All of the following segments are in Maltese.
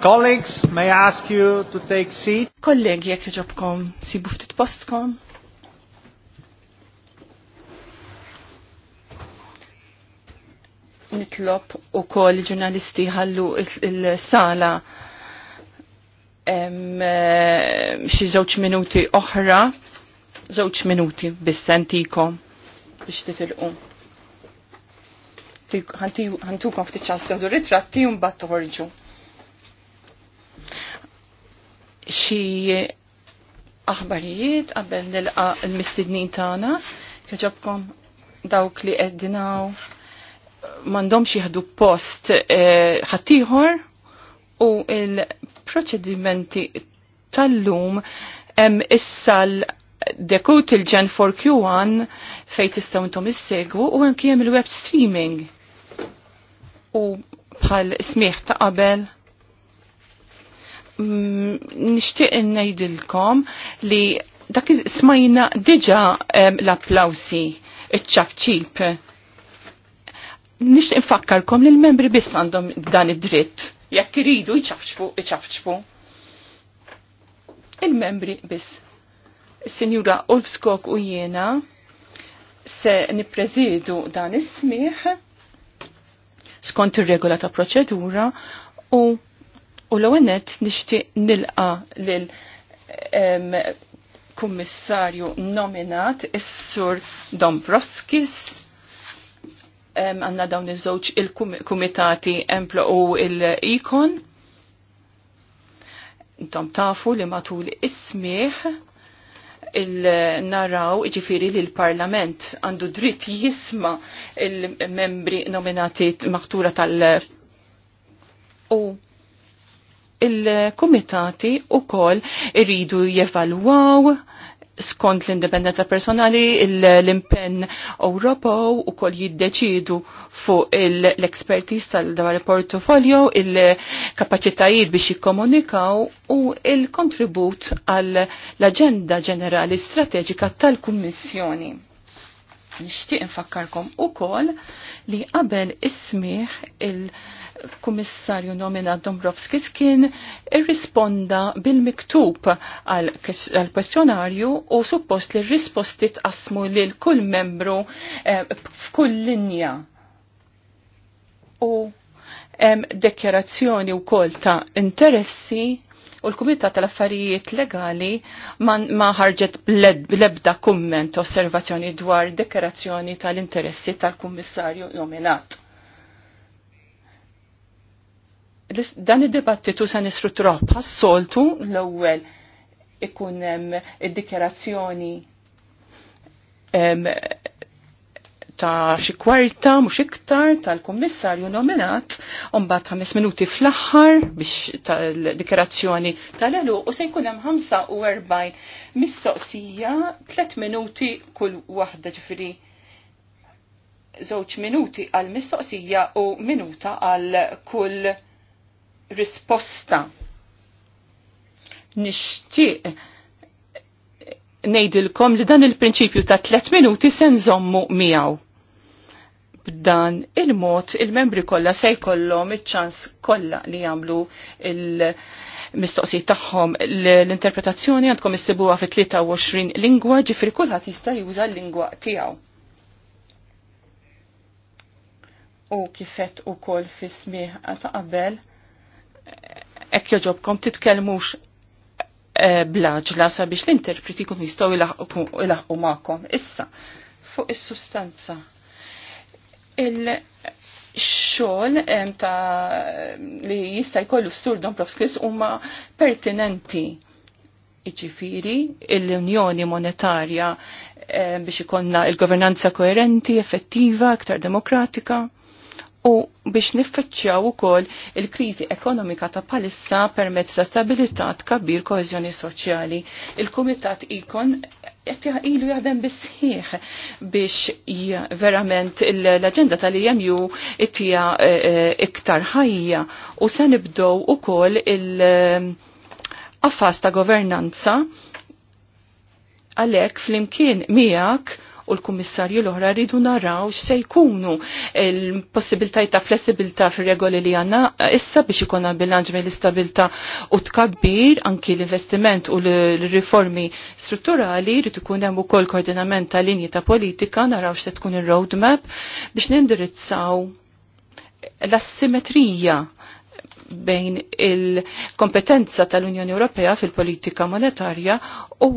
Colleagues, may I ask you to take seat? Kollegi, jekk ġobkom, sibu ftit postkom. Nitlob u koll ġurnalisti ħallu il-sala eh, xi żewġ minuti oħra, żewġ minuti biss sentikom biex titilqu. Ħantukom ftit ċans teħdu ritratti u mbagħad toħorġu xi aħbarijiet qabel nilqa l-mistidnin tagħna jaġobkom dawk li għeddinaw. m'għandhomx jieħdu post eh, ħaddieħor u il-proċedimenti tal-lum hemm issa l-dekut ġen 4 4Q1 fejn tistgħu intom issegwu u anke hemm il-web streaming u bħal smieħ ta' qabel Mm, nishtiq nejdilkom li dak smajna diġa l-applawsi il ċabċib Nishtiq nfakkarkom li l-membri biss għandhom dan id-dritt. Jekk iridu iċafċfu, iċafċfu. Il-membri biss. Sinjura Ulfskok u jena se niprezidu dan is-smieħ skont ir-regola ta' proċedura u U l net nixtieq nilqa lil kummissarju nominat is-sur Dombrovskis għanna dawn iż-żewġ il-kumitati Emplo u il-Ikon. Intom tafu li matul ismiħ il-naraw ġifiri li l-parlament għandu dritt jisma il-membri nominati maħtura tal- u il-komitati u kol iridu jevalwaw skont l-indipendenza personali, l-impenn Ewropew u kol jiddeċidu fuq l ekspertiz tal-dwar portofolio, il-kapacitajiet biex jikkomunikaw u il-kontribut għal l-agenda ġenerali strateġika tal-Kummissjoni. Nixtieq infakkarkom ukoll li qabel ismiħ il- kummissarju nomina Dombrovskis kien irrisponda bil-miktub għal kwestjonarju u suppost li risposti li lil kull membru eh, f'kull linja. U hemm dekjarazzjoni wkoll ta' interessi u l-Kumitat tal-Affarijiet Legali ma ħarġet bl-ebda kumment osservazzjoni dwar dekjarazzjoni tal-interessi tal-Kummissarju nominat dan id-dibattitu se nisfrutturaw bħas-soltu l-ewwel ikun hemm id-dikjerazzjoni ta' xi kwarta mhux iktar tal-kummissarju nominat u mbagħad ħames minuti fl-aħħar biex tal-dikjerazzjoni tal-elu u se jkun hemm ħamsa u 45 mistoqsija tliet minuti kull waħda ġifieri żewġ minuti għal mistoqsija u minuta għal kull risposta. Nixtieq ngħidilkom li dan il-prinċipju ta' tliet minuti se nżommu miegħu. B'dan il-mod il-membri kollha se jkollhom iċ-ċans kollha li jagħmlu il-mistoqsijiet tagħhom l-interpretazzjoni għandkom issibuha fi 23 lingwa ġifri kulħadd jista' juża l-lingwa tiegħu. U kifet u kol fismi ta' qabel ekk joġobkom titkelmux eh, blaġla sabiex l-interpreti kun jistaw ilaħqu maqom. Issa, fuq is-sustanza. Il-xol ta' li jista' jkollu s-sur Don Profskis huma pertinenti. Iġifiri, l-Unjoni Monetarja biex ikonna il-governanza koerenti, effettiva, aktar demokratika u biex niffaċċjaw ukoll il-kriżi ekonomika ta' palissa permezz ta' stabilità tkabbir koeżjoni soċjali. Il-Kumitat ikon qed ilu jaħdem bisħieħ biex verament l-aġenda tal-EMU ittija eh, eh, iktar ħajja u se nibdow ukoll il-affas eh, ta' governanza għalek fl-imkien miegħek u l-kummissarju l-oħra rridu naraw x'se jkunu l-possibilitajiet ta' flessibilità fir-regoli li għandna eh, issa biex ikonna bilanċ me l-istabilità u tkabbir anki l-investiment u l-riformi strutturali rrid ikun hemm ukoll koordinament ta' linji ta' politika naraw x'se tkun ir-roadmap biex nindirizzaw l-assimetrija bejn il-kompetenza tal-Unjoni Ewropea fil-politika monetarja u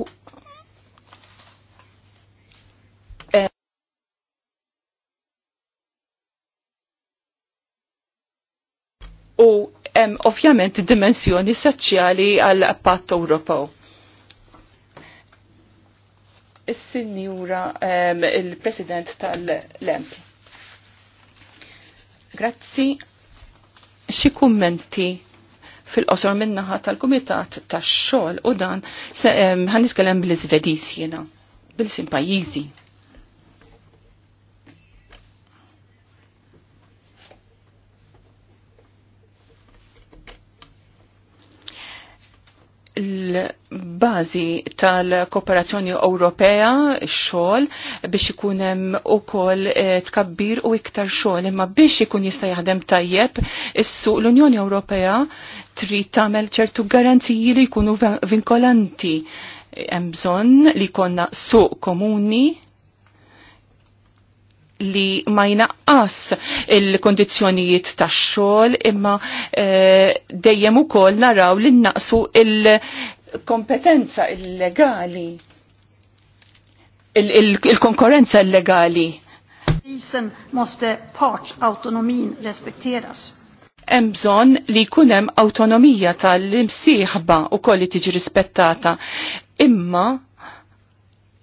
u hemm ovvjament dimensjoni soċjali għal patt Ewropew. Is-Sinjura ehm, il-President tal-LEMP. Grazzi. Xi kummenti fil-qosor minnaħa tal-Kumitat tax-xogħol u dan ehm, ħanitkellem bil bl-Iżvediż jiena, bil-sim pajjiżi. bazi tal-kooperazzjoni Ewropea xogħol biex ikun hemm ukoll eh, tkabbir u iktar xogħol imma biex ikun jista' jaħdem tajjeb is-suq l-Unjoni Ewropea trid tagħmel ċertu garanziji li jkunu vinkolanti hemm bżonn li konna suq komuni li ma jnaqqas il-kondizjonijiet tax xogħol imma e, dejjem ukoll naraw li naqsu il- kompetenza illegali, il-konkurrenza il il illegali. Polisen måste partsautonomin respekteras. Hemm bżonn li jkun hemm tal-imsieħba u kolli tiġi rispettata. Imma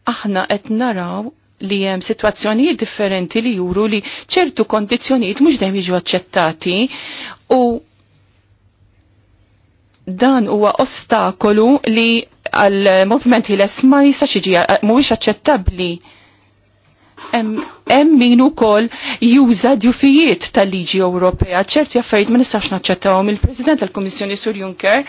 aħna qed naraw li hemm sitwazzjonijiet differenti li juru li ċertu kondizzjonijiet mhux dejjem jiġu aċċettati u dan huwa ostakolu li għal-movement ħiles ma jistax jiġi mhuwiex aċċettabbli hemm min ukoll juża djufijiet tal-liġi Ewropea. ċerti affarijiet ma nistax naċċettawhom il-President tal-Kummissjoni Sur Juncker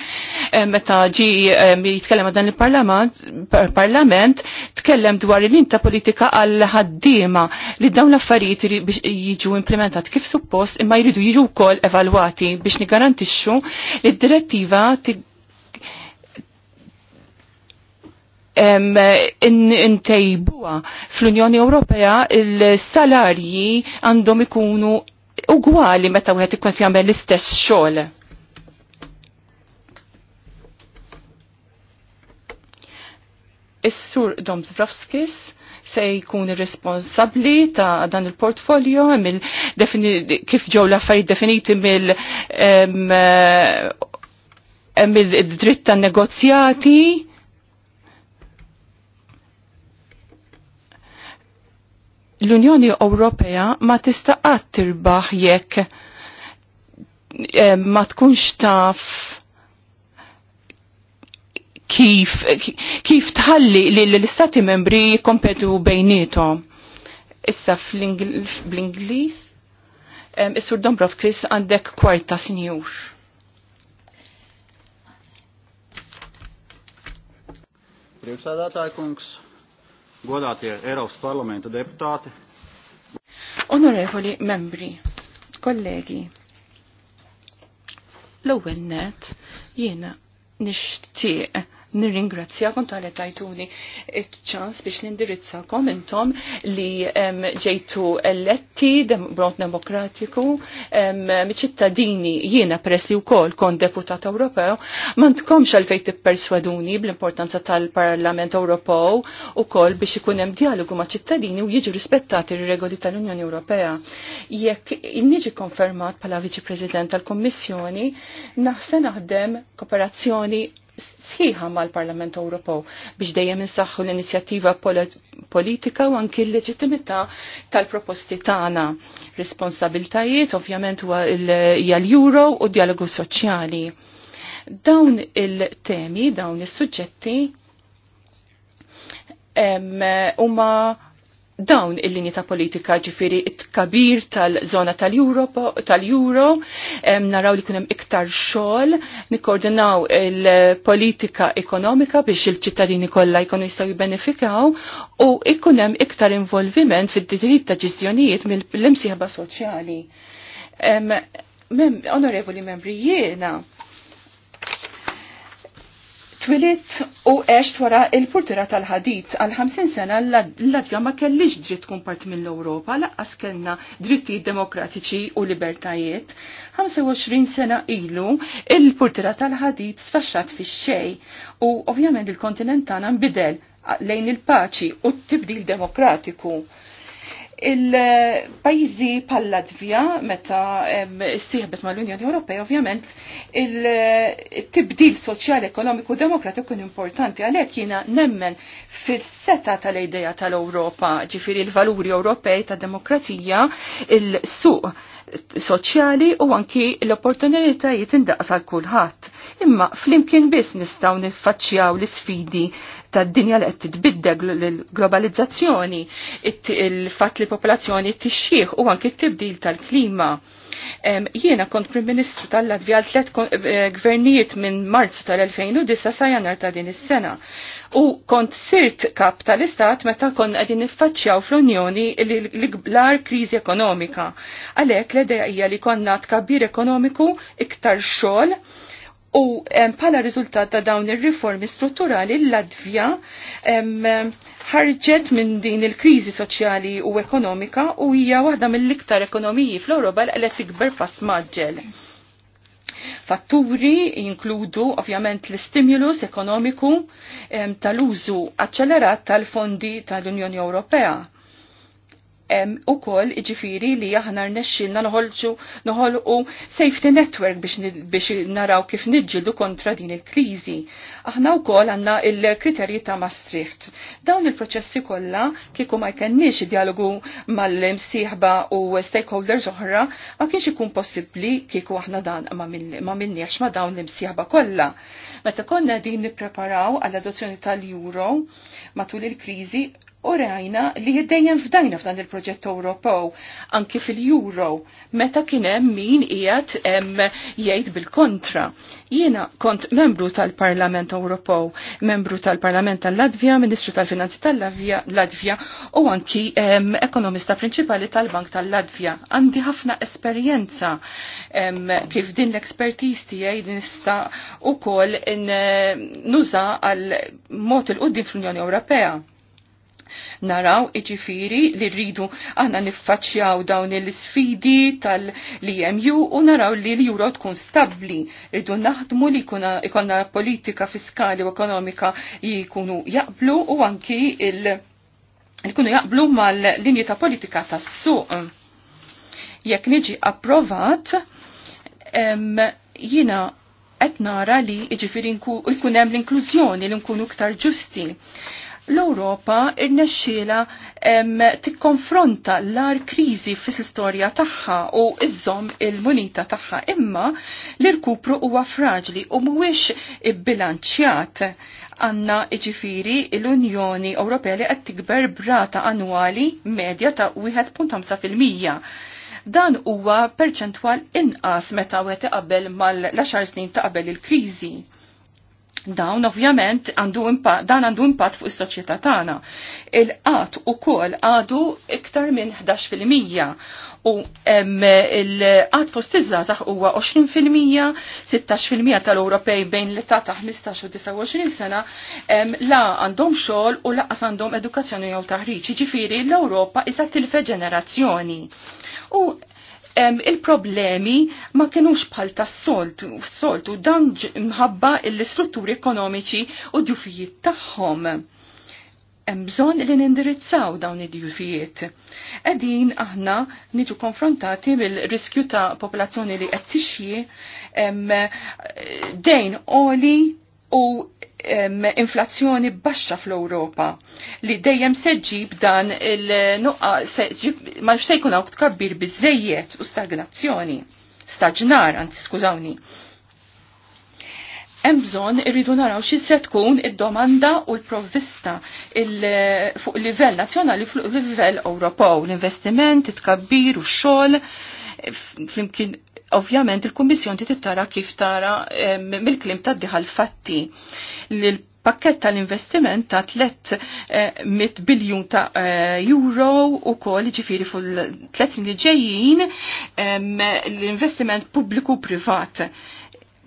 eh, meta ġi eh, jitkellem dan il-Parlament tkellem dwar il ta' politika għal ħaddiema li dawn l-affarijiet biex jiġu implementat kif suppost imma jridu jiġu wkoll evalwati biex nigarantixxu li d-direttiva intejbuha fl-Unjoni Ewropea il-salarji għandhom ikunu ugwali meta wieħed ikun jagħmel l-istess xogħol. Is-Sur Domzvrovskis se jkun responsabli ta' dan il-portfolio kif ġew l-affarijiet definiti mill mill-dritt tan negozjati l-Unjoni Ewropea ma tista' qatt tirbaħ jekk eh, ma tkunx taf kif, kif tħalli li l-istati membri kompetu bejnietom. Issa fl-Inglis, eh, Is-Sur Dombrovskis għandek kwarta sinjur. Priekšsādātāja kungs, godātie Eiropas parlamenta deputāti. Onorevoli membri, kollegi, l-ewwel net jiena nixtieq nirringrazzjakom tal-li tajtuni ċans biex nindirizzakom intom li ġejtu eletti brot demokratiku ċittadini jiena press u wkoll kon deputat Ewropew ma ntkomx għalfejn tipperswaduni bl-importanza tal-Parlament Ewropew ukoll biex ikun hemm dialogu ma' ċittadini u jiġu rispettati r-regoli tal-Unjoni Ewropea. Jekk niġi konfermat bħala Viċi President tal-Kommissjoni, naħse naħdem kooperazzjoni sħiħa mal-Parlament Ewropew biex dejjem insaħħu l-inizjattiva politika u anki l-leġittimità tal-proposti tagħna. Responsabiltajiet ovvjament huwa l-euro u dialogu soċjali. Dawn il-temi, dawn is-suġġetti huma dawn il-linji ta' politika ġifiri it-kabir tal-zona tal-Euro, tal-Euro, naraw li kunem iktar xol, nikkoordinaw il-politika ekonomika biex il-ċittadini kollha jkunu jistgħu jibbenefikaw u ikunem iktar involviment fid-diritt ta' ġizjonijiet mill-imsieħba soċjali. onorevoli membri, jiena twilit u għext wara il-purtira tal-ħadit għal 50 sena l-Latvja ma kellix dritt kumpart mill-Europa, laqqas kellna dritti demokratiċi u libertajiet. 25 sena ilu il-purtira tal-ħadit sfasċat fi xej u ovvjament il-kontinent tagħna nbidel lejn il-paċi u t-tibdil demokratiku il-pajzi pal-Latvija, meta s-sieħbet ma l-Unjoni Ewropea, ovvjament, il-tibdil soċjali, ekonomiku, demokratiku kien importanti, għalek jina nemmen fil-seta tal-ideja tal-Europa, ġifiri il-valuri Ewropej ta' demokrazija, il-suq soċjali u anki l-opportunitajiet indaqs kulħadd. Imma flimkien biss nistgħu niffaċċjaw l-isfidi tad-dinja li qed titbiddel l-globalizzazzjoni, il-fatt li popolazzjoni tixxieħ u anki t-tibdil tal-klima Jiena kont Prim Ministru tal-Latvija għal tliet eh, gvernijiet minn Marzu tal-2009 sa jannar ta' din is-sena. U kont sirt kap tal-Istat meta kon qegħdin iffaċċjaw fl-Unjoni l-gbar kriżi ekonomika. Għalhekk l-idea hija li konna tkabbir ekonomiku iktar xogħol U pala riżultat ta' dawn ir-riformi strutturali l-Latvja ħarġet minn din il-kriżi soċjali u ekonomika u hija waħda mill-iktar ekonomiji fl-Ewropa li qed tikber pass maġġel. Fatturi jinkludu ovvjament l-stimulus ekonomiku tal-użu aċċelerat tal-fondi tal-Unjoni Ewropea u ukoll iġifiri li aħna rnexxilna noħolġu noħolqu safety network biex, biex naraw kif nidġildu kontra din il-kriżi. Aħna wkoll għandna il-kriterji ta' Maastricht. Dawn il-proċessi kollha kieku ma jkennix dialogu mal-imsieħba u stakeholders oħra ma kienx ikun possibbli kieku aħna dan ma minniex ma dawn l-imsieħba kollha. Meta konna din nippreparaw għall-adozzjoni tal-Euro matul il-kriżi u rajna li jiddejjem fdajna f'dan il-proġett Ewropew anki fil-Euro meta kien hemm min qiegħed jgħid bil-kontra. Jiena kont membru tal-Parlament Ewropew, membru tal-Parlament tal-Latvja, Ministru tal-Finanzi tal-Latvja u anki ekonomista prinċipali tal-Bank tal-Latvja. Għandi ħafna esperjenza kif din l-ekspertiż tiegħi nista' ukoll nuża għal mod il-qudiem fl-Unjoni Ewropea naraw iġifiri li rridu aħna niffaċċjaw dawn il-sfidi tal-EMU u naraw li l-Euro tkun stabli. Rridu naħdmu li ikonna politika fiskali u ekonomika jikunu jaqblu u anki il- kunu jaqblu mal-linji ta' politika tas suq Jekk niġi approvat, jina qed nara li jiġifieri jkun hemm l-inklużjoni li nkunu iktar ġusti l-Europa irnexxiela tikkonfronta l-ar kriżi fis-istorja tagħha u iżżomm il-munita tagħha imma l-irkupru huwa fraġli u mhuwiex ibbilanċjat għanna iġifiri l-Unjoni Ewropea li qed tikber brata annwali medja ta' 1.5%. Dan huwa perċentwal inqas meta wieħed iqabel mal-10 snin ta' qabel il-kriżi Dawn ovvjament dan għandu impatt fuq is-soċjetà tagħna. Il-qatt ukoll għadu iktar minn 11 u il-qatt fost iż-żgħażagħ huwa 20 16 tal-Ewropej bejn l-età ta' 15 u 29 sena la għandhom xogħol u laqas għandhom edukazzjoni jew taħriġ. jiġifieri l-Ewropa issa tilfe ġenerazzjoni. U il-problemi ma kienux bħal tas solt soltu dan mħabba l-istrutturi ekonomiċi u d tagħhom. Hemm bżonn li nindirizzaw dawn id jufijiet Qegħdin aħna niġu konfrontati bil-riskju ta' popolazzjoni li qed tixji dejn oli u inflazzjoni baxxa fl-Ewropa li dejjem se ġib dan il-nuqqa ma se jkun hawn tkabbir biżejjed u stagnazzjoni. Staġnar, anzi skużawni. Hemm bżonn irridu naraw xi se tkun id-domanda u l-provvista fuq livell nazzjonali fuq livell Ewropew, l-investiment, it-tkabbir u x-xogħol flimkien Ovvjament il-Kummissjoni tittara kif tara mill-klim ta' diħal fatti. L-pakket tal-investiment ta' 300 eh, biljun ta' eh, euro u kol ġifiri fil-3 snin ġejjin l-investiment pubbliku privat. privat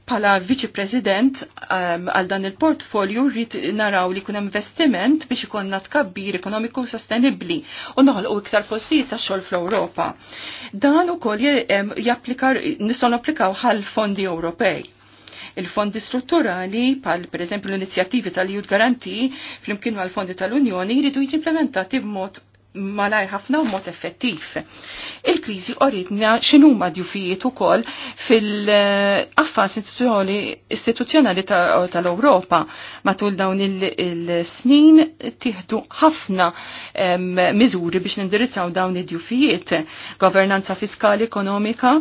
pala viċi president um, għal dan il-portfolju rrit naraw li kunem investiment biex ikonna tkabbir ekonomiku sostenibli u u iktar fossi ta' xogħol fl-Ewropa. Dan ukoll japplikar nistgħu applikaw għal fondi Ewropej. Il-fondi strutturali, pal per eżempju l-inizjattivi tal garanti, fl flimkien mal-fondi tal-Unjoni, jridu jimplementati b'mod malaj ħafna u mod effettiv. Il-krizi oridna xinuma djufijiet ukoll fil-affas istituzzjonali tal-Europa matul dawn il-snin tiħdu ħafna miżuri biex nindirizzaw dawn id-djufijiet. Governanza fiskali, ekonomika,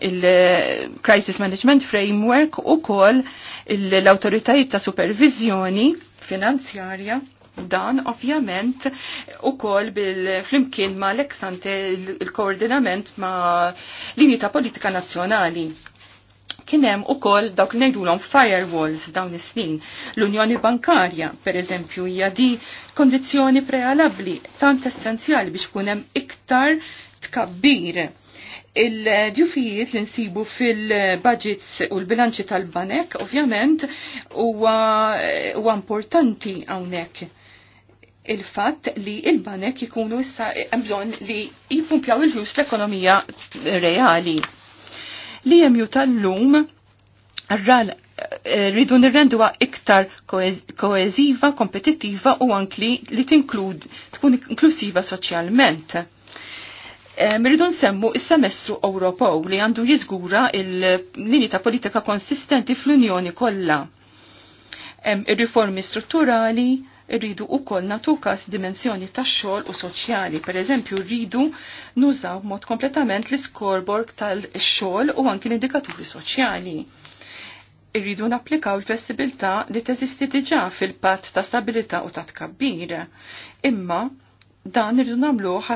il-Crisis Management Framework u kol l-autoritajiet ta' supervizjoni finanzjarja dan ovvjament u kol bil-flimkien ma l-eksante il-koordinament ma linji ta' politika nazjonali. Kienem u kol dawk nejdulom firewalls dawn is-snin. L-Unjoni Bankarja, per eżempju, hija di kondizjoni prealabli tant essenzjali biex kunem iktar tkabbir il-djufijiet li nsibu fil-budgets u l-bilanċi tal-banek, ovvjament, huwa importanti hawnhekk il-fatt li il-banek jikunu issa bżonn li jipumpjaw il-flus l-ekonomija reali. Li jemju tal-lum rral eh, rridu nirrenduha iktar koeziva, kompetittiva u anki li tinklud tkun inklusiva soċjalment. Mirridu nsemmu il semestru Ewropew li għandu jiżgura il-linji ta' politika konsistenti fl-Unjoni kollha. Ir-riformi strutturali, Irridu u koll natukas dimensjoni ta' xol u soċjali. Per eżempju, rridu nużaw mod kompletament l skorborg tal-xol u anki l-indikaturi soċjali. Irridu napplikaw l-flessibilità li teżisti diġa fil-pat ta' stabilità u ta' tkabbir. Imma, dan irridu nagħmluh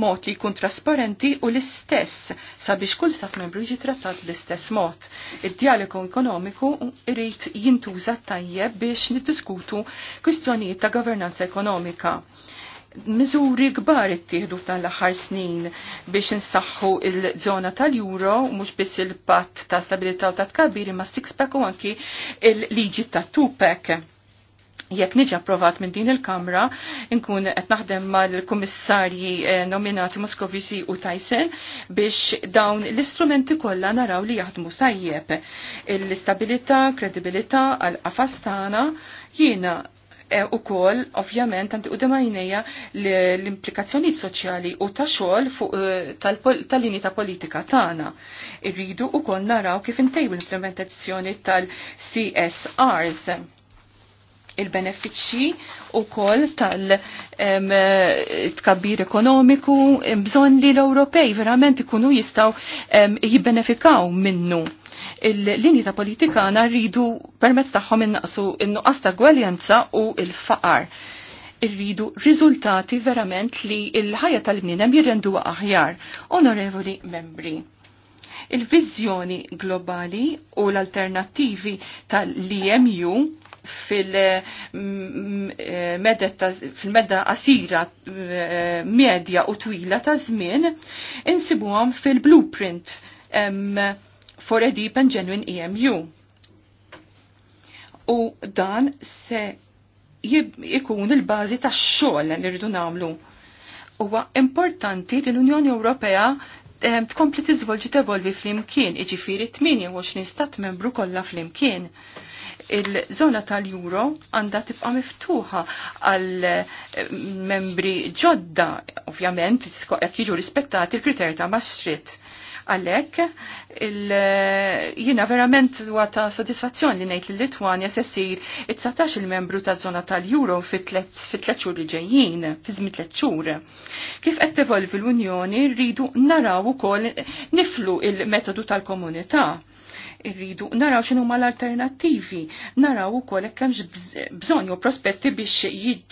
mod li jkun trasparenti u l-istess sabiex kull stat membru jiġi trattat l-istess mod. Id-dialogu ekonomiku irid jintuża tajjeb biex niddiskutu kwistjonijiet ta' governanza ekonomika. Miżuri kbar ittieħdu f'dan l-aħħar snin biex insaħħu il-żona tal-Euro, mhux biss il-patt ta' stabilità u ta' tkabbir imma six-pack u anki il-liġi ta' two-pack jekk niġi approvat minn din il-Kamra, nkun qed naħdem mal-Kummissarji eh, nominati Moscovici u Tyson biex dawn l-istrumenti kollha naraw li jaħdmu sajjeb. L-istabilità, kredibilità għal-qafas tagħna jiena eh, u kol, ovvjament, għanti u demajnija l-implikazzjoni soċjali u ta' xol fuq eh, tal linji ta' politika tana. Irridu u kol naraw kif intejbu l-implementazzjoni tal-CSRs il-benefiċċji kol tal-tkabbir ekonomiku bżonn li l-Ewropej verament ikunu jistgħu jibbenefikaw minnu il-linji ta' politika rridu permezz tagħhom innaqsu in-nuqqas ta' gwaljanza u l-faqar. Irridu riżultati verament li l-ħajja tal-bniedem jirrenduha aħjar. Onorevoli membri, il-vizjoni globali u l-alternattivi tal-EMU fil-medda asira qasira eh, medja u twila ta' żmien insibuhom fil-blueprint for a deep and genuine EMU. U dan se jikun il-bażi tax-xogħol li rridu nagħmlu. Huwa importanti li l-Unjoni Ewropea tkompli tiżvolġi tevolvi flimkien, iġifiri 28 stat membru kollha flimkien il-żona tal-Euro għandha tibqa' miftuħa għal eh, membri ġodda, ovvjament, jekk jiġu rispettati il-kriterji ta' Maastricht. Għalhekk eh, jiena verament huwa ta' sodisfazzjoni li ngħid li Litwanja se ssir it-19 il-membru ta' żona tal-Euro fit-tliet li ġejjin, fi żmien Kif qed tevolvi l-Unjoni rridu naraw ukoll niflu il-metodu tal-komunità irridu naraw xinu ma l-alternattivi, naraw ukoll hekk hemm bżonn prospetti biex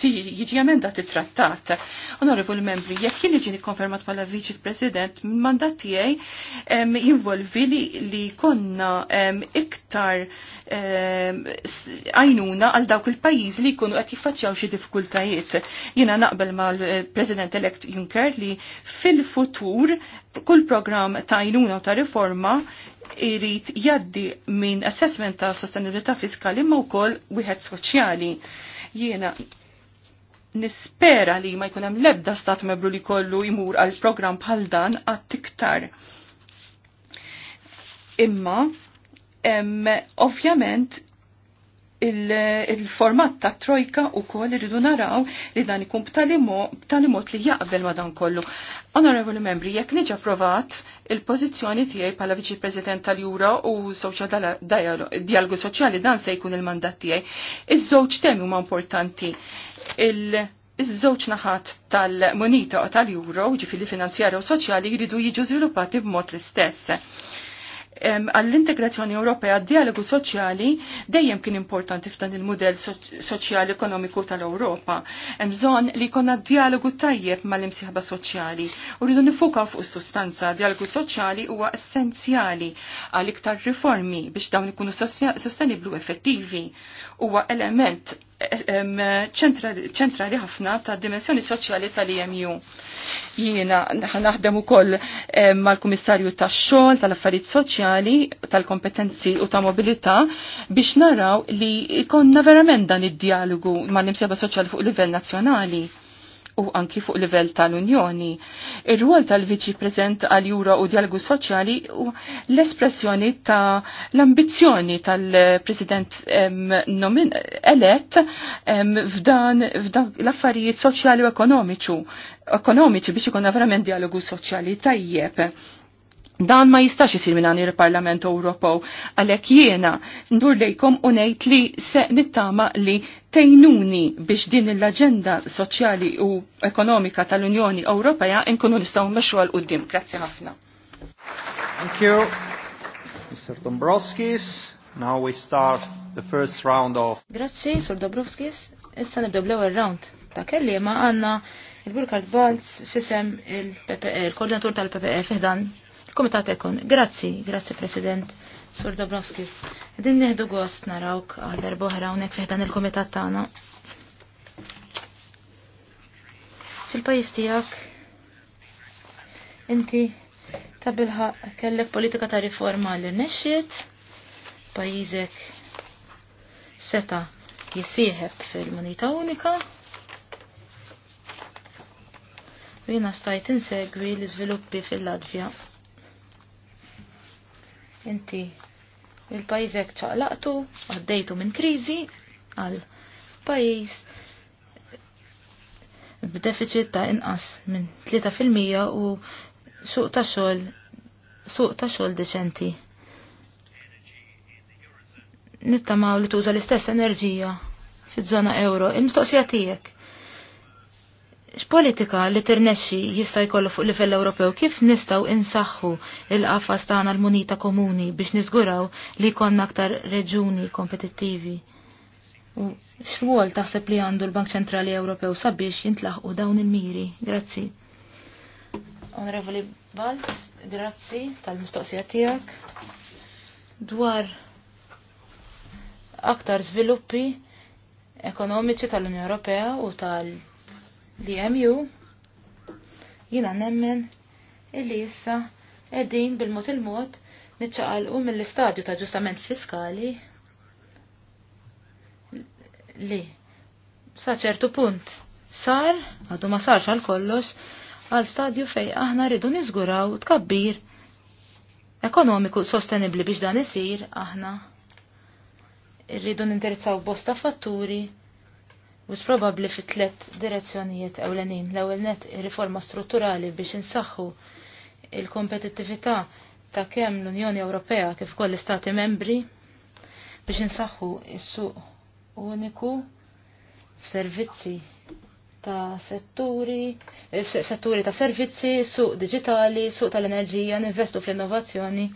jiġi emendat it-trattat. Onorevoli membri, jekk jien jiġi konfermat bħala viċi president, mandat tiegħi jinvolvi li konna iktar għajnuna għal dawk il-pajjiżi li jkunu qed jiffaċċjaw xi diffikultajiet. Jiena naqbel mal-President elect Juncker li fil-futur kull program ta' għajnuna u ta' riforma irrit jaddi minn assessment ta' sostenibilità fiskali ma' wkoll wieħed soċjali. Jiena nispera li ma jkun hemm lebda stat membru li kollu jmur għal program bħal dan għat iktar. Imma ovvjament il-format il ta' trojka u koll irridu naraw li dan ikun b'tali mod li jaqbel ma dan kollu. Onorevoli membri, jekk niġa provat il-pozizjoni tiegħi bħala viċi President tal-Jura u dialogu soċjali dan se jkun il-mandat tiegħi. Iż-żewġ temi huma importanti. Iż-żewġ naħat tal-monita u tal-Euro, ġifili finanzjarja u soċjali, jridu jiġu żviluppati b'mod l-istess għall-integrazzjoni Ewropea dialogu soċjali dejjem kien importanti f'dan il-modell soċjali ekonomiku tal-Ewropa. Hemm bżonn li jkollna dialogu tajjeb mal-imsieħba soċjali. U rridu nifukaw fuq is-sustanza, dialogu soċjali huwa essenzjali għal iktar riformi biex dawn ikunu sostenibli u effettivi. Huwa element ċentrali ħafna ta' dimensjoni soċjali tal imu Jiena naħdem ukoll mal-Kummissarju tax-xogħol tal-affarijiet soċjali, tal-kompetenzi u ta' mobilità biex naraw li jkollna verament dan id-dialogu mal-imsieba soċjali fuq livell nazzjonali u anki fuq livell tal-Unjoni. Ir-rwol tal-Viċi Preżent għal Jura u dialgu Soċjali u l-espressjoni ta' l-ambizzjoni tal-President elett f'dan l-affarijiet soċjali u ekonomiċi biex ikun verament dialogu soċjali tajjeb Dan ma jistax isir minn il-Parlament Ewropew, għalhekk jiena ndur lejkom u ngħid li se nittama li tejnuni biex din l-aġenda soċjali u ekonomika tal-Unjoni Ewropea nkunu nistgħu mmexxu għal qudiem. Grazzi ħafna. Thank you, Mr. Dombrovskis. Now we start the first round of. Grazzi, Sur Dombrovskis. Issa nibdew l-ewwel round ta' kelliema għandna il-Burkard Valls fisem il-PPR, e, koordinatur tal-PPR e fiħdan Komitat Ekon. Grazzi, grazzi President. Sur Dobrovskis. Din neħdu gost narawk għadar boħra unek fiħdan il-komitat tagħna. Fil-pajis tijak, inti tabilħa kellek politika ta' riforma li nexxiet, pajizek seta jisieħeb fil-munita unika, u jina stajt insegwi l-izviluppi fil-Latvja. Inti il-pajizek ċaqlaqtu, għaddejtu minn krizi għal pajis b'deficit ta' inqas minn 3% u suq ta' xol, suq ta' xogħol deċenti. Nittamaw li tuża l-istess enerġija fiż-żona euro. Il-mistoqsija tiegħek X'politika li tirnexxi jista' jkollu fuq livell Ewropew kif nistgħu insaħħu il-qafas tagħna l-munita komuni biex niżguraw li jkollna aktar reġuni kompetittivi? U x'rwol taħseb li għandu l-Bank Ċentrali Ewropew sabiex jintlaħqu dawn il-miri? Grazzi. Onorevoli Balz, grazzi tal-mistoqsija tiegħek. Dwar aktar sviluppi ekonomiċi tal-Unjoni Ewropea u tal- li MU jina nemmen illi jissa eddin bil-mot il-mot u mill-istadju ta' ġustament fiskali li sa' ċertu punt sar, għadu ma sarx għal kollox, għal stadju fej aħna rridu nizguraw tkabbir ekonomiku sostenibli biex dan isir aħna rridu ninterizzaw bosta fatturi Mhux probabli fi tliet direzzjonijiet ewlenin l-ewwel net riforma strutturali biex insaħħu il-kompetittività ta' kemm l-Unjoni Ewropea kif ukoll l-Istati membri biex insaħħu il suq uniku f'servizzi ta' setturi, eh, setturi ta' servizzi, suq digitali, suq tal-enerġija, ninvestu fl-innovazzjoni.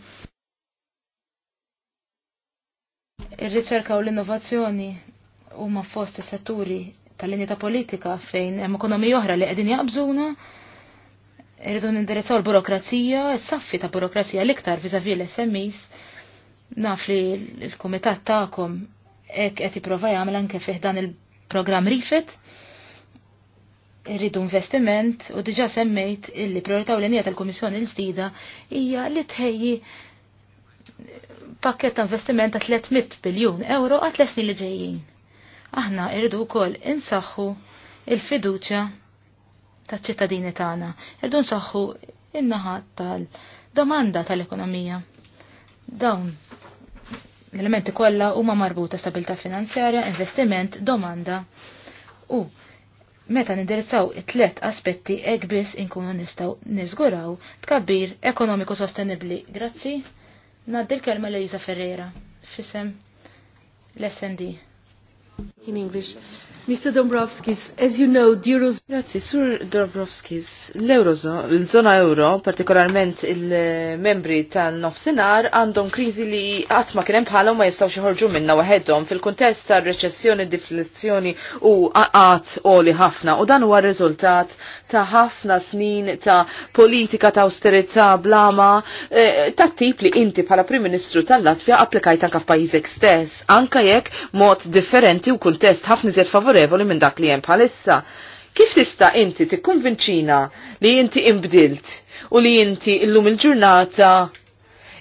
Ir-riċerka u l-innovazzjoni ma fost is-setturi tal-linja ta' politika fejn hemm ekonomija oħra li qegħdin jaqbżuna, irridu nindirizzaw l-burokrazija, s-saffi ta' burokrazija l-iktar viżavi l-SMEs, naf li l-kumitat tagħkom hekk qed jipprova jagħmel anke fih dan il-programm Rifit, irridu investiment u diġa semmejt illi priorità l-enija tal kummissjoni l-ġdida hija li tħejji pakket ta' investiment ta' 300 biljun euro għat l-esni li ġejjin aħna irridu wkoll insaħħu il-fiduċja taċ-ċittadini tagħna. Irridu nsaħħu in-naħa tal-domanda tal-ekonomija. Dawn l-elementi kollha huma marbuta stabilità finanzjarja, investiment, domanda u meta nindirizzaw it-tlet aspetti hekk biss inkunu nistgħu niżguraw tkabbir ekonomiku sostenibbli. Grazzi. Naddi l-kelma l Ferreira, fisem l-SND. In English. Mr. Dombrovskis, as you know, the Euros... Grazie, Sur Dombrovskis, l-Eurozona, l-zona euro, partikolarment il-membri tan nofsenar għandhom krizi li għatma kienem bħalhom ma jistawx joħorġu minna waħedhom fil kontest ta' reċessjoni, deflazzjoni u għat oli ħafna. U dan huwa riżultat ta' ħafna snin ta' politika ta' austerità blama eh, ta' tip li inti bħala Prim Ministru tal-Latvja applikajt anka f'pajjiżek stess, anka jekk mod differenti u kuntest ħafna iżjed favorevoli minn dak li hemm bħalissa. Kif tista' inti tikkonvinċina li inti imbdilt u li inti illum il-ġurnata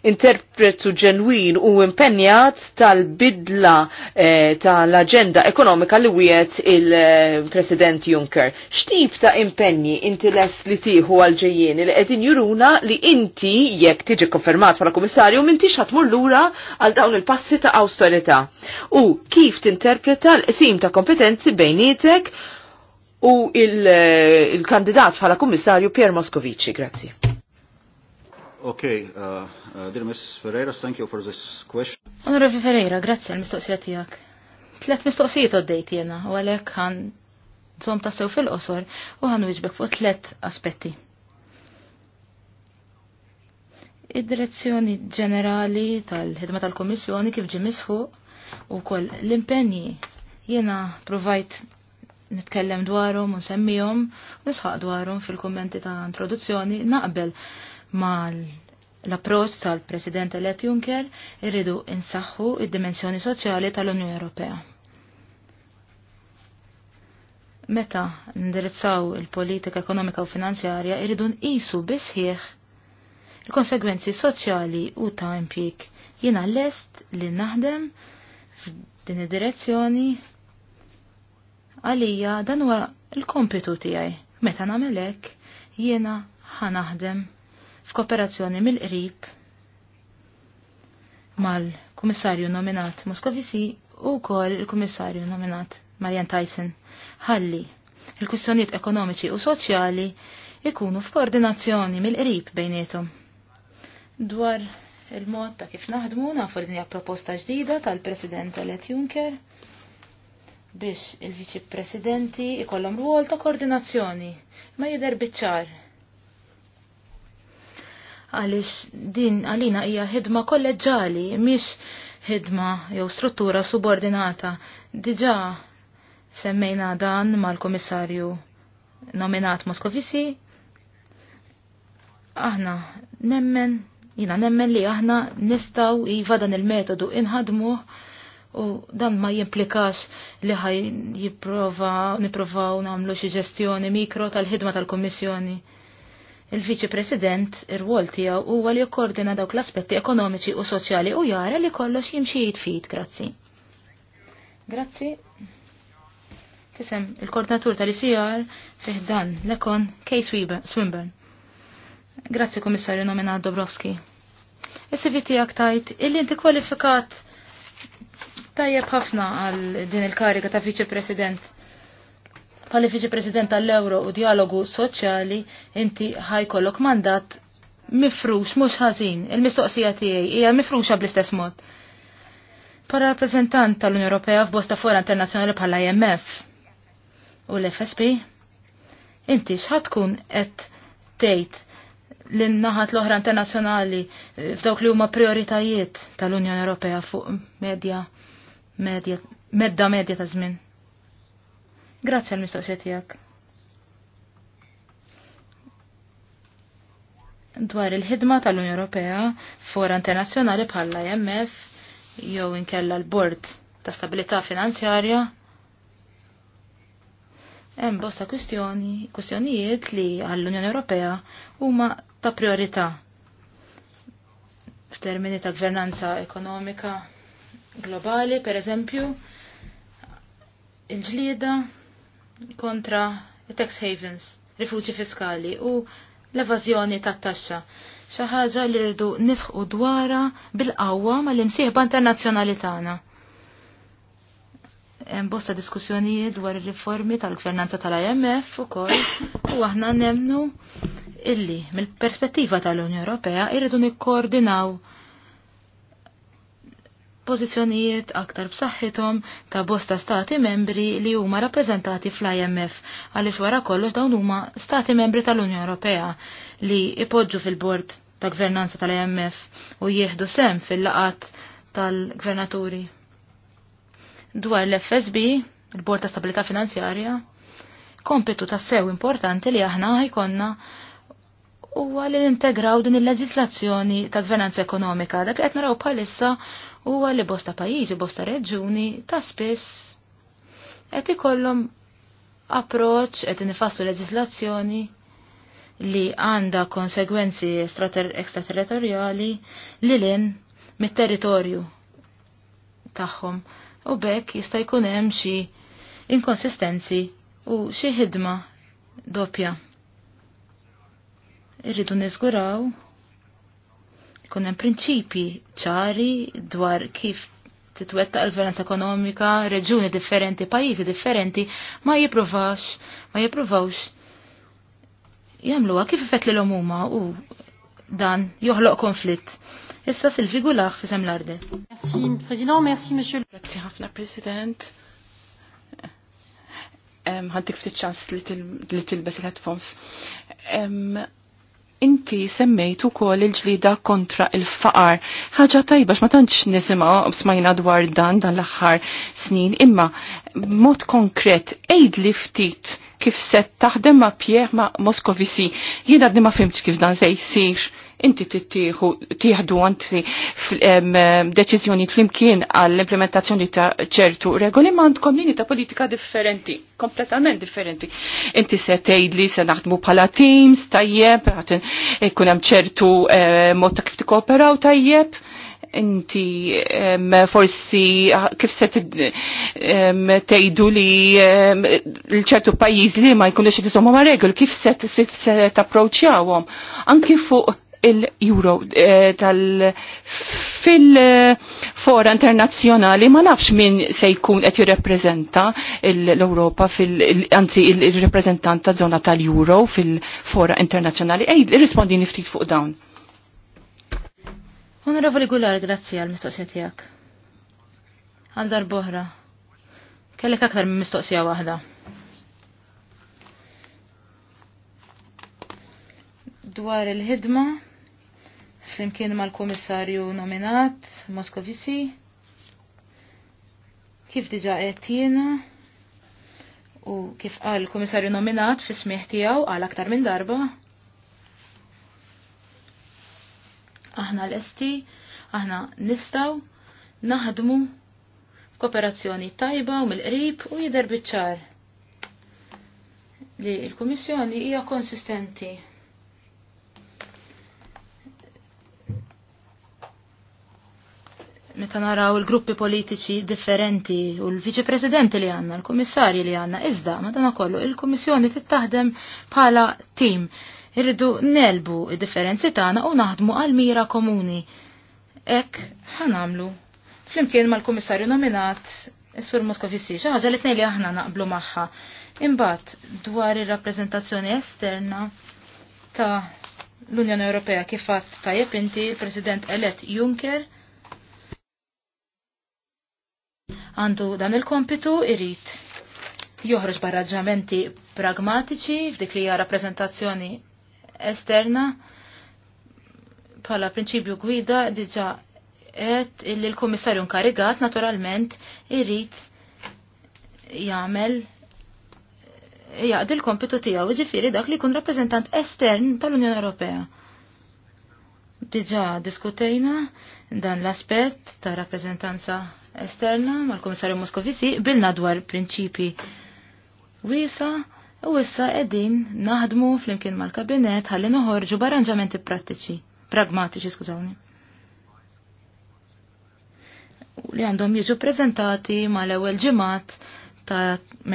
interpretu ġenwin u impenjat tal-bidla eh, tal-agenda ekonomika li wiet il-President Juncker. Xtib ta' impenji inti les li tiħu għal-ġejjien li qegħdin juruna li inti jekk tiġi konfermat bħala kummissarju minti xatmur lura għal dawn il-passi ta' austerità. U kif tinterpreta l-qsim ta' kompetenzi bejnietek u eh, il-kandidat bħala kummissarju Pier Moscovici. Grazzi. Okay, uh, uh, dear Ms. Ferreira, thank you for this question. Onorevi Ferreira, grazie għal-mistoqsija tijak. Tlet mistoqsijiet għoddejt jena, u għalek għan zom tassew fil-qosor u għan wieġbek fuq tlet aspetti. Id-direzzjoni ġenerali tal-ħidma tal-Komissjoni kif ġie misfuq u koll l-impenji jena provajt nitkellem dwarhom u nsemmihom u nisħaq dwarhom fil-kummenti ta' introduzzjoni naqbel mal l-approċ tal-President elett Juncker irridu insaħħu id-dimensjoni soċjali tal-Unjoni Ewropea. Meta ndirizzaw il-politika ekonomika u finanzjarja irridu nqisu bisħieħ il-konsegwenzi soċjali u ta' impjik jiena lest li naħdem f'din id-direzzjoni għalija dan huwa l-kompitu tiegħi. Meta nagħmel hekk jiena ħanaħdem naħdem f'kooperazzjoni mill-qrib mal-Kummissarju nominat Moskovisi u kol il-Kummissarju nominat Marian Tyson. Ħalli, il-kwistjonijiet ekonomiċi u soċjali ikunu f'koordinazzjoni mill-qrib bejnietom. Dwar il-mod ta' kif naħdmu nafu din hija proposta ġdida tal-President Elet Juncker biex il-Viċi Presidenti ikollhom ruol ta' koordinazzjoni ma jidher biċ-ċar għaliex din għalina hija ħidma kolleġġali mhix ħidma jew struttura subordinata. Diġà semmejna dan mal-Komissarju nominat Moskovisi. Aħna nemmen, jina nemmen li aħna nistaw iva dan il-metodu inħadmuh u dan ma jimplikax li ħaj jiprova, niprovaw namlu xi ġestjoni mikro tal-ħidma tal-Kommissjoni. tal ħidma tal komissjoni Il-Viċi President ir wol tiegħu huwa li jkoordina dawk l-aspetti ekonomiċi u soċjali u jara li kollox jimxi jitfid, grazzi. Grazzi. Kisem il-koordinatur tal-ICR fiħdan lekon Kay Swinburne. Grazzi Komissarju nominat Dobrovski. Is-CV tiegħek tajt illi inti kwalifikat tajjeb ħafna għal din il-kariga ta' Viċi President Pali fiġi President tal-Euro u dialogu soċjali, inti ħajkollok mandat mifrux, mux ħażin, il-mistoqsija tiegħi hija mifruxa bl-istess mod. Para rappresentant tal-Unjoni Ewropea f'bosta fora internazzjonali bħala IMF u l-FSP, inti x'ħad tkun qed tgħid l-naħat l-oħra internazzjonali eh, f'dawk li huma prioritajiet tal-Unjoni Ewropea fuq medja, medja, medda medja ta' żmien. Grazzi għal mistoqsija tiegħek. Dwar il-ħidma tal-Unjoni Ewropea fora internazzjonali bħalla IMF jew inkella l-Bord ta' Stabilità Finanzjarja hemm bosta kwistjoni, kwistjonijiet li għall-Unjoni Ewropea huma ta' priorità f'termini ta' gvernanza ekonomika globali, per eżempju, il-ġlieda kontra tax havens, rifuġi fiskali u l-evażjoni tat-taxxa. Xi ħaġa li rridu nisħu dwara bil-qawwa mal-imsieħba internazzjonali tagħna. Hemm bosta diskussjonijiet dwar ir-riformi tal-gvernanza tal-IMF ukoll u aħna nemnu illi mill-perspettiva tal-Unja Ewropea irridu nikkoordinaw pożizzjonijiet aktar b'saħħithom ta' bosta stati membri li huma rappreżentati fl-IMF għaliex wara kollox dawn huma stati membri tal-Unjoni Ewropea li ipoġġu fil-bord ta' gvernanza tal-IMF u jieħdu sem fil-laqat tal-gvernaturi. Dwar l-FSB, il-Bord ta' Stabilità Finanzjarja, kompitu ta' sew importanti li aħna u huwa li nintegraw din il-leġislazzjoni ta' gvernanza ekonomika. Dak li qed naraw bħalissa huwa li bosta pajjiżi, bosta reġuni ta' spiss qed ikollhom approċċ qed nifasslu leġislazzjoni li għanda konsegwenzi ekstraterritorjali li lin mit-territorju tagħhom u bekk jista' jkun hemm xi inkonsistenzi u xi ħidma doppja. Irridu niżguraw kun hemm prinċipji ċari dwar kif titwetta l veranza ekonomika, reġuni differenti, pajjiżi differenti, ma jippruvax, ma jippruvawx jagħmluha kif ifett li huma u dan joħloq konflitt. Issa Silvi Gulaħ fi l-arde. Merci, President, merci, Monsieur. Grazie ħafna, President. Għandik ftit ċans li tilbes il-headphones. Inti semmejtu kol il-ġlida kontra il-faqar. ħaġa tajba, ma tantx nisima smajna dwar dan dan l-aħħar snin, imma mod konkret ejd li ftit kif set taħdem ma Pierre ma Moscovici. Jiena ma fimx kif dan se jsir inti tieħdu anzi deċiżjoni flimkien għall-implementazzjoni ta' ċertu regoli ma għandkom lini ta' politika differenti, kompletament differenti. Inti se tgħidli se naħdmu bħala teams tajjeb, ikun hemm ċertu eh, mod ta' kif tikkooperaw tajjeb inti um, forsi kif se um, tejdu li um, l-ċertu pajiz li ma jkunux jtisomu ma regol, kif se, t-approċjawom, anki fuq il-euro eh, tal- fil-fora internazzjonali ma nafx min se jkun qed jirrepreżenta l-Ewropa fil anzi il-rappreżentant ta' zona tal-euro fil-fora internazzjonali. Ej, irrispondini ftit fuq dawn. Onorevoli Gular, grazzi għal mistoqsija tiegħek. Għal darbohra. Kellek aktar minn mistoqsija waħda. Dwar il-ħidma flimkien mal-komissarju nominat Moskovisi. Kif diġa qed u kif għal komissarju nominat fi smieħ tiegħu għal aktar minn darba. Aħna l-esti, aħna nistaw naħdmu kooperazzjoni tajba u mill-qrib u jidher biċ-ċar li l komissjoni hija konsistenti meta naraw il-gruppi politiċi differenti u l-viċi presidenti li għanna, l-komissarji li għanna, iżda, madana kollu, il-komissjoni tittaħdem bħala tim. Irridu nelbu il differenzi tagħna u naħdmu għal-mira komuni. Ek, ħanamlu. Flimkien mal-komissarju nominat, Is-sur Moskovici, xaħġa li t-nejli aħna naqblu magħha. Imbagħad dwar ir-rappreżentazzjoni esterna ta' l-Unjoni Ewropea kifat tajjeb inti il-President elett Juncker għandu dan il-kompitu irrit joħroġ barraġġamenti pragmatiċi f'dik li hija rappreżentazzjoni esterna bħala prinċipju gwida diġa qed illi l-kummissarju nkarigat naturalment irrit jagħmel jaqdi l-kompitu tiegħu ġifieri dak li jkun rappreżentant estern tal-Unjoni Ewropea. Diġa diskutejna dan l-aspett ta' rappreżentanza esterna mal-Komissarju Moskovici bilna dwar prinċipi wiesa u issa qegħdin naħdmu flimkien mal-kabinet ħalli noħorġu b'arranġamenti prattiċi, pragmatiċi skużawni. Li għandhom jiġu preżentati mal-ewwel ġimat ta'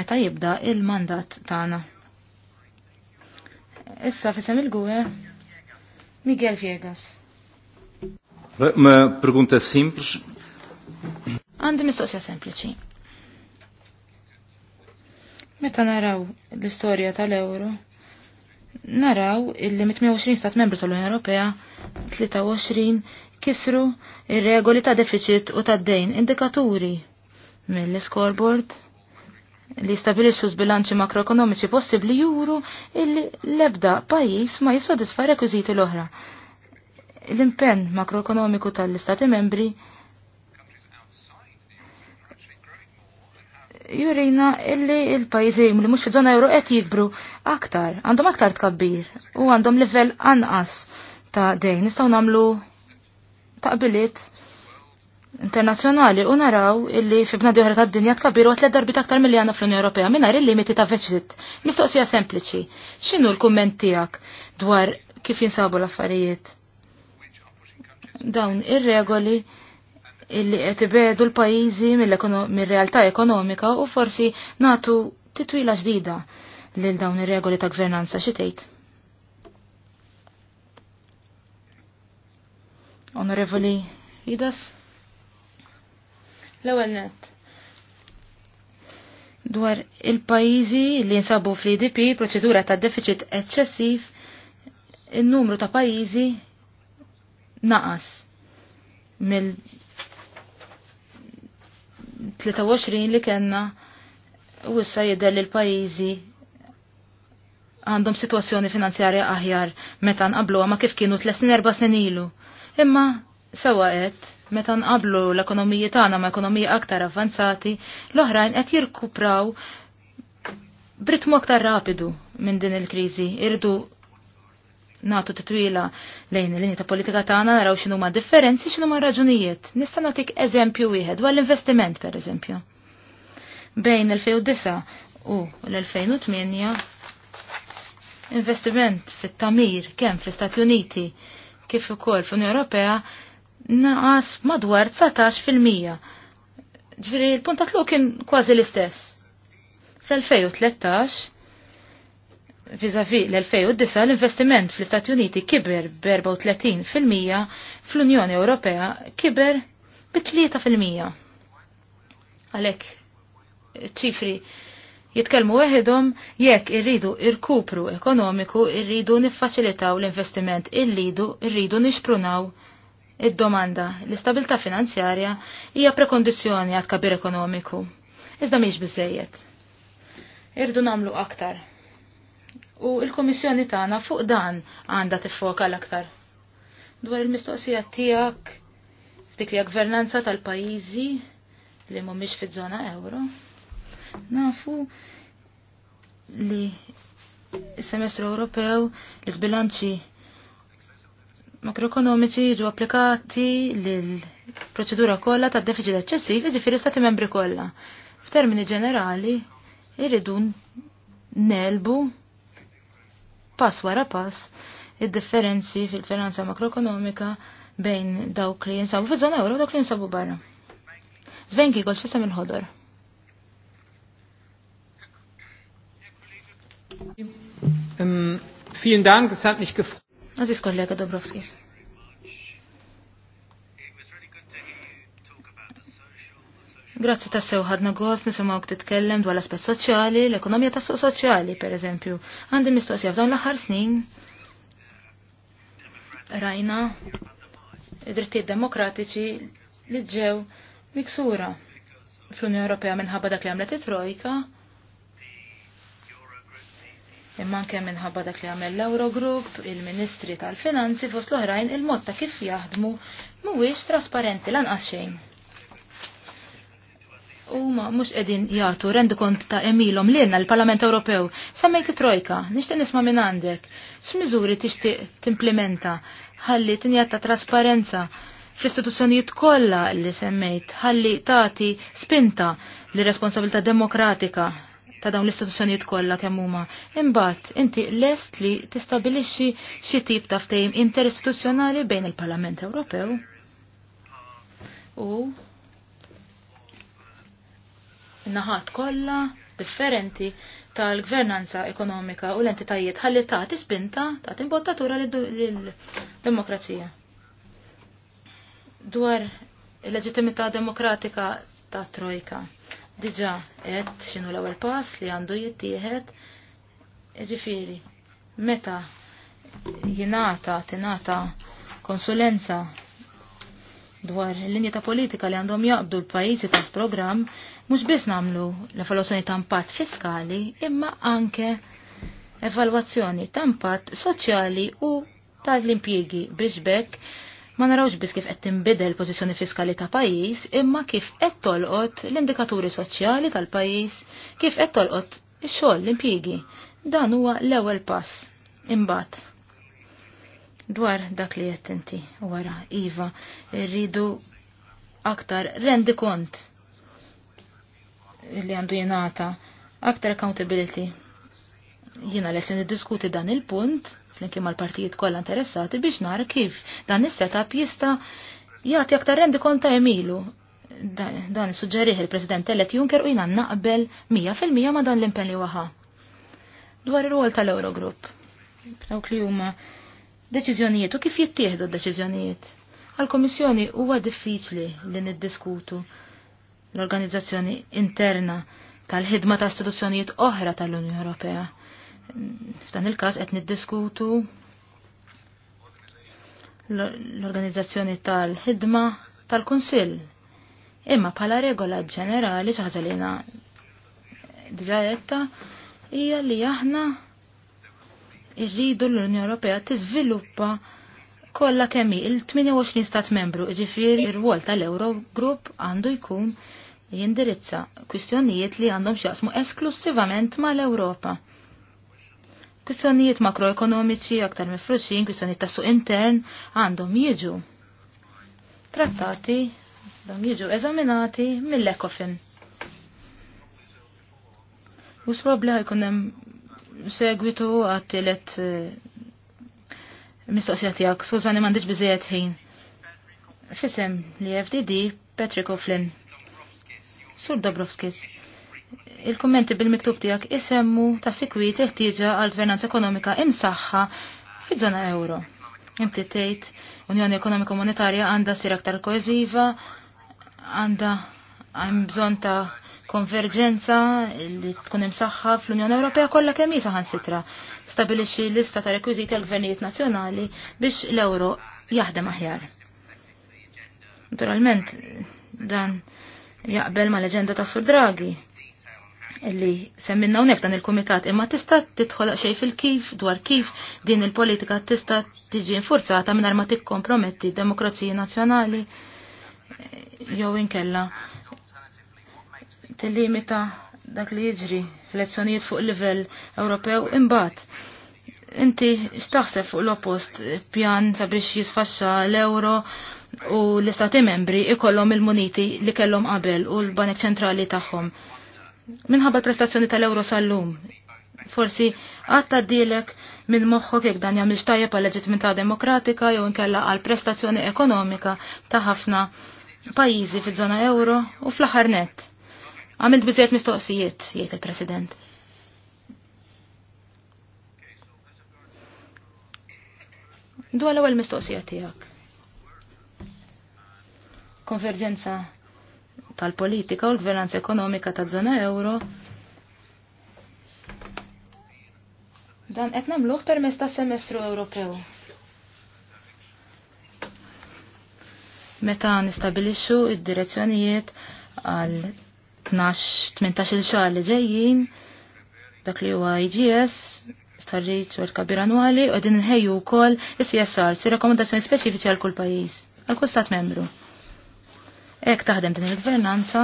meta jibda il-mandat tagħna. Issa fisem il-gwe Miguel Viegas. Ma pergunta simples. Għandi mistoqsija sempliċi. Meta naraw l-istorja tal-euro, naraw illi 120 stat membru tal-Unjoni Ewropea 23 kisru ir-regoli ta' deficit u ta' dejn indikaturi mill-scoreboard li stabilixxu bilanċi makroekonomiċi possibbli juru illi l-ebda pajjiż ma jissodisfa rekwiżiti l-oħra l-impenn makroekonomiku tal-Istati membri jurina illi il-pajzi li mux fi zona euro qed jikbru aktar, għandhom aktar tkabbir u għandhom livell anqas ta' dejn. Nistgħu nagħmlu taqbiliet internazzjonali u naraw illi fi bnadi oħra tad-dinja tkabbir u tliet darbit aktar miljana fl-Unjoni Ewropea mingħajr il-limiti ta' veċit. Mistoqsija sempliċi. X'inhu l-kumment tiegħek dwar kif jinsabu l-affarijiet? dawn ir-regoli illi qed ibedu l-pajjiżi mir-realtà ekonomika u forsi natu titwila ġdida lil dawn ir-regoli ta' gvernanza xi tgħid. Onorevoli Idas? L-ewwel net. Dwar il-pajjiżi li jinsabu fl-IDP proċedura ta' deficit eċċessiv, in-numru ta' pajjiżi naqas mill 23 li kena u issa jidher li l-pajjiżi għandhom sitwazzjoni finanzjarja aħjar meta nqablu ma kif kienu tles snin erba' snin ilu. Imma sewa qed meta nqablu l-ekonomiji tagħna ma' ekonomija aktar avvanzati, l-oħrajn qed jirkupraw b'ritmu aktar rapidu minn din il-kriżi. Irdu nagħtu titwila lejn il-linja ta' politika tagħna naraw x'inhu ma' differenzi x'inhu ma' raġunijiet. Nista' nagħtik eżempju wieħed dwar l-investiment pereżempju. Bejn il-2009 u l-2008 investiment fit-tamir kemm fl-Istati Uniti kif ukoll fl-Unjoni Ewropea naqas madwar 19 fil-mija. Ġifieri l-puntatlu kien kważi l-istess. Fl-2013 Vizavi l-2009 l-investiment fl-Istati Uniti kiber b-34% fl-Unjoni Ewropea kiber b-3%. Għalek, ċifri jitkelmu għedhom jekk irridu irkupru ekonomiku, irridu niffaċilitaw l-investiment, irridu irridu nixprunaw id-domanda. L-istabilta finanzjarja hija prekondizjoni għad kabir ekonomiku. Iżda miex bizzejiet. Irdu namlu aktar U il-Komissjoni tagħna fuq dan għandha tiffoka l-aktar. Dwar il-mistoqsija tiegħek dik li gvernanza tal-pajjiżi li mhumiex fiż-żona euro. Nafu li s-semestru Ewropew l-sbilanċi makroekonomiċi jiġu applikati lil proċedura kollha tad-deficit eċċessiv jiġifieri stati membri kollha. F'termini ġenerali irridu nelbu pass wara pass id-differenzi fil-finanza makroekonomika bejn dawk li jinsabu fil-żona euro dawk li jinsabu barra. Sven Gigol fissa minn ħodor. Vielen Dank, es hat mich gefreut. Das ist Kollege Dobrovskis. Grazzi ta' sew ħadna gost nisimgħu titkellem dwar l-aspett soċjali, l-ekonomija tas suq soċjali pereżempju. Għandi mistoqsija f'dawn l-aħħar snin rajna id-drittijiet demokratiċi li ġew miksura fl-Unjoni Ewropea minħabba dak li għamlet it-Trojka imma anke minħabba dak li għamel l-Eurogroup, il-Ministri tal-Finanzi fost l-oħrajn il-mod ta' kif jaħdmu mhuwiex trasparenti lanqas xejn ma, mhux qegħdin jagħtu rendu kont ta' emilhom lilna l-Parlament Ewropew. Semmejti trojka, nixtieq nisma' minn għandek. X'miżuri tixtieq timplementa ħalli t ta' trasparenza fl-istituzzjonijiet kollha li semmejt ħalli tagħti spinta li responsabilità demokratika ta' dawn l-istituzzjonijiet kollha kemm huma. Imbagħad inti lest li tistabilixxi xi tip ta' ftehim interistituzzjonali bejn il-Parlament Ewropew u naħat kollha differenti tal-gvernanza ekonomika u l-entitajiet ħalli ta' tispinta ta' imbottatura lill-demokrazija. Dwar il leġitimità demokratika ta' trojka. Diġà et x'inhu l-ewwel pass li għandu jittieħed eġifiri meta jingħata tingħata konsulenza dwar l-linja ta' politika li għandhom jaqbdu l-pajjiżi tal-programm mhux biss nagħmlu l evaluazzjoni ta' impatt fiskali, imma anke evalwazzjoni ta' impatt soċjali u tal-impjiegi biex bekk ma narawx biss kif qed tinbidel pożizzjoni fiskali ta' pajjiż, imma kif qed tolqot l-indikaturi soċjali tal-pajjiż, kif qed tolqot ix-xogħol l-impjiegi. Dan huwa l-ewwel pass. Imbagħad dwar dak li qed inti wara iva rridu aktar rendi kont li għandu jenata aktar accountability. Jina lesin diskuti dan il-punt flimkien mal-partijiet kollha interessati biex nar kif dan is-setup jista' jagħti aktar rendi konta emilu. Dan suġġerih il-President Tellet Juncker u jina naqbel 100% ma dan l impenni waha. Dwar ir-rol tal-Eurogroup. Dawk li huma deċiżjonijiet u kif jittieħdu d-deċiżjonijiet. Għal-Komissjoni huwa diffiċli li niddiskutu l-organizzazzjoni interna tal-ħidma ta' istituzzjonijiet oħra tal-Unjoni Ewropea. F'dan il-każ qed niddiskutu l-organizzazzjoni tal-ħidma tal-Kunsill. Imma bħala regola ġenerali xi ħaġa li jiena diġà etta hija li aħna irridu l-Unjoni Ewropea tiżviluppa kollha kemm il-28 stat membru, ġifieri ir-rwol tal-Eurogroup għandu jkun jindirizza kwistjonijiet li għandhom xjaqsmu esklusivament mal-Ewropa. Kwistjonijiet makroekonomiċi aktar fruxin, kwistjonijiet tassu intern għandhom jiġu trattati, għandhom jiġu eżaminati mill-ekofin. U s-probli ħajkunem segwitu għattilet eh, mistoqsija tijak, skużani mandiġ bizziet ħin. Fisem li FDD Patrick O'Flynn. Sur Dobrovskis, il-kommenti bil-miktub tijak isemmu ta' sikwit il-ħtieġa għal gvernanza ekonomika imsaħħa fi zona euro. Inti tgħid Unjoni Ekonomika Monetarja għandha sir aktar koeżiva, għandha hemm bżonn ta' konverġenza li tkun imsaħħa fl-Unjoni Ewropea kollha kemm hi saħansitra stabilixxi lista ta' rekwiżiti għal gvernijiet nazzjonali biex l-euro jaħdem aħjar. Naturalment dan jaqbel ma leġenda ta' Sur Draghi illi semminna unef dan il-komitat imma tista' titħol xej fil-kif dwar kif din il-politika tista' tiġi infurzata minn ma tikkomprometti demokrazija nazzjonali jew inkella tillimita dak li jiġri f'elezzjonijiet fuq livell Ewropew imbagħad. Inti x'taħseb fuq l-oppost pjan sabiex jisfaxxa l-euro u l-istati membri ikollhom il-muniti li kellhom qabel u l-banek ċentrali tagħhom. Minħabba l-prestazzjoni tal-euro sal-lum, forsi għatta dilek minn moħħok jek dan jagħmel tajjeb għal leġitimità demokratika jew inkella għal prestazzjoni ekonomika ta' ħafna pajjiżi fiż-żona euro u fl-aħħar net. Għamilt biżejjed mistoqsijiet, jgħid il-President. Dwa l-ewwel mistoqsija tiegħek konverġenza tal-politika u l-gvernanza ekonomika ta' zona euro. Dan qed nagħmluh permezz ta' semestru Ewropew. Meta nistabilixxu id-direzzjonijiet għal 12-18 xahar li ġejjin dak li huwa IGS starriċ u l kabir annwali u din nħejju wkoll is-CSR si rekomendazzjoni speċifiċi għal kull pajjiż għal kull stat membru. Ek taħdem din il-gvernanza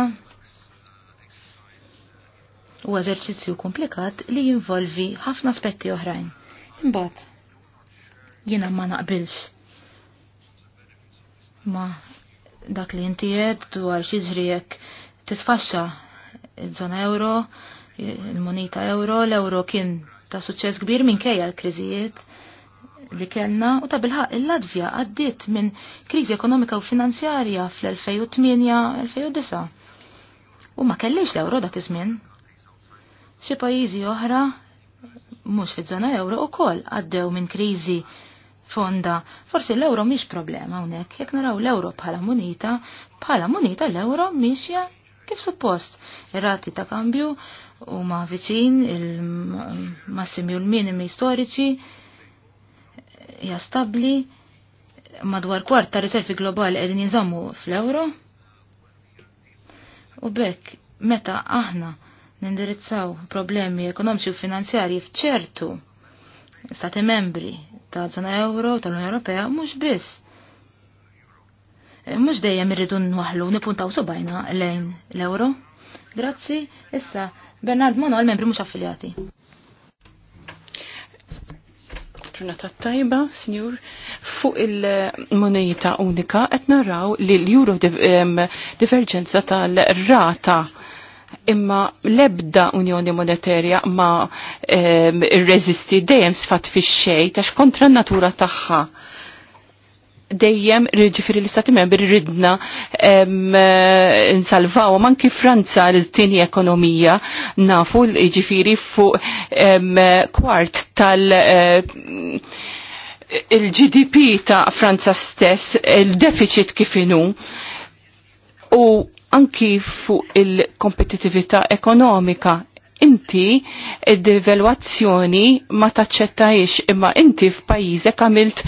u eżerċizzju komplikat li jinvolvi ħafna aspetti oħrajn. Imbagħad jiena ma naqbilx ma dak li inti qed dwar xi ġrijek tisfaxxa iż-żona euro, il-moneta euro, l-euro kien ta' suċċess kbir minkejja l-kriżijiet li kellna u ta' bilħaq il-Latvja għaddiet minn kriżi ekonomika u finanzjarja fl-2008-2009. U ma kellix l-euro dak iż-żmien. Xi pajjiżi oħra mhux fiż-żona euro wkoll għaddew minn kriżi fonda. Forsi l-euro mhix problema hawnhekk, jekk naraw l-euro bħala munita, bħala munita l-euro mixja kif suppost. Ir-rati ta' kambju huma viċin il-massimi u l-minimi storiċi hija stabbli madwar kwart ta' riservi globali qegħdin jinżammu fl-euro. U bekk meta aħna nindirizzaw problemi ekonomiċi u finanzjarji fċertu stati membri ta' zona euro tal-Unjoni Ewropea mhux biss. Mhux dejjem irridu nwaħlu nipuntaw subajna lejn l-euro. Grazzi, issa Bernard Mono għal membri mhux affiljati ġurnata tajba, Sinjur, fuq il-moneta unika qed naraw li l-euro divergenza tal-rata imma lebda unjoni monetarja ma irreżisti dejjem sfat fix xej tax kontra n-natura tagħha dejjem ġifiri l-istati membri ridna eh, nsalvaw kif Franza l-tini ekonomija nafu ġifiri fuq kwart tal eh, il-GDP ta' Franza stess il-deficit kifinu u anki fuq il-kompetitività ekonomika inti id-devaluazzjoni ma taċċettajx imma inti f'pajjiżek għamilt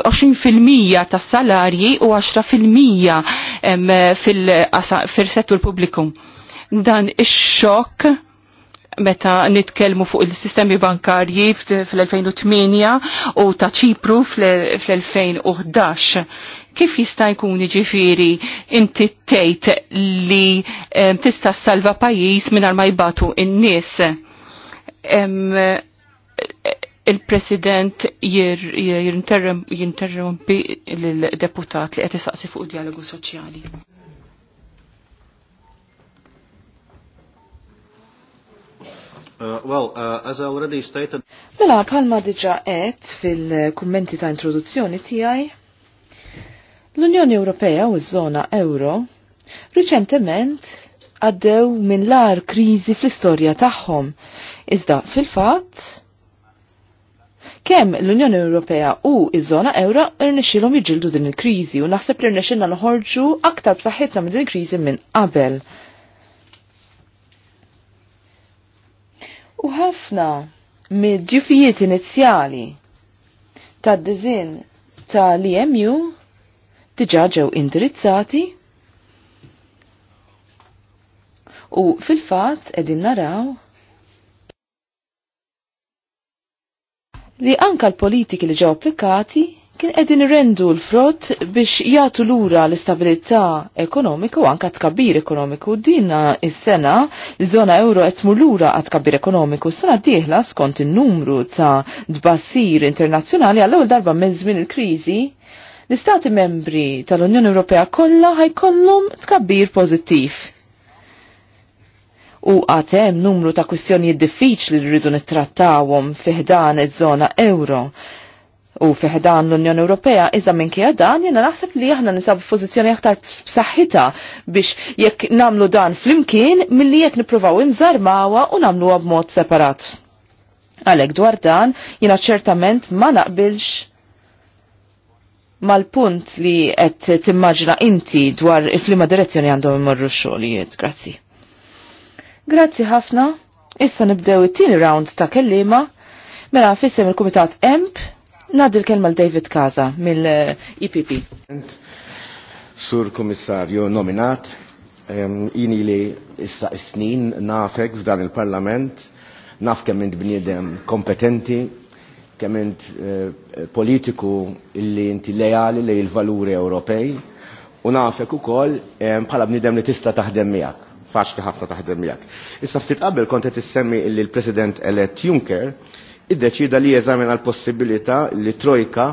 20% tas salarji u 10% fil-settur pubbliku. Dan ix-xokk meta nitkelmu fuq il-sistemi bankarji fl-2008 u ta' ċipru fl-2011 Kif jista' jkun ġifiri inti tgħid li tista' salva pajjiż mingħajr ma jbatu in-nies? il-President jinterrompi l-deputat li qed isaqsi fuq dialogu soċjali. Uh, well, uh, as I already stated... Mela, palma diġa qed fil-kummenti ta' introduzzjoni tiegħi, L-Unjoni Ewropea u ż zona euro riċentement għaddew minn lar kriżi fl-istorja tagħhom. Iżda fil-fatt kemm l-Unjoni Ewropea u iż-żona euro irnexxilhom jiġildu din il-kriżi u naħseb li rnexxilna noħorġu aktar b'saħħitna minn din il-kriżi minn qabel. U ħafna mid-djufijiet inizjali tad-dizin tal-EMU diġa ġew indirizzati u fil-fatt qegħdin naraw li anka l-politiki li ġew applikati kien qegħdin rendu l-frott biex jagħtu lura l-istabilità ekonomiku anka tkabbir ekonomiku din is-sena l-żona euro qed tmur lura għat tkabbir ekonomiku sena dieħla skont in-numru ta' dbassir internazzjonali għall-ewwel darba minn żmien il-kriżi L-Istati membri tal-Unjoni Ewropea kollha ħajkollhom tkabbir pożittiv. U għatem numru ta' kwistjonijiet diffiċli li rridu nittrattawhom fiħdan iż-żona euro. U fiħdan l-Unjoni Ewropea, iżda kija dan jiena naħseb li aħna nisabu pożizzjoni aktar b'saħħitha biex jekk namlu dan flimkien milli jekk nippruvaw inżarmawa u namluha b'mod separat. Għalhekk dwar dan jiena ċertament ma naqbilx mal-punt li qed timmaġna inti dwar il-flima direzzjoni għandhom imorru xogħlijiet. Grazzi. Grazzi ħafna. Issa nibdew it-tieni round ta' kellima. Mela fissem il-Kumitat EMP nadi l-kelma l David Kaza mill-IPP. Sur Komissarju nominat, jini li issa snin nafek f'dan il-Parlament, naf kemm minn bniedem kompetenti, verament eh, eh, politiku illi inti lejali li il valuri Ewropej u nafek ukoll eh, bħala bnidem li tista' taħdem miegħek faċli ħafna taħdem miegħek. Issa ftit qabel kont qed issemmi illi l-President elett Juncker iddeċida li jeżamina l-possibilità li trojka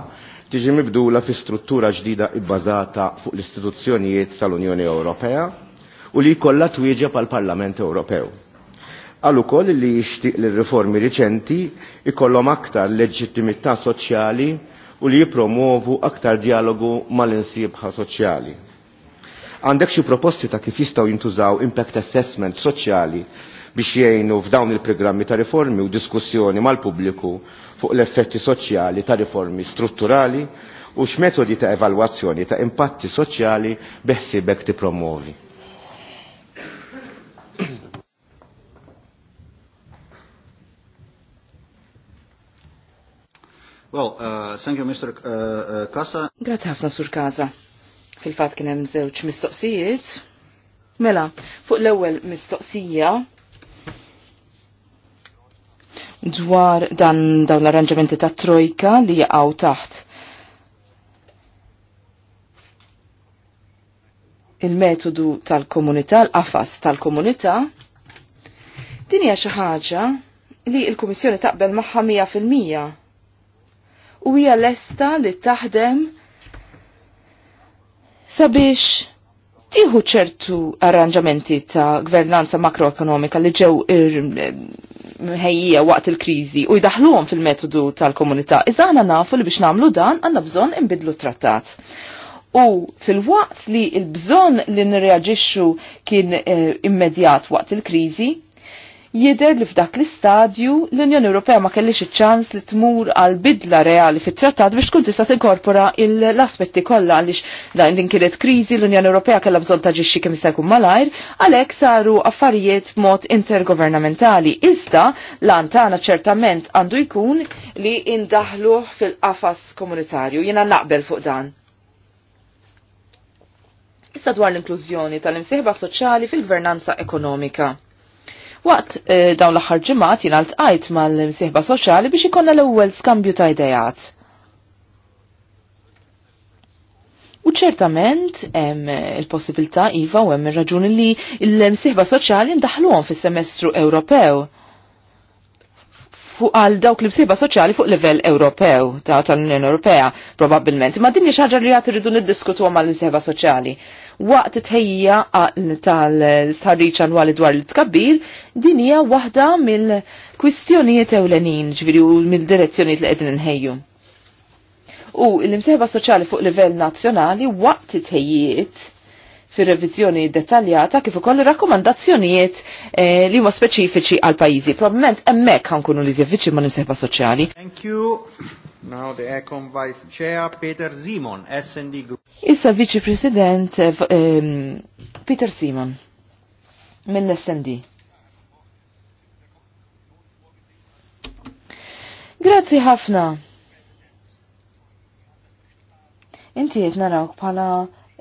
tiġi mibdula fi struttura ġdida ibbażata fuq l-istituzzjonijiet tal-Unjoni Ewropea u li jkollha twieġeb għall parlament Ewropew għallu ukoll li jixtieq li riformi riċenti ikollom aktar leġittimità soċjali u li jipromovu aktar dialogu mal insibħa soċjali. Għandek xi proposti ta' kif jistgħu jintużaw impact assessment soċjali biex jgħinu f'dawn il-programmi ta' riformi u diskussjoni mal-pubbliku fuq l-effetti soċjali ta' riformi strutturali u x'metodi ta' evalwazzjoni ta' impatti soċjali beħsibek tippromovi. Well, uh, thank you, Mr. Uh, uh, Kasa. Grazie ħafna, Sur Kaza. Fil-fat kien hemm żewġ mistoqsijiet. Mela, fuq l-ewwel mistoqsija dwar dan dawn l-arranġamenti ta' trojka li jaqgħu taħt il-metodu tal-komunità, l-qafas tal-komunità, din hija xi ħaġa li l-Kummissjoni taqbel magħha mija fil-mija u hija lesta li taħdem sabiex tieħu ċertu arranġamenti ta' gvernanza makroekonomika li ġew ħejjija waqt il-kriżi u jdaħluhom fil-metodu tal-komunità. Iżda aħna nafu li biex nagħmlu dan għandna bżonn inbidlu trattat. U fil-waqt li l bżonn li nirreaġixxu kien eh, immedjat waqt il-kriżi, jider li f'dak l-istadju l-Unjoni Ewropea ma kellix iċ-ċans li tmur għal bidla reali fit-trattat biex tkun tista' tinkorpora l-aspetti kollha għaliex dan din kienet kriżi l-Unjoni Ewropea kellha bżonn ta' ġixxi kemm se jkun malajr, għalhekk saru affarijiet b'mod intergovernamentali. Iżda lan tagħna ċertament għandu jkun li indaħluh fil-qafas komunitarju. Jiena naqbel fuq dan. Issa dwar l-inklużjoni tal-imsieħba soċjali fil-gvernanza ekonomika. Waqt e, dawn l-aħħar ġimgħat jingħaltqajt mal-imsieħba soċjali biex ikonna l-ewwel skambju ta' idejat. U ċertament hemm il-possibilità iva u hemm ir-raġuni li l-imsieħba soċjali ndaħluhom fis-semestru Ewropew fuq għal dawk li bsiba soċjali fuq livell Ewropew ta' tal-Unjoni Ewropea probabbilment. Ma din xi ħaġa li għad rridu niddiskutu l imsieba soċjali waqt tħejja tal-starriċ annwali dwar l-tkabbir, din hija waħda mill-kwistjonijiet ewlenin ġviri u mill-direzzjonijiet li qegħdin nħejju. U l-imsieħba soċjali fuq livell nazzjonali waqt tħejjiet fir revizjoni dettaljata kif ukoll rakkomandazzjonijiet eh, li huma speċifiċi għal pajjiżi. Probabilment hemmhekk ħankunu li żjeffiċi ma' nimsejħba soċjali. Thank you. Now the Econ Vice Chair Peter Simon, SD Group. Issa Vice President eh, ehm, Peter Simon mill-SND. Grazzi ħafna. Inti qed narawk bħala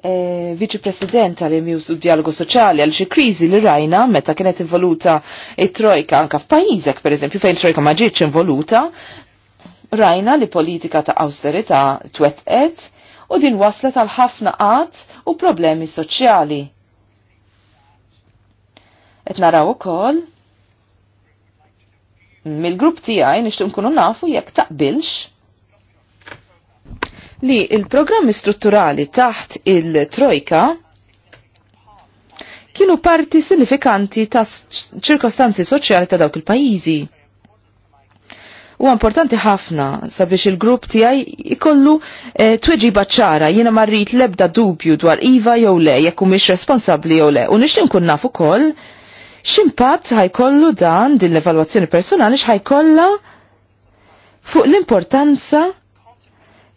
Eh, Viċi President tal-Imjus Dialogu Soċjali għal xi kriżi li rajna meta kienet involuta it-Trojka anka f'pajjiżek pereżempju fejn trojka ma ġietx involuta, rajna li politika ta' austerità twetqet u din waslet għal ħafna qatt u problemi soċjali. Et naraw ukoll mill-grupp tiegħi nixtieq nkunu nafu jekk taqbilx li il-programmi strutturali taħt il-Trojka kienu parti sinifikanti ta' ċirkostanzi soċjali ta' dawk il-pajizi. U importanti ħafna sabiex il-grupp tiegħi ikollu e, eh, tweġi baċċara jiena marrit lebda dubju dwar iva jew le jekk mhix responsabbli jew le u nixtieq nkun naf ukoll x'impatt ħajkollu dan din l-evalwazzjoni personali x'ħajkollha fuq l-importanza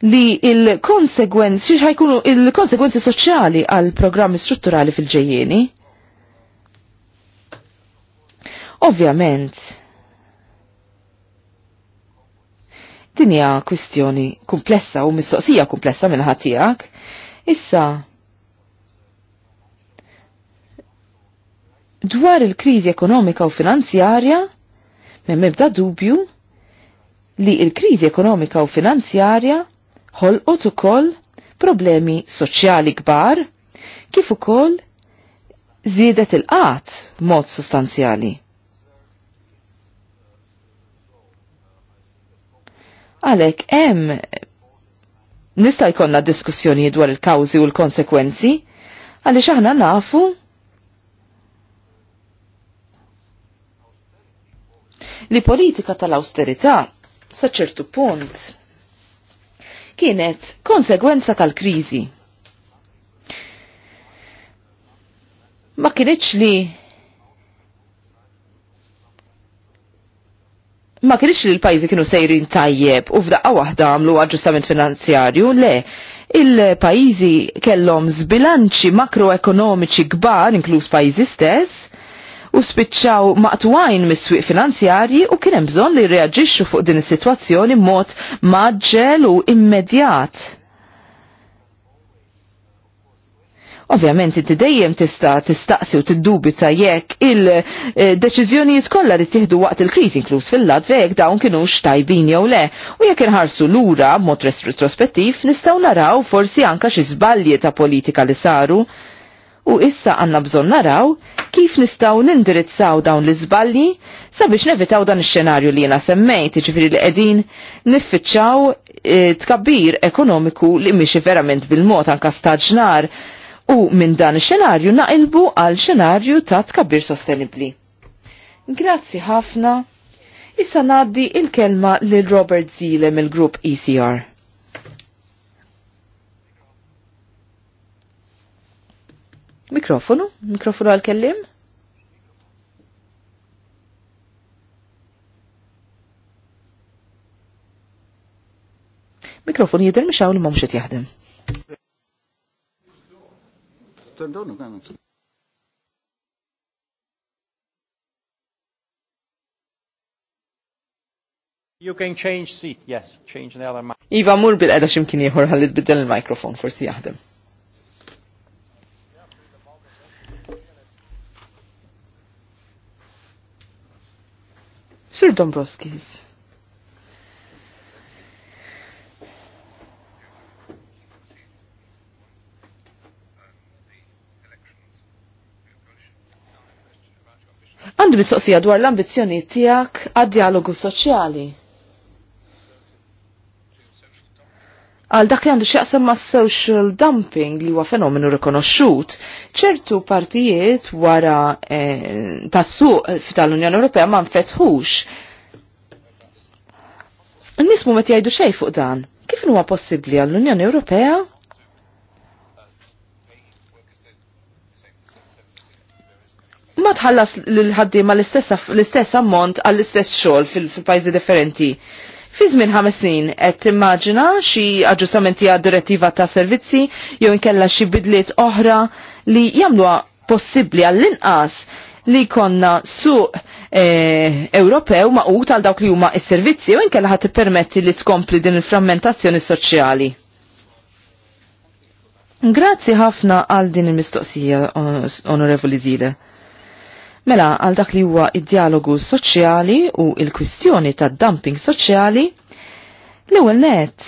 li il-konsegwenzi, xiex ħajkunu il-konsegwenzi soċjali għal programmi strutturali fil-ġejjeni? Ovvjament, dinja kwistjoni komplessa u mistoqsija komplessa minn ħatijak, issa dwar il-krizi ekonomika u finanzjarja, minn mibda dubju li il-krizi ekonomika u finanzjarja ħolqot ukoll problemi soċjali kbar kif ukoll żiedet il-qat mod sostanzjali. Għalek hemm nista' jkollna diskussjoni dwar il-kawżi u l-konsekwenzi għaliex aħna nafu li politika tal-austerità sa ċertu punt kienet konsegwenza tal-kriżi. Ma kienieċ li ma kienx li l-pajzi kienu sejrin tajjeb u f'daqqa waħda għamlu aġġustament finanzjarju, le, il-pajzi kellhom zbilanċi makroekonomiċi kbar, inkluż pajzi stess, u spiċċaw maqtwajn mis-swieq finanzjarji u kien hemm bżonn li reaġixxu fuq din is-sitwazzjoni mod maġġel u immedjat. Ovvjament inti dejjem tista' tistaqsi u tiddubita jekk il-deċiżjonijiet kollha li tieħdu waqt il-kriżi inkluż fil latvek jekk dawn kienu tajbin jew le. U jekk inħarsu lura mod retrospettiv nistgħu naraw forsi anke xi żbalji ta' politika li saru u issa għanna bżon naraw kif nistaw nindirizzaw dawn l-izballi sabiex nevitaw dan ix-xenarju li jena semmejt, ġifiri li qegħdin niffiċċaw eh, tkabbir ekonomiku li mhixi verament bil-mod anka staġnar u minn dan ix-xenarju naqilbu għal xenarju ta' tkabbir sostenibli. Grazzi ħafna. Issa naddi il-kelma lil Robert Zile mill-grupp ECR. Mikrofonu? Mikrofonu għal-kellim? Mikrofonu jidher mhux hawn li m'hemmx qed jaħdem. You can change seat, yes, change the other mic. Iva mur bil-qeda ximkien ieħor ħalli tbiddel il-mikrofon forsi jaħdem. Sir Dombrovskis. Għandi mistoqsija dwar l-ambizjoni tijak għad-dialogu soċjali. għal dak li għandu xaqsam ma' social dumping li huwa fenomenu rikonoxxut, ċertu partijiet wara eh, tas-suq tal-Unjoni Ewropea ma' nfetħux. Nismu nies mu met jgħidu xejn fuq dan. Kif huwa possibbli għall-Unjoni Ewropea ma tħallas l-ħaddiema l-istess ammont għall-istess xogħol fil-pajjiżi differenti? Fi żmien ħames snin qed timmaġina xi aġġustamenti għad direttiva ta' servizzi jew inkella xi bidliet oħra li jagħmluha possibbli għall-inqas li konna suq eh, Ewropew u għal dawk li huma s-servizzi u inkella ħadd permetti li tkompli din il-frammentazzjoni soċjali. Grazzi ħafna għal din il-mistoqsija, Onorevoli Zile. Mela għal dak li huwa id-dialogu soċjali u il-kwistjoni ta' dumping soċjali, l-ewwel net.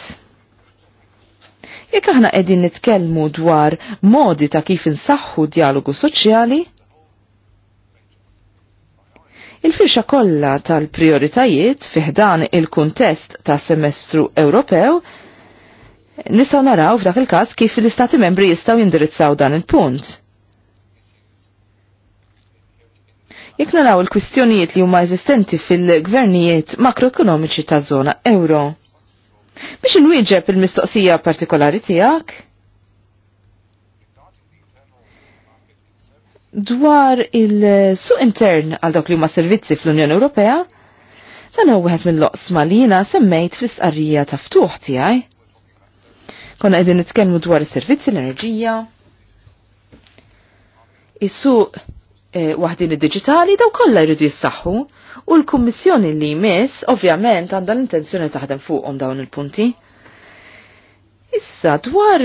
Jekk aħna qegħdin nitkellmu dwar modi ta' kif insaħħu dialogu soċjali, Il-firxa kollha tal-prioritajiet fiħdan il-kuntest ta' semestru Ewropew nistgħu naraw f'dak il-każ kif l-istati membri jistgħu jindirizzaw dan il-punt. jekk naraw il-kwistjonijiet li huma eżistenti fil-gvernijiet makroekonomiċi ta' zona euro. Biex inwieġeb il-mistoqsija partikolari tiegħek? Dwar il-suq intern għal dawk li huma servizzi fl-Unjoni Ewropea, dan huwa wieħed mill-loqsma li jiena semmejt fl-istqarrija ta' ftuħ tiegħi. Konna qegħdin nitkellmu dwar is-servizzi l-enerġija, is-suq Eh, waħdin id-digitali daw kollha jridu jissaħħu u l-Kummissjoni li jmiss ovvjament għandha l-intenzjoni taħdem fuqhom dawn il-punti. Issa dwar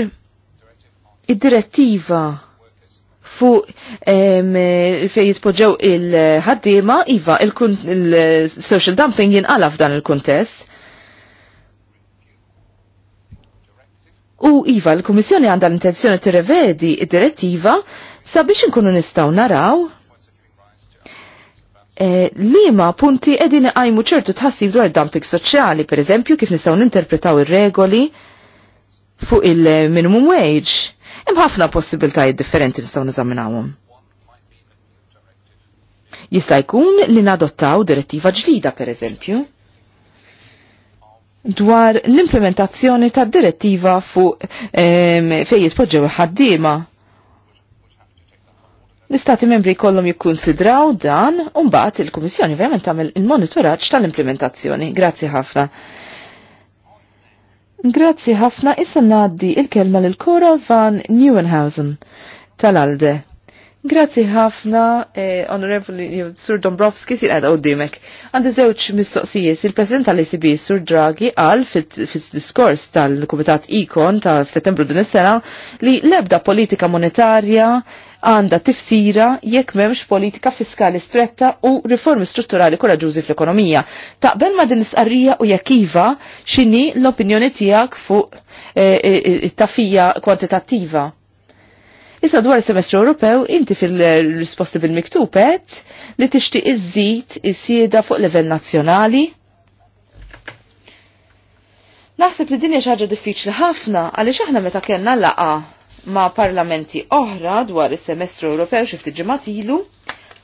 id-direttiva fuq fej jitpoġġew il-ħaddiema iva il-social dumping jinqala f'dan il-kuntest. U iva l-Kummissjoni għandha l-intenzjoni tirrevedi id-direttiva sabiex inkunu nistgħu naraw Eh, lima punti edin għajmu ċertu tħassib dwar dumping soċjali, per eżempju, kif nistaw ninterpretaw ir-regoli fuq il-minimum wage. Hemm ħafna possibiltajiet differenti nistgħu niżaminawhom. Jista' jkun li nadottaw direttiva ġdida per eżempju dwar l-implementazzjoni tad direttiva fuq eh, fejn jitpoġġew ħaddiema L-Istati membri kollum jikkunsidraw dan un-baħt il-Komissjoni verament tamil il-monitoraċ tal-implementazzjoni. Grazzi ħafna. Grazzi ħafna issa naddi il-kelma l-Kora van Newenhausen tal-Alde. Grazzi ħafna, eh, onorevoli Sur Dombrovski, si għedha għoddimek. Għandi zewċ mistoqsijiet, il-President tal-ECB Sur Draghi għal fil-diskors tal-Komitat Ikon ta' settembru din is-sena li lebda politika monetarja għanda tifsira jekk memx politika fiskali stretta u riformi strutturali koraġużi fl-ekonomija. Taqbel ma din isqarrija u jakiva xini l-opinjoni tijak fuq e, e, tafija kwantitattiva. Issa dwar semestru Ewropew inti fil-risposti bil miktupet li tixti iżżid is-sieda fuq level nazzjonali Naħseb li din hija xi ħaġa diffiċli ħafna għaliex aħna meta kellna laqa ma' parlamenti oħra dwar is-semestru Ewropew xi ftit ġimgħat ilu,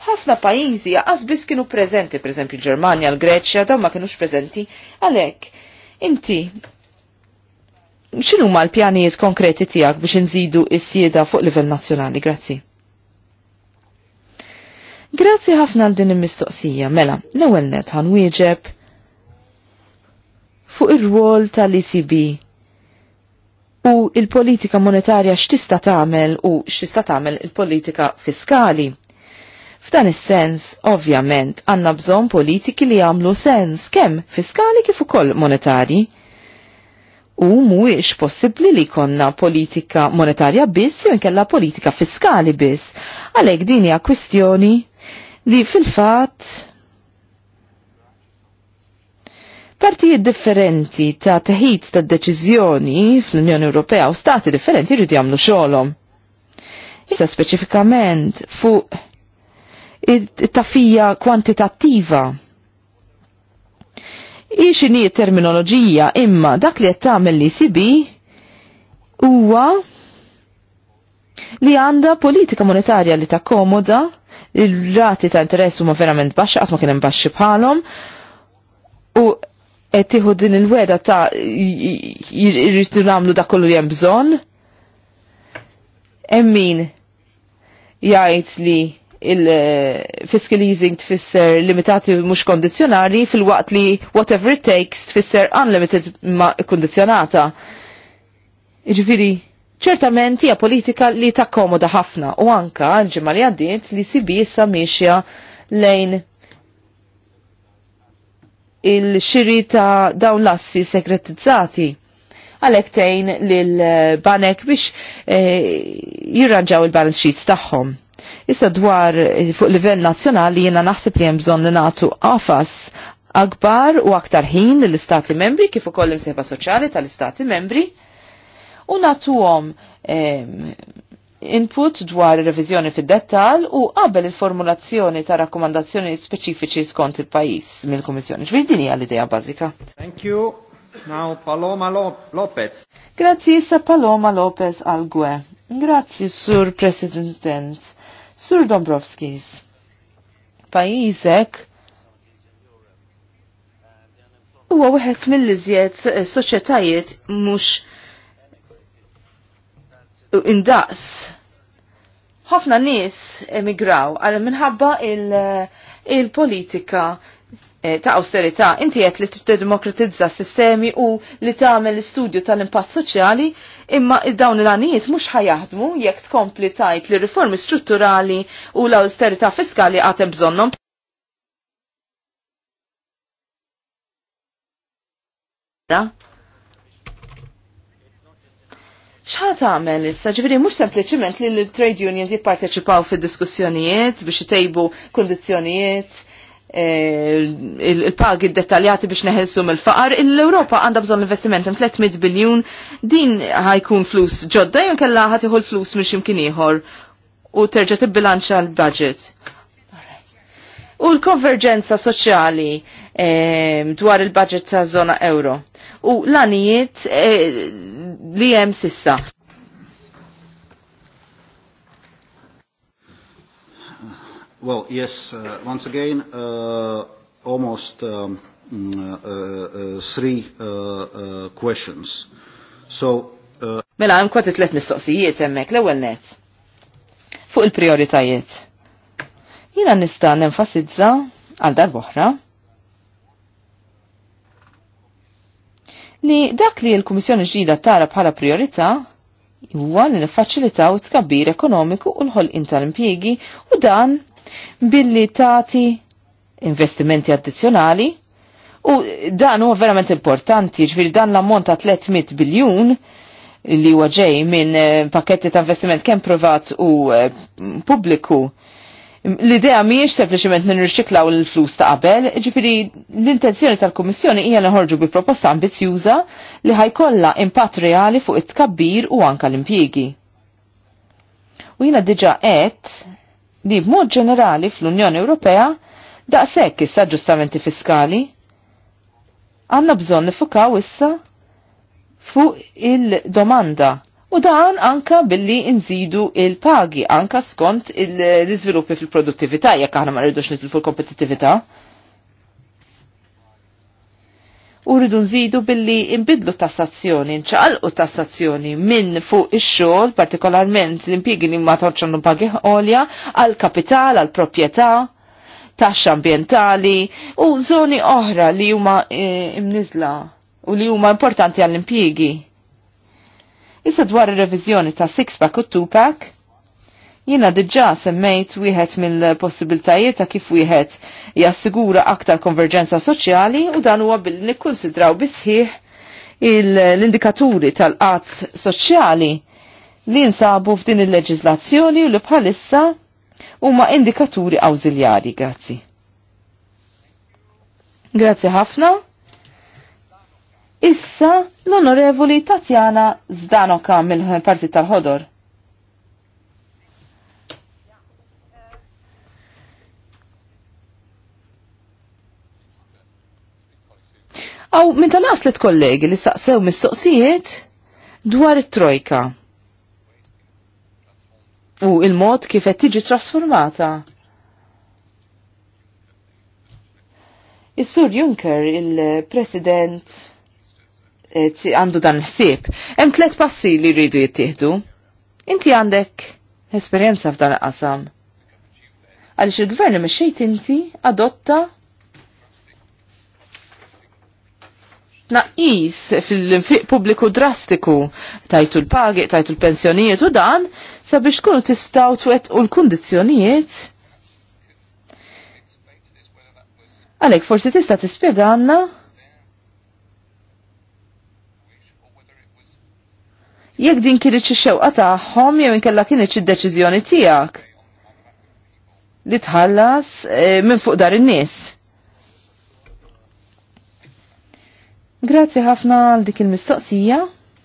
ħafna pajjiżi biss kienu preżenti, pereżempju Ġermanja, l-Greċja, dawn ma kinux preżenti għalhekk. Inti x'inhuma ma l-pjanijiet konkreti tiegħek biex inżidu s-sieda fuq livell nazzjonali? Grazzi. Grazzi ħafna għal din il-mistoqsija, mela, l-ewwel net ħanwieġeb fuq ir-rwol tal-ECB u il-politika monetarja x'tista' tagħmel u x'tista' tagħmel il-politika fiskali. F'dan is-sens, ovvjament, għandna bżonn politiki li jagħmlu sens kemm fiskali kif ukoll monetarji. U mhuwiex possibbli li konna politika monetarja biss jew inkella politika fiskali biss. Għalhekk din hija kwistjoni li fil-fatt Partijiet differenti ta' teħid ta' deċiżjoni fl-Unjoni Ewropea u stati differenti jridu jagħmlu xogħolhom. Issa speċifikament fuq it-tafija kwantitattiva. Ixini terminoloġija imma dak li qed tagħmel li sibi huwa li għanda politika monetarja li takkomoda il-rati ta' interess huma verament baxxa qatt ma kien hemm baxxi bħalhom u qed tieħu din il-weda ta' jridu nagħmlu dak kollu li hemm bżonn? Hemm min jgħid li il-fiscal easing tfisser limitati mhux kondizzjonali fil-waqt li whatever it takes tfisser unlimited ma kondizjonata. Ġifiri, ċertament hija politika li takkomoda ħafna u anka ġimma li għaddiet li sibi issa miexja lejn il-xiri ta' dawn l-assi sekretizzati għalek tejn lil-banek biex e, jirranġaw il-balance sheets tagħhom. Issa dwar eh, fuq livell nazzjonali jiena naħseb li hemm bżonn li nagħtu għafas akbar u aktar ħin lill-istati membri kif ukoll imsieħba soċjali tal-istati membri u nagħtuhom input dwar revizjoni fid-dettal u qabel il-formulazzjoni ta' rakkomandazzjoni speċifiċi skont il-pajis mill-Kummissjoni. Ġvil din hija l-idea bażika. Thank you. Now Paloma Lopez. Grazzi sa Paloma Lopez Algue. Grazzi Sur President. Sur Dombrovskis. Pajizek huwa wieħed mill-iżjed soċjetajiet mhux indaqs. Ħafna nies emigraw għal minħabba il-politika eh, ta' austerità. Inti qed li tiddemokratizza s-sistemi u li tagħmel l-istudju tal-impatt soċjali imma dawn l-għanijiet mux ħajaħdmu jekk tkompli tajt li riformi strutturali u l-austerità fiskali għatem bżonnom. Yeah ċħat għamel issa, ġibri, mux sempliciment li l-trade unions jipparteċipaw fi diskussjonijiet biex jtejbu kondizjonijiet, eh, il-pagi dettaljati biex neħelsu mill-faqar, l-Europa għanda bżon investiment 300 biljun, din ħajkun flus ġodda, jew kella ħatiħu l-flus minn ximkien ieħor u terġa tibbilanċa l-budget. U l-konverġenza soċjali eh, dwar il-budget ta' zona euro. U l-anijiet eh, li hemm sissa. Well, yes, uh, once again, uh, almost um, uh, uh, three uh, uh, questions. So, uh, Mela, hemm kważi tliet mistoqsijiet hemmhekk l-ewwel net. Fuq il-prioritajiet. Jina nista' nenfasizza għal darboħra li dak li l-Kummissjoni ġdida tara bħala priorità huwa li niffaċilitaw tkabbir ekonomiku u l-ħolqin tal-impjiegi u dan billi tagħti investimenti addizzjonali u dan huwa verament importanti, ġifiri dan l-ammont ta' 300 biljun li huwa ġej minn eh, pakketti ta' investiment kemm privat u eh, pubbliku L-idea miex sempliciment nirriċiklaw l-flus ta' qabel, ġifiri l-intenzjoni tal-Kommissjoni hija neħorġu bi proposta ambizjuża li ħajkolla impatt reali fuq it-tkabbir u anka l-impjiegi. U jiena diġa qed li b'mod ġenerali fl-Unjoni Ewropea daqshekk issa ġustamenti fiskali għandna bżonn nifukaw issa fuq il-domanda U dan anka billi nżidu il-pagi, anka skont l-izviluppi fil-produttività, jekk aħna ma rridux nitilfu l kompetitività U rridu nżidu billi imbidlu tassazzjoni, u tassazzjoni minn fuq ix-xogħol, partikolarment l-impjiegi li ma l pagi għolja, għal kapital, għal proprjetà taxxa ambientali u zoni oħra li huma eh, imnizla u li huma importanti għall-impjiegi. Issa dwar ir-reviżjoni ta' six-pack u two-pack, jina diġa semmejt wieħed mill-possibiltajiet ta' kif wieħed jassigura aktar konverġenza soċjali u dan huwa billi nikkunsidraw bisħiħ l-indikaturi tal-qatt soċjali li nsabu f'din il leġizlazzjoni u li bħalissa huma indikaturi awżiljari. Grazzi. Grazzi ħafna. Issa l-onorevoli Tatjana Zdanoka mill parti tal-Ħodor. Aw, minn tal-aslet kollegi li saqsew mistoqsijiet dwar it-trojka. U il-mod kif qed tiġi trasformata. Is-Sur Juncker, il-President għandu dan l-ħsieb. Hemm tliet passi li jridu jittieħdu. Inti għandek esperjenza f'dan qasam. Għaliex il-gvern mexxejt inti adotta naqis fil-infiq pubbliku drastiku tajtu l-pagi, tajtu l-pensjonijiet u dan sabiex tkunu tistaw twet u l kundizzjonijiet Għalek, forsi tista tispjega għanna jekk din kienet xi xewqa tagħhom jew inkella kienet xi deċiżjoni tiegħek li tħallas eh, minn fuq dar in-nies. Grazzi ħafna għal dik il-mistoqsija,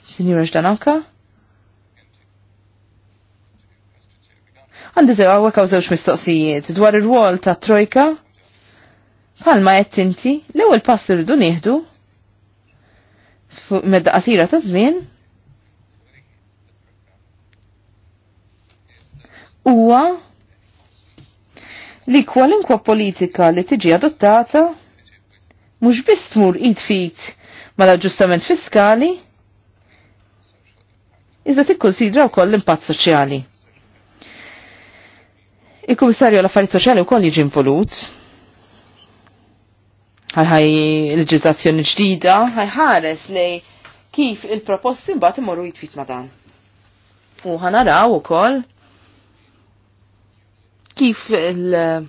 Sinjura Ġdanaka. Għandi tew għawek għaw żewġ mistoqsijiet dwar ir-rwol ta' Trojka. Palma qed inti, l-ewwel pass li rridu nieħdu medda qasira ta' żmien huwa li kwalinkwa politika li tiġi adottata mhux biss tmur id fit mal-aġġustament fiskali, iżda tikkonsidra wkoll l-impatt soċjali. Il-Kummissarju għall-Affarijiet Soċjali wkoll jiġi involut ħaj leġiżlazzjoni ġdida, ħares li kif il-proposti mbagħad imorru jitfit ma' dan. U ħanaraw ukoll kif il-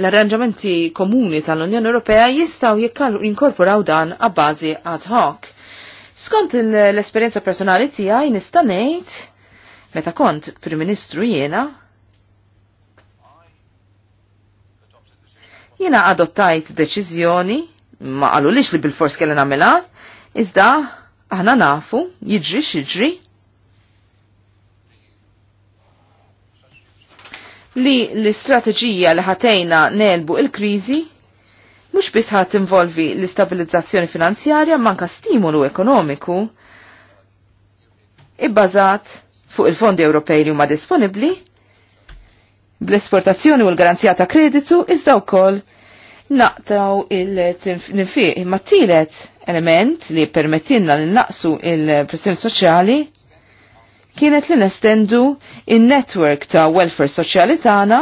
l-arranġamenti komuni tal-Unjoni Ewropea jistaw jinkorporaw dan a bazi ad hoc. Skont l-esperienza personali tiegħi nista' ngħid meta kont Prim Ministru jiena jiena adottajt deċiżjoni ma qalulix li bil-fors kellha nagħmilha iżda Aħna nafu, jiġri xiġri, li l-istrateġija li ħatejna nelbu il-krizi mhux biss ħadd involvi l-istabilizzazzjoni finanzjarja manka stimolu ekonomiku ibbażat fuq il-fondi Ewropej li huma disponibbli bl-esportazzjoni u l-garanzija ta' kreditu iżda wkoll naqtaw il-tinfiq imma tielet element li permettinna li naqsu il-pressjoni soċjali kienet li nestendu in-network ta' welfare soċjali tagħna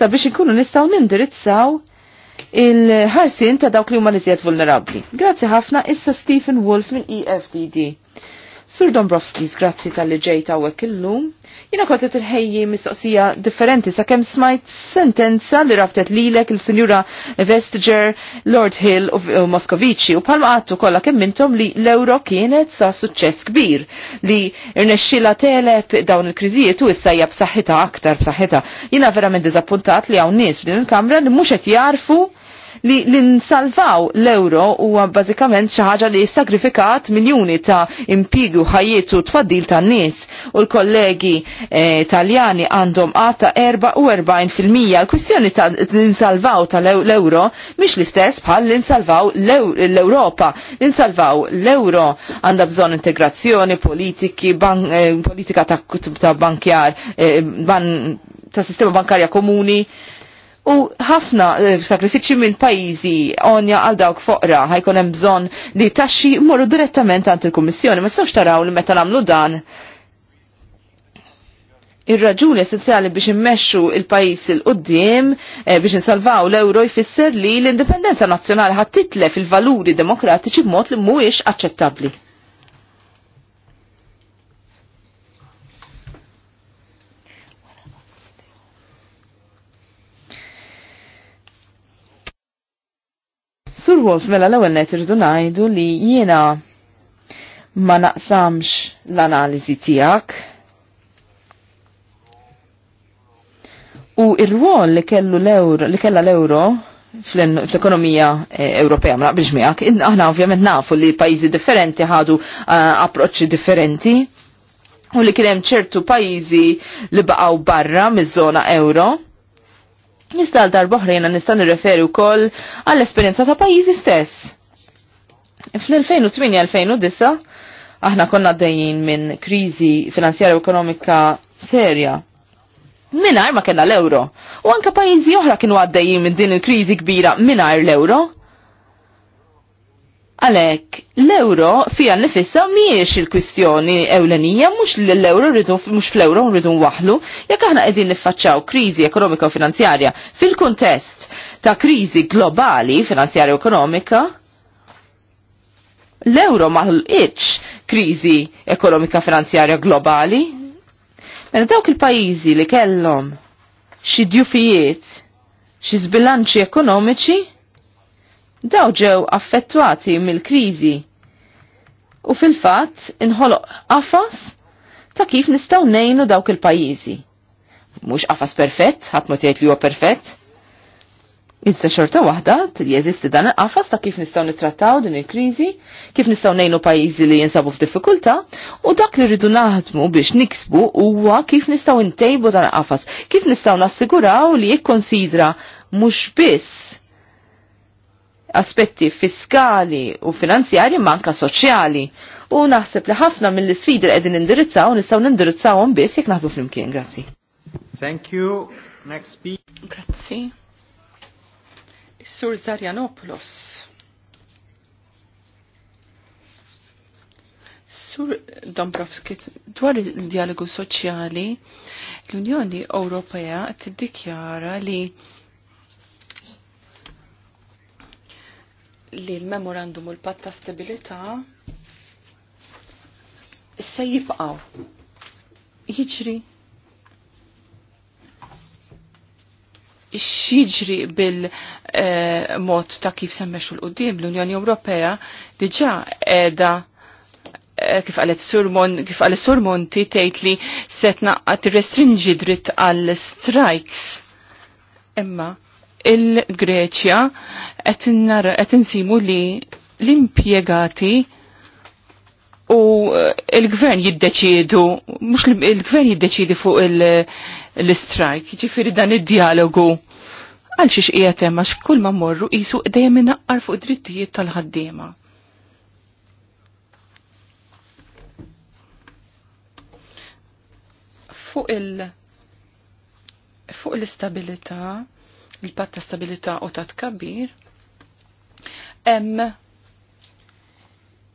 sabiex inkunu nistgħu nindirizzaw il-ħarsin ta' dawk li huma li vulnerabbli. Grazzi ħafna issa Stephen Wolf mill EFDD. Sur Dombrovskis, grazzi tal-li ġejta u illum. Jina kotet il-ħejji mistoqsija differenti sa' kem smajt sentenza li rabtet lilek il-Sinjura Vestager, Lord Hill u uh, Moskovici u palma għattu kolla kem mintom li l-euro kienet sa' suċċess kbir li irnexxila telep dawn il krizijiet u issa hija b'saħħitha aktar b'saħħita. Jina verament diżappuntat li hawn nies f'din il-kamra li mhux qed jarfu li l-insalvaw l-euro huwa bażikament xi ħaġa li sagrifikat miljuni ta' impigu ħajietu tfaddil ta' nies u l-kollegi eh, taljani għandhom għata 44% l-kwistjoni ta' l-insalvaw ta' l-euro mhix l-istess bħal l-insalvaw l-Europa. L-insalvaw l-euro għandha bżonn integrazzjoni politiki, ban, eh, politika ta', ta bankjar, eh, ban, ta' sistema bankarja komuni u ħafna eh, sakrifiċi minn pajizi onja għal dawk foqra ħajkun hemm bżonn li taxxi morru direttament għand il-Kummissjoni, ma sewx taraw li meta nagħmlu dan Ir-raġuni essenzjali biex immexxu il-pajis il qudiem eh, biex insalvaw l ewro jfisser li l-indipendenza nazzjonali ħadd titlef il-valuri demokratiċi b'mod li mhuwiex aċċettabbli. Sur Wolf, mela l-ewel net irridu ngħidu li jiena ma naqsamx l-analiżi tiegħek. U ir-rwol li kellu l-euro, li kella l-euro fl-ekonomija eh, Ewropea ma naqbilx miegħek, aħna ovvjament nafu li pajjiżi differenti ħadu eh, approċċi differenti u li kien hemm ċertu pajjiżi li baqgħu barra miż-żona euro Nista għal darboħrejna nista nirreferi wkoll għall-esperjenza ta' pajjiżi stess. Fl-2008-2009 aħna konna għaddejjin minn kriżi finanzjarja u ekonomika serja. Minar ma kena l-euro. U anka pajjiżi oħra kienu għaddejjin minn din il-kriżi kbira minar l-euro. Għalek, l-euro fija nifissa miex il-kwistjoni ewlenija, mux l-euro rridu, mux fl-euro rridu waħlu, jekk aħna qegħdin nifacċaw kriżi ekonomika u finanzjarja fil-kuntest ta' kriżi globali finanzjarja u ekonomika, l-euro iċ kriżi ekonomika finanzjarja globali. Mena dawk il-pajjiżi li kellhom xi djufijiet, xi zbilanċi ekonomiċi, daw ġew affettwati mill-kriżi u fil-fatt inħoloq qafas ta' kif nistgħu nejnu dawk il-pajjiżi. Mhux qafas perfett, ħadd ma tgħid li huwa perfett. Issa xorta waħda li jeżisti dan il-qafas ta' kif nistgħu nittrattaw din il-kriżi, kif nistgħu nejnu pajjiżi li jinsabu f'diffikultà u dak li rridu naħdmu biex niksbu huwa kif nistgħu ntejbu dan il-qafas, kif nistgħu nassiguraw li jikkonsidra mhux biss aspetti fiskali u finanzjari manka soċjali. U naħseb li ħafna mill-sfidi li qegħdin indirizzaw nistgħu nindirizzawhom biss jekk naħdu flimkien. Grazzi. Thank you. Next speaker. Grazzi. Sur Zarjanopoulos. Sur Dombrovski, dwar il-dialogu soċjali, l-Unjoni Ewropea tiddikjara li li l-memorandum u l-patt ta' stabilità se jibqaw. Jiġri x'jiġri bil-mod eh, ta' kif semmexu l-qudiem l-Unjoni Ewropea diġà qiegħda eh, kif għalet surmon, kif għalet surmon ti tejt li setna għat restringi dritt għal strikes. Imma, il-Greċja qed insimu li l-impjegati u eh, il-gvern jiddeċidu, mux il-gvern jiddeċiedi fuq l strike ġifiri dan id-dialogu. Għal xiex qiegħed hemm għax kull ma morru qisu dejjem inaqqar fuq drittijiet tal-ħaddiema. Fuq il- fuq l-istabilità il-patt ta' stabilità u ta' tkabbir, hemm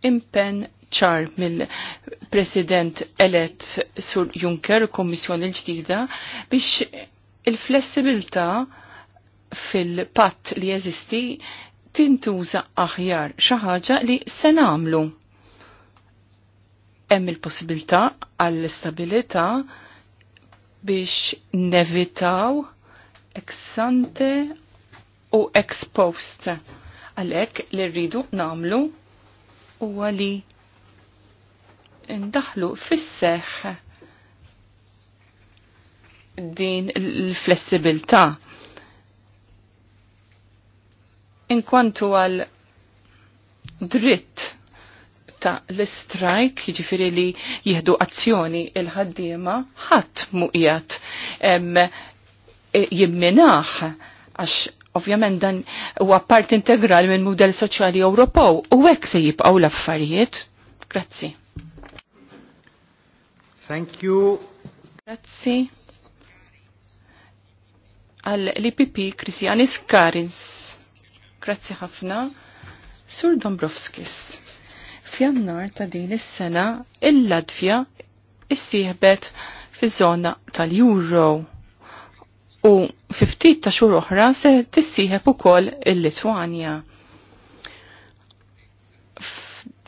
impen ċar mill-President Elet Sur Juncker u Kommissjoni l-ġdida biex il-flessibilità fil-patt li jeżisti tintuża aħjar xi ħaġa li se nagħmlu. Hemm il-possibilità għall-istabilità biex nevitaw ex-ante u ex-post. Għalek li rridu namlu u għali ndaħlu fisseħ din l-flessibilta. Inkwantu għal dritt ta' l strike ġifiri li jihdu azzjoni il-ħaddima, ħadd muqijat Eh, jimminaħ għax ovvjament dan huwa part integral minn mudell soċjali Ewropew u hekk se jibqgħu l-affarijiet. Grazzi. Thank you. Grazzi. Għal l-IPP Christianis Karins. Grazzi ħafna. Sur Dombrovskis. Fjannar ta' din is-sena il-Latvja issieħbet fi zona tal-Euro u fiftit ta' xhur oħra se tissieħeb ukoll il-Litwanja.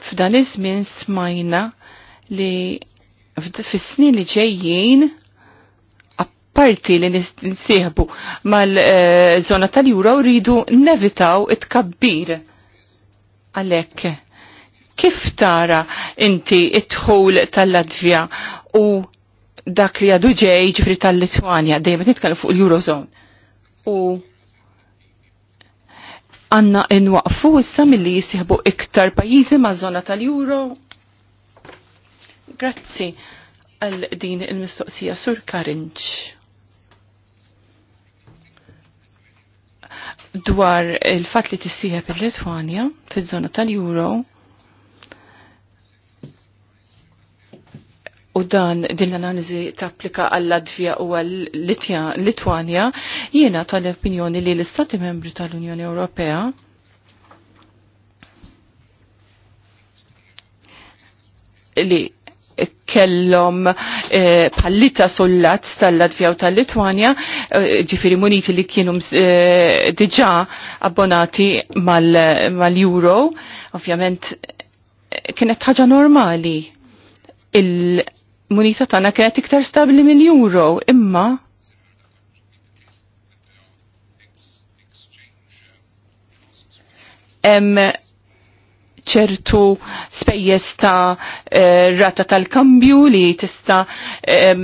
F'dan iż-żmien smajna li fis-snin li ġejjin apparti li nisieħbu mal-zona eh, tal-jura u rridu nevitaw it-kabbir. Għalek, kif tara inti it-ħol tal latvja u dak li għadu ġej ġifri tal litwania dejjem nitkellem fuq l-Eurozone. U għanna nwaqfu issa mill-li jisihbu iktar pajizi ma' zona tal-Euro. Grazzi għal din il-mistoqsija sur Karinċ. Dwar il-fat li tissieħeb il Litwania, fil-zona tal-Euro, u dan din l-analizi tapplika għall-Latvija u għall-Litwanja, jiena tal-opinjoni li l-Istati membri tal-Unjoni Ewropea li kellom eh, pallita sollat tal-Latvija u tal-Litwanja, eh, ġifiri muniti li kienu eh, diġa abbonati mal-Euro, ovvjament kienet ħaġa normali il il-munita tagħna kienet iktar stabbli mill-euro, imma hemm ċertu spejjeż ta' eh, rata tal-kambju li tista' eh,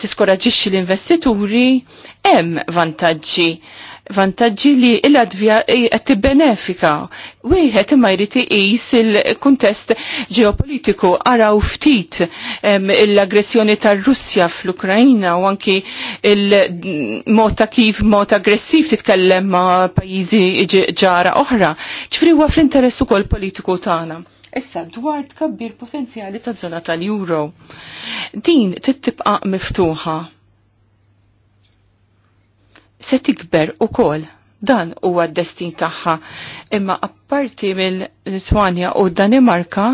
tiskoraġixxi l-investituri, hemm vantaġġi vantaġġi li l-Latvja qed tibbenefika. Wieħed imma jrid iqis il-kuntest ġeopolitiku araw ftit l-aggressjoni tar-Russja fl-Ukrajna u anki il-mod ta' kif mod aggressiv titkellem ma' pajjiżi ġara oħra. Ġifri huwa fl-interess ukoll politiku tagħna. Issa, dwar tkabbir potenzjali ta' zona tal-euro. Din tittibqa' miftuħa se tikber u kol. Dan huwa d-destin tagħha. Imma apparti mill-Litwanja u Danimarka,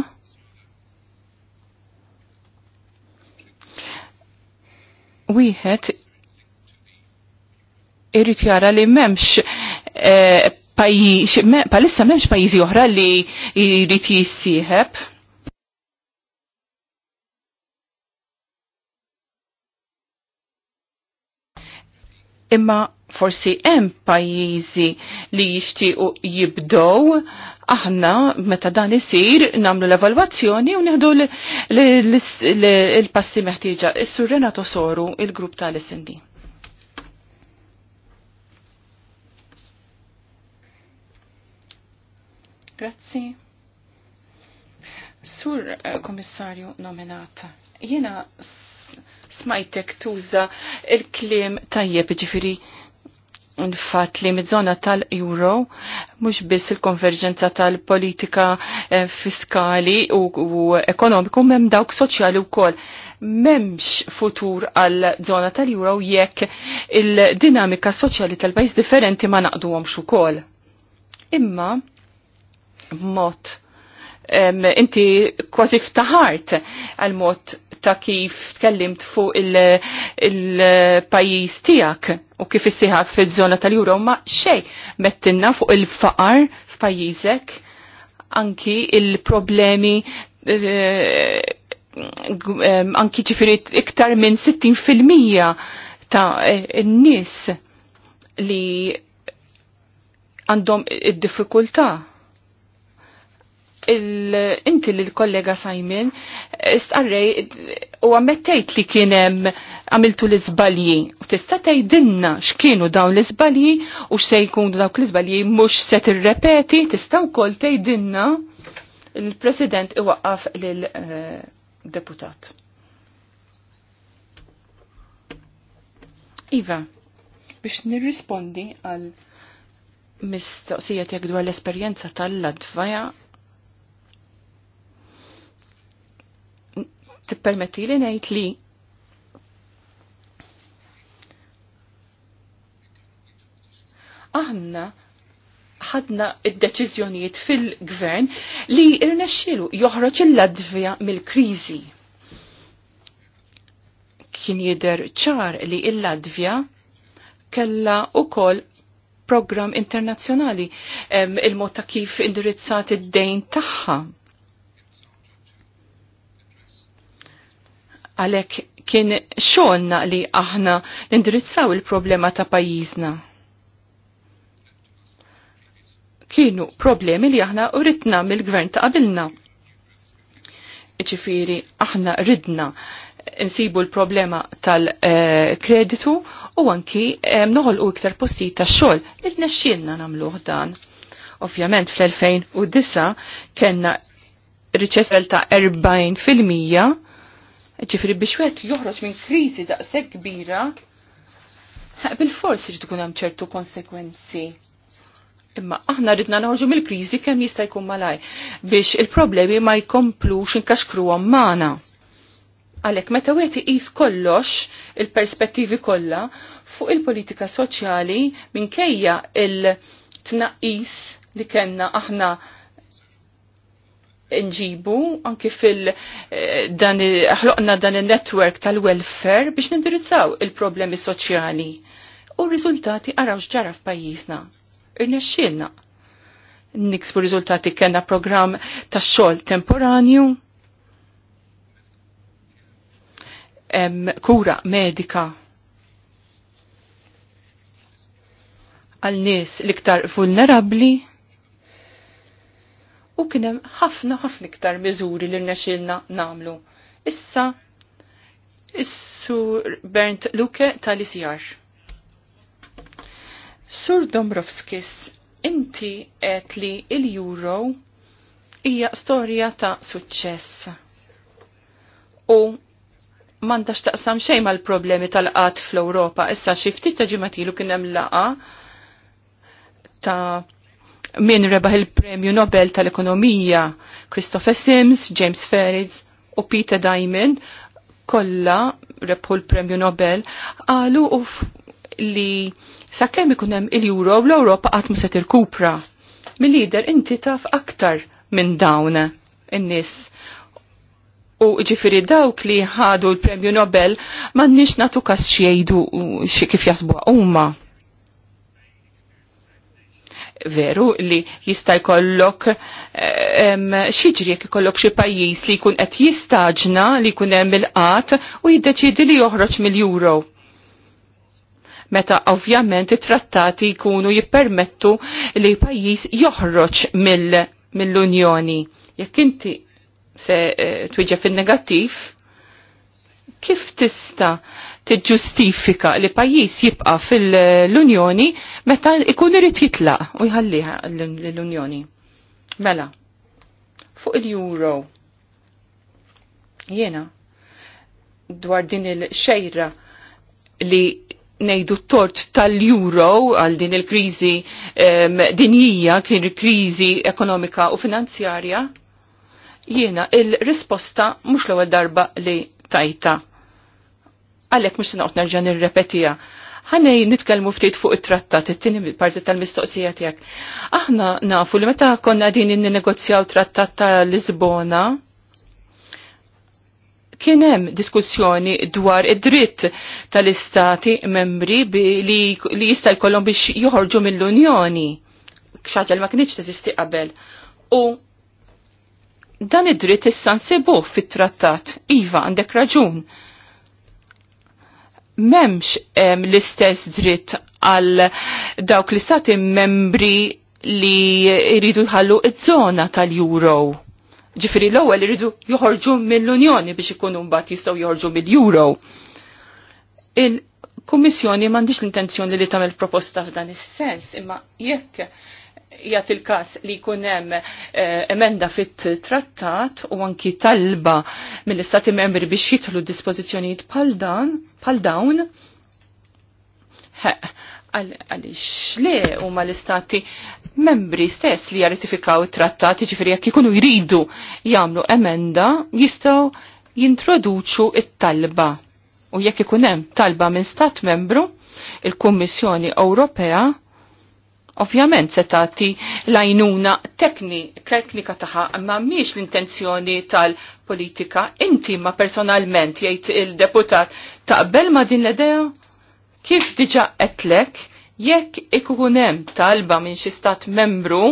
wieħed irrit jara li memx eh, pajjiż, palissa memx pajjiżi oħra li jrid jissieħeb. Imma forsi hemm pajjiżi li jixtiequ jibdow aħna meta dan isir nagħmlu l-evalwazzjoni u neħdu l-passi meħtieġa. Is-sur Renato Soru, il-grupp tal-SND. Grazzi. Sur eh, komissarju nominata, jiena smajtek tuża il-klim tajjeb ġifiri il li mid-zona tal-euro mhux biss il-konverġenza tal-politika eh, fiskali u, u ekonomiku mem dawk soċjali wkoll memx futur għal zona tal-euro jekk il-dinamika soċjali tal-pajis differenti ma naqduhomx ukoll. Imma mod inti kważi ftaħart għal mod ta' kif tkellimt fuq il-pajis il, il tijak u kif issiħa fil-żona tal-Euro ma xej mettinna fuq il-faqar f'pajjiżek anki il-problemi eh, eh, anki ċifiri iktar minn 60% ta' eh, n-nis li għandhom id difikulta inti l-kollega Simon istqarrej u għammettejt li kienem għamiltu l-izbalji u tista' tgħidilna x'kienu dawn l-izbalji u x'se jkunu dawk l-izbalji mhux se tirrepeti tista' wkoll tgħidilna l president iwaqqaf l eh, deputat. Iva, biex nirrispondi għal mistoqsija tiegħek dwar l-esperjenza tal-ladvaja tippermetti li ngħid li aħna ħadna id-deċiżjonijiet fil-gvern li irnexxielu joħroġ il-Latvija mill-kriżi. Kien jidher ċar li il-Latvja kella ukoll program internazzjonali il-mod ta' kif indirizzat id-dejn tagħha Għalek kien xonna li aħna nindirizzaw il-problema ta' pajizna. Kienu problemi li aħna uritna mill-gvern ta' qabilna. Iċifiri, aħna ridna nsibu l-problema tal-kreditu u anki mnoħol u iktar posti ta' xol. Il-nexxilna namluħ dan. Ovvjament fl-2009 kena riċessel ta' 40% Ġifri biex wieħed joħroġ minn kriżi daqshekk kbira, bil-fors irid ikun hemm ċertu konsekwenzi. Imma aħna ridna noħorġu mill-kriżi kemm jista' jkun malaj biex il-problemi ma jkomplux inkaxkruhom magħna. Għalhekk meta wieħed iqis kollox il-perspettivi kollha fuq il-politika soċjali minkejja il-tnaqqis li kellna aħna nġibu anki fil eh, dan ħloqna dan il-network tal-welfare biex nindirizzaw il-problemi soċjali. U r-riżultati għaraw ġara f'pajjiżna. Irnexxielna. Niksbu riżultati kena programm ta' xogħol temporanju. kura medika għal nies l-iktar vulnerabli u kienem ħafna ħafna iktar miżuri li rnexilna namlu. Issa, is-Sur Bernd Luke tal-ICR. Sur Dombrovskis, inti qed li il-Euro hija storja ta' suċċess. U m'għandax taqsam xejn mal-problemi tal-qatt fl-Ewropa. Issa xi ftit ta' ġimatilu kien hemm laqa ta' min rebaħ il-Premju Nobel tal-Ekonomija, Christopher Sims, James Ferris u Peter Diamond, kolla rebħu l-Premju Nobel, għalu uff li sakkem ikunem il-Euro l-Europa għatmu se tirkupra. Mill-lider inti taf aktar minn dawn in-nis. U ġifiri dawk li ħadu l-Premju Nobel ma nix natu kas xiejdu kif jasbu għumma veru li jista' jkollok xieġri jek ikollok xi pajjiż li jkun qed jistaġna li jkun hemm il-qatt u jiddeċiedi li joħroġ mill-euro. Meta ovvjament it-trattati jkunu jippermettu li pajjiż joħroġ mill-Unjoni. Mill jekk inti se eh, twiġġa fin-negattiv, kif tista' tiġġustifika li pajjiż jibqa' fil-Unjoni meta ikun irid jitlaq u jħalliha l-Unjoni. Mela, fuq il-Euro. Jena, dwar din il-xejra li nejdu tort tal-euro għal din il-krizi um, dinjija, kien il-krizi ekonomika u finanzjarja, jiena il-risposta mux l ewwel darba li tajta għalek mux sinaqt nerġa nirrepetija. Għanej nitkelmu ftit fuq it-trattat, it-tini parti tal-mistoqsija tijak. Aħna nafu li meta konna din n-negozjaw trattat tal-Lisbona, kienem diskussjoni dwar id-dritt tal-istati membri li, li jista' jkollhom biex joħorġu mill-Unjoni. Xaġa li ma kienx teżisti qabel. U dan id-dritt issa nsibuh fit-trattat. Iva, għandek raġun memx l-istess dritt għal dawk l stati membri li jridu jħallu iż zona tal-euro. Ġifiri l-ewwel jridu joħorġu mill-Unjoni biex ikunu mbagħad jistgħu joħorġu mill-Euro. Il-Kummissjoni m'għandix l-intenzjoni li tagħmel proposta f'dan is-sens, imma jekk jgħat il-kas li kunem eh, emenda fit-trattat u anki talba mill-istati membri biex jitlu dispozizjoniet pal dan, dawn, għalix le u ma l-istati membri stess li jarratifikaw it-trattati ġifiri jekk ikunu jridu jagħmlu emenda jistgħu jintroduċu il talba U jekk ikun hemm talba minn stat membru, il-Kummissjoni Ewropea Ovvjament se tagħti lajnuna teknika taħħa ma miex l-intenzjoni tal-politika. Inti ma personalment jgħid il-deputat taqbel ma din l-idea? Kif diġa qedlek jekk ikun hemm talba minn xi stat membru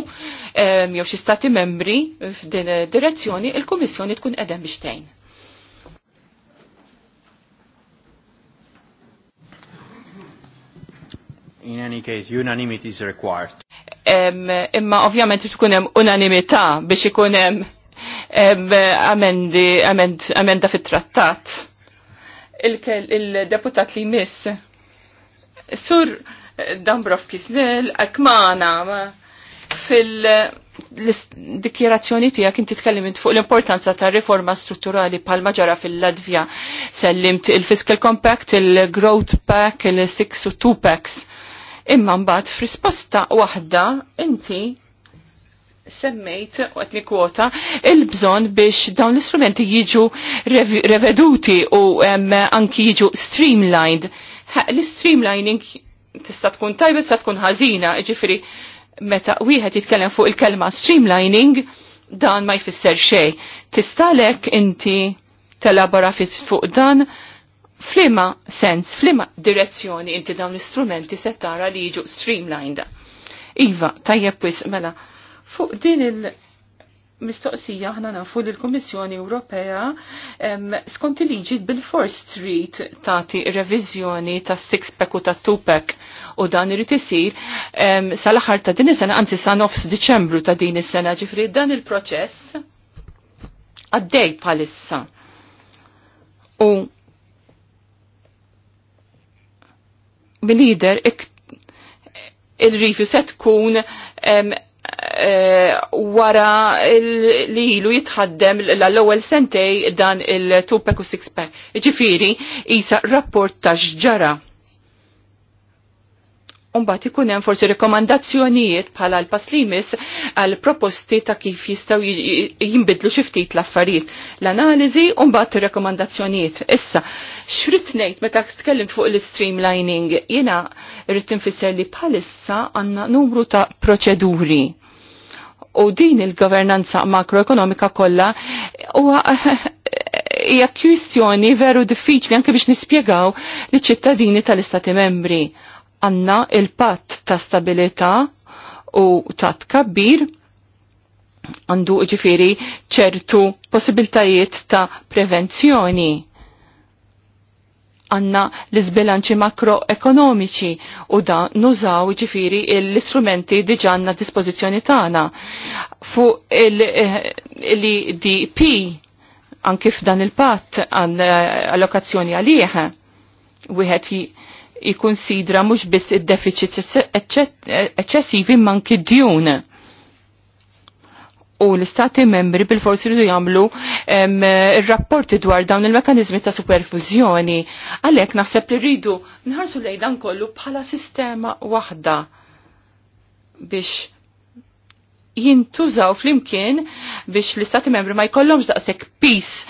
jew xi stati membri f'din direzzjoni, il-Kummissjoni tkun qedem biex tgħin. in any case, unanimity is required. Imma ovvjament tkun hemm unanimità biex ikun hemm amendi amenda fit-trattat. Il-deputat li miss. Sur Dambrov Kisnel, akmana fil-dikjerazzjoni tiegħek inti tkellimt fuq l-importanza ta' riforma strutturali pal ġara fil ladvija Sellimt il-Fiscal Compact, il-Growth Pack, il-Six u Two Packs Imma mbagħad f'risposta waħda inti semmejt u għetni kwota il-bżon biex dawn l-istrumenti jiġu reveduti u anki jiġu streamlined. L-streamlining tista' tkun tajba, tista' tkun ħażina, jiġifieri meta wieħed jitkellem fuq il-kelma streamlining dan ma jfisser xej. lek inti telabora fuq dan flima sens, flima direzzjoni inti dawn l-istrumenti se tara li jiġu streamlined. Iva, tajjeb wis mela, fuq din il- mistoqsija ħna nafu li l-Kummissjoni Ewropea skont il-liġi bil-4 Street tati reviżjoni ta' six pack u ta' two pack u dan irid isir sal-aħħar ta' din is-sena anzi sa' nofs Diċembru ta' din is-sena ġifri dan il-proċess għaddej bħalissa. U bil lider il-rifju se tkun eh, wara li ilu jitħaddem l-ewwel sentej dan il pack u pack. Ġifiri, isa rapport ta' xġara. Umbat ikun hemm forsi rekomandazzjonijiet bħala l-paslimis għal proposti ta' kif jistgħu jinbidlu xi ftit l-affarijiet. L-analiżi u mbagħad rekomandazzjonijiet Issa, xrid ngħid meta tkellimt fuq l-streamlining, jiena rrid tinfisser li bħalissa għandna numru ta' proċeduri. U din il-governanza makroekonomika kollha huwa hija kwistjoni veru diffiċli anke biex nispjegaw liċ-ċittadini tal-Istati membri għanna il-patt ta' stabilità u ta' tkabbir għandu ġifiri ċertu possibiltajiet ta' prevenzjoni. Għanna l-izbilanċi makroekonomiċi u da nużaw ġifiri l-istrumenti diġanna dispozizjoni tagħna Fu il-DP eh, anki f'dan il-patt għall eh, allokazzjoni għalieħ. Wieħed jikunsidra mhux biss id-deficit eċċessivi manki djun. U l-istati membri bil-forsi rridu jagħmlu rapporti dwar dawn il-mekanizmi ta' superfużjoni. Għalhekk naħseb li rridu nħarsu lejn dan kollu bħala sistema waħda biex jintużaw flimkien biex l-istati membri ma jkollhomx daqshekk peace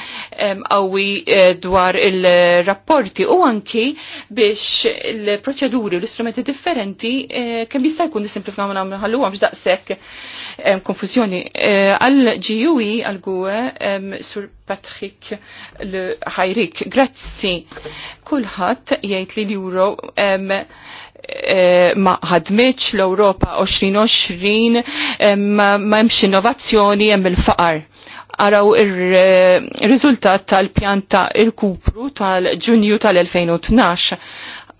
qawwi eh, dwar il-rapporti u anki biex il-proċeduri u l-istrumenti differenti eh, kemm jista' jkun nisimplifikaw minn għamlu ħalluhom daqshekk konfużjoni. Eh, għal GUE għal gue sur Patrick l ħajrik. Grazzi. Kulħadd jgħid li l-Euro Eh, ma ħadmitx l-Europa 2020 eh, ma hemmx innovazzjoni hemm il-faqar. Araw ir-riżultat tal-pjanta il-kupru tal-Ġunju tal-2012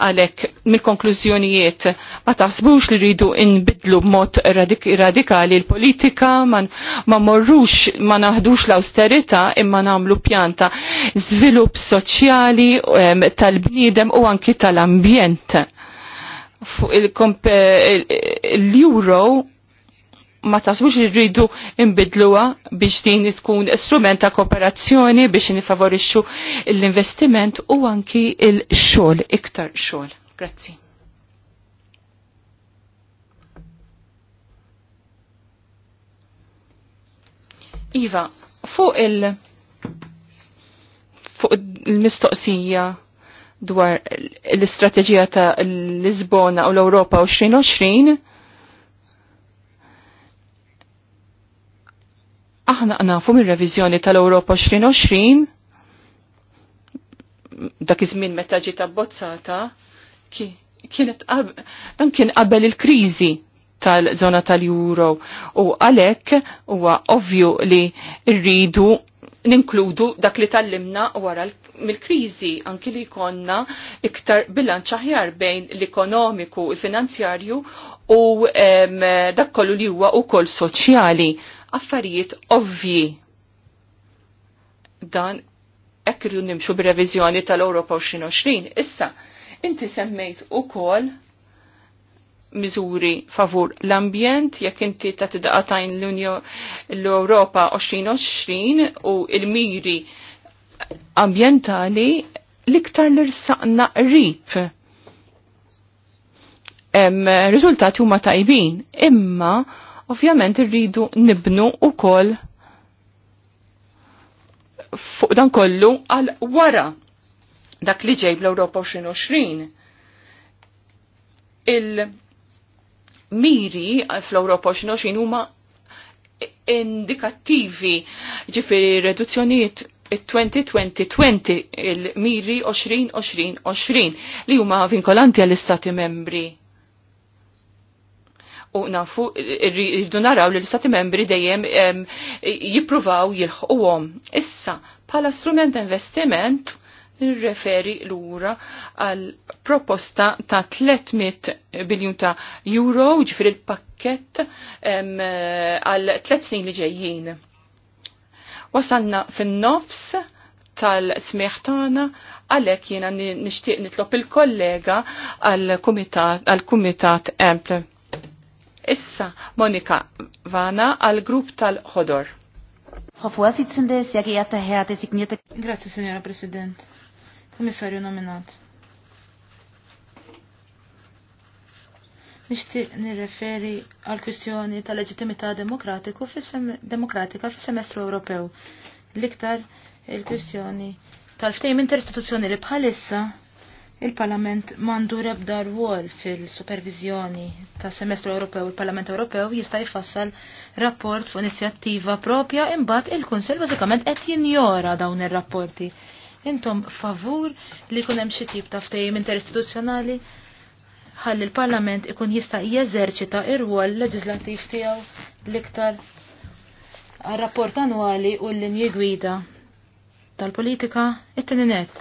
għalek mill-konklużjonijiet ma taħsbux li rridu inbidlu b'mod radikali l-politika, ma morrux, ma naħdux l-austerita imma namlu pjanta zvilup soċjali tal-bniedem u anki tal-ambjent fuq il-euro ma tasbux irridu imbidluwa biex din tkun strument ta' kooperazzjoni biex nifavorixxu l-investiment u anki il-xogħol iktar xogħol. Grazzi. Iva, fuq il- fuq il-mistoqsija dwar l-istrateġija ta' Lisbona u l-Europa 2020 aħna nafu mir-reviżjoni tal-Europa 2020 dak iż-żmien meta ġiet abbozzata kienet dan kien qabel il-kriżi tal-żona tal-Euro u għalhekk huwa ovvju li rridu ninkludu dak li tallimna wara l mil kriżi anki li konna iktar bilanċ aħjar bejn l-ekonomiku, il-finanzjarju u em, dak kollu li huwa ukoll soċjali. Affarijiet ovvji. Dan hekk irju nimxu b'reviżjoni tal-Ewropa 2020. Issa, inti semmejt ukoll miżuri favur l-ambjent, jekk inti ta' tidqatajn l-Europa 2020 u il-miri ambientali liktar l-irsaqna rip. Rizultati huma tajbin, imma ovvjament irridu nibnu u koll fuq dan kollu għal wara dak li ġej bl-Europa 2020. Il-miri fl-Europa 2020 huma indikattivi ġifiri reduzzjonijiet. It-2020 20 il miri 20-20-20 li huma vinkolanti għall-istati membri. U nafu, rridu naraw li l-istati membri dejjem jippruvaw jilħquhom. Issa, bħala strument investiment, nirreferi l-ura għal proposta ta' 300 biljun ta' euro ġifir il-pakket għal 3 snin li ġejjin Wasanna fin-nofs tal smiħtana għalek għalhekk jiena nixtieq nitlob il-kollega għall-kumitat Emple. Issa Monika Vana għall-grupp tal-ħodor. Grazie, signora President. Komissarju nominat. nixtieq nirreferi għal kwistjoni ta' leġittimità demokratiku demokratika fis-semestru Ewropew. L-iktar il-kwistjoni tal-ftejm interistituzzjoni li bħalissa il-Parlament mandu rebda rwol fil-supervizjoni ta' semestru Ewropew. Il-Parlament Ewropew jista' jfassal rapport fuq inizjattiva propja imbagħad il-Kunsell bażikament qed jinjora dawn ir-rapporti. Intom favur li kunem hemm xi tip ta' ftehim interistituzzjonali ħalli l-Parlament ikun jista' jeżerċita ir-rwol leġislattiv tiegħu l-iktar għar-rapport annwali u l-linji gwida tal-politika it-tininet.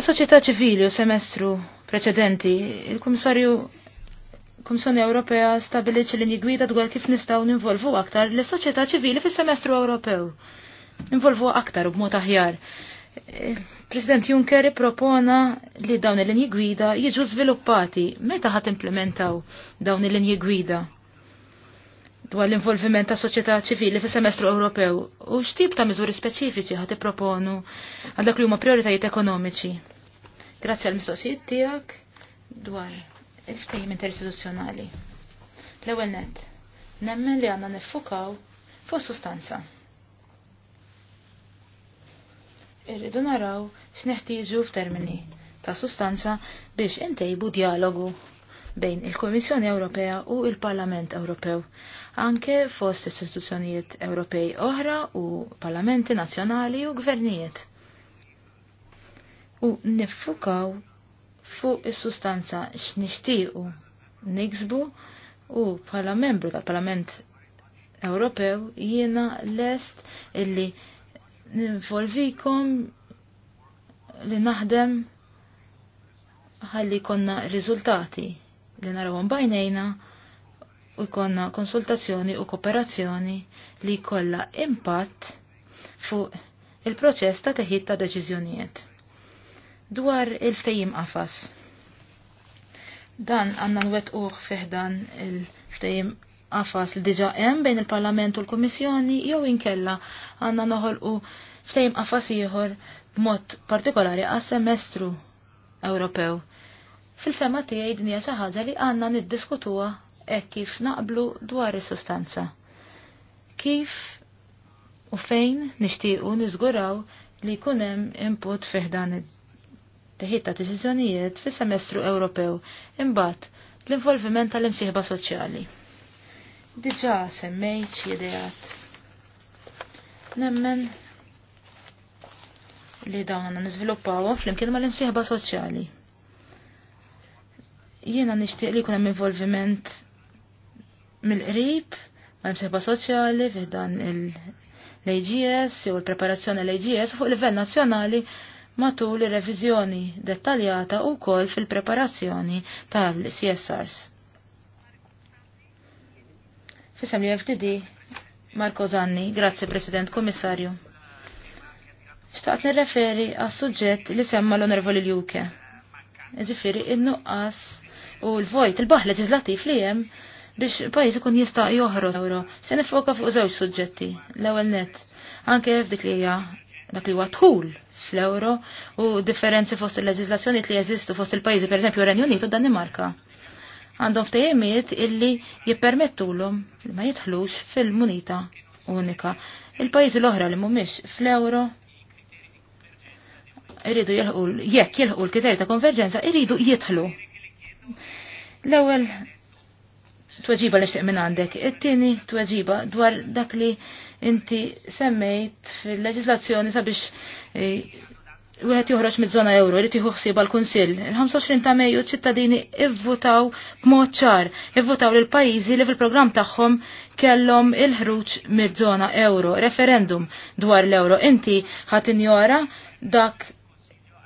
Is-soċjetà ċivili u semestru preċedenti, il-Kummissarju Kummissjoni Ewropea stabiliċ l-linji gwida dwar kif nistgħu ninvolvu aktar l-soċjetà ċivili fis-semestru Ewropew. Ninvolvu aktar b'mod aħjar President Juncker propona li dawn il-linji gwida jiġu sviluppati. Meta ħat implementaw dawn il-linji gwida? Dwar l-involviment ta' soċjetà ċivili fis semestru Ewropew u x'tip ta' miżuri speċifiċi ħat proponu għal dak li huma prioritajiet ekonomiċi. Grazzi għal mistoqsijiet tiegħek dwar il-ftehim interistituzzjonali. L-ewwel nett, nemmen li għandna niffukaw fuq sustanza. irridu naraw x'neħtieġu f'termini ta' sustanza biex intejbu dialogu bejn il-Komissjoni Ewropea u il-Parlament Ewropew, anke fost istituzzjonijiet Ewropej oħra u parlamenti nazzjonali u gvernijiet. U niffukaw fuq is-sustanza x'nixtiequ niksbu u bħala membru tal-Parlament Ewropew jiena lest illi ninvolvikom li naħdem ħalli konna riżultati li narawhom bajnejna u konna konsultazzjoni u kooperazzjoni li jkollha impatt fuq il-proċess ta' teħid ta' deċiżjonijiet. Dwar il-ftejim qafas. Dan għanna nwettquh fiħdan il-ftejim għafas li diġa hemm bejn il-Parlament u l-Kummissjoni jew inkella għandna noħolqu ftehim qafas ieħor b'mod partikolari għas-semestru Ewropew. Fil-fema tiegħi din hija xi ħaġa li għandna niddiskutuha hekk kif naqblu dwar is-sustanza. Kif u fejn nixtiequ niżguraw li jkun hemm input fih dan it-teħid ta' deċiżjonijiet fis-semestru Ewropew imbagħad l-involviment tal-imsieħba soċjali diġa semmejt jidejat. Nemmen li dawn għanna nizviluppawa fl-imkien ma l imsiħba soċjali. Jiena nishtiq li kunem involviment mill-qrib ma l imsiħba soċjali fi dan l-AGS u l-preparazzjoni l-AGS fuq livell nazzjonali matul ir-reviżjoni dettaljata u kol fil-preparazzjoni tal-CSRs. Fisem li FDD, Marko Zanni, grazie President Komissarju. Xtaqt nirreferi għas suġġett li semma l-Onorevoli Ljuke. Ġifiri, il-nuqqas u l-vojt, il-baħ leġizlativ li jem biex pajis ikun jista' joħro euro. Se nifoka fuq żewġ suġġetti. L-ewwel net, anke f'dik li hija dak li huwa tħul fl-euro u differenzi fost il-leġizlazzjoni li jeżistu fost il-pajjiżi pereżempju Renju Unit u Danimarka għandhom ftejemiet illi jippermettulhom li ma jidħlux fil-munita unika. Il-pajjiżi l-oħra li mhumiex fl-euro irridu jilħu jekk jilħu l-kriterji ta' konverġenza irridu jidħlu. L-ewwel tweġiba li xtieq minn għandek, it-tieni tweġiba dwar dak li inti semmejt fil-leġislazzjoni sabiex eh, wieħed joħroġ mid żona euro, rriti jieħu ħsieba kunsil kunsill Il-25 ta' Mejju ċittadini ivvutaw b'mod ċar, ivvutaw l pajjiżi li fil-programm tagħhom kellhom il-ħruġ mid żona euro, referendum dwar l-euro. Inti ħatin injora dak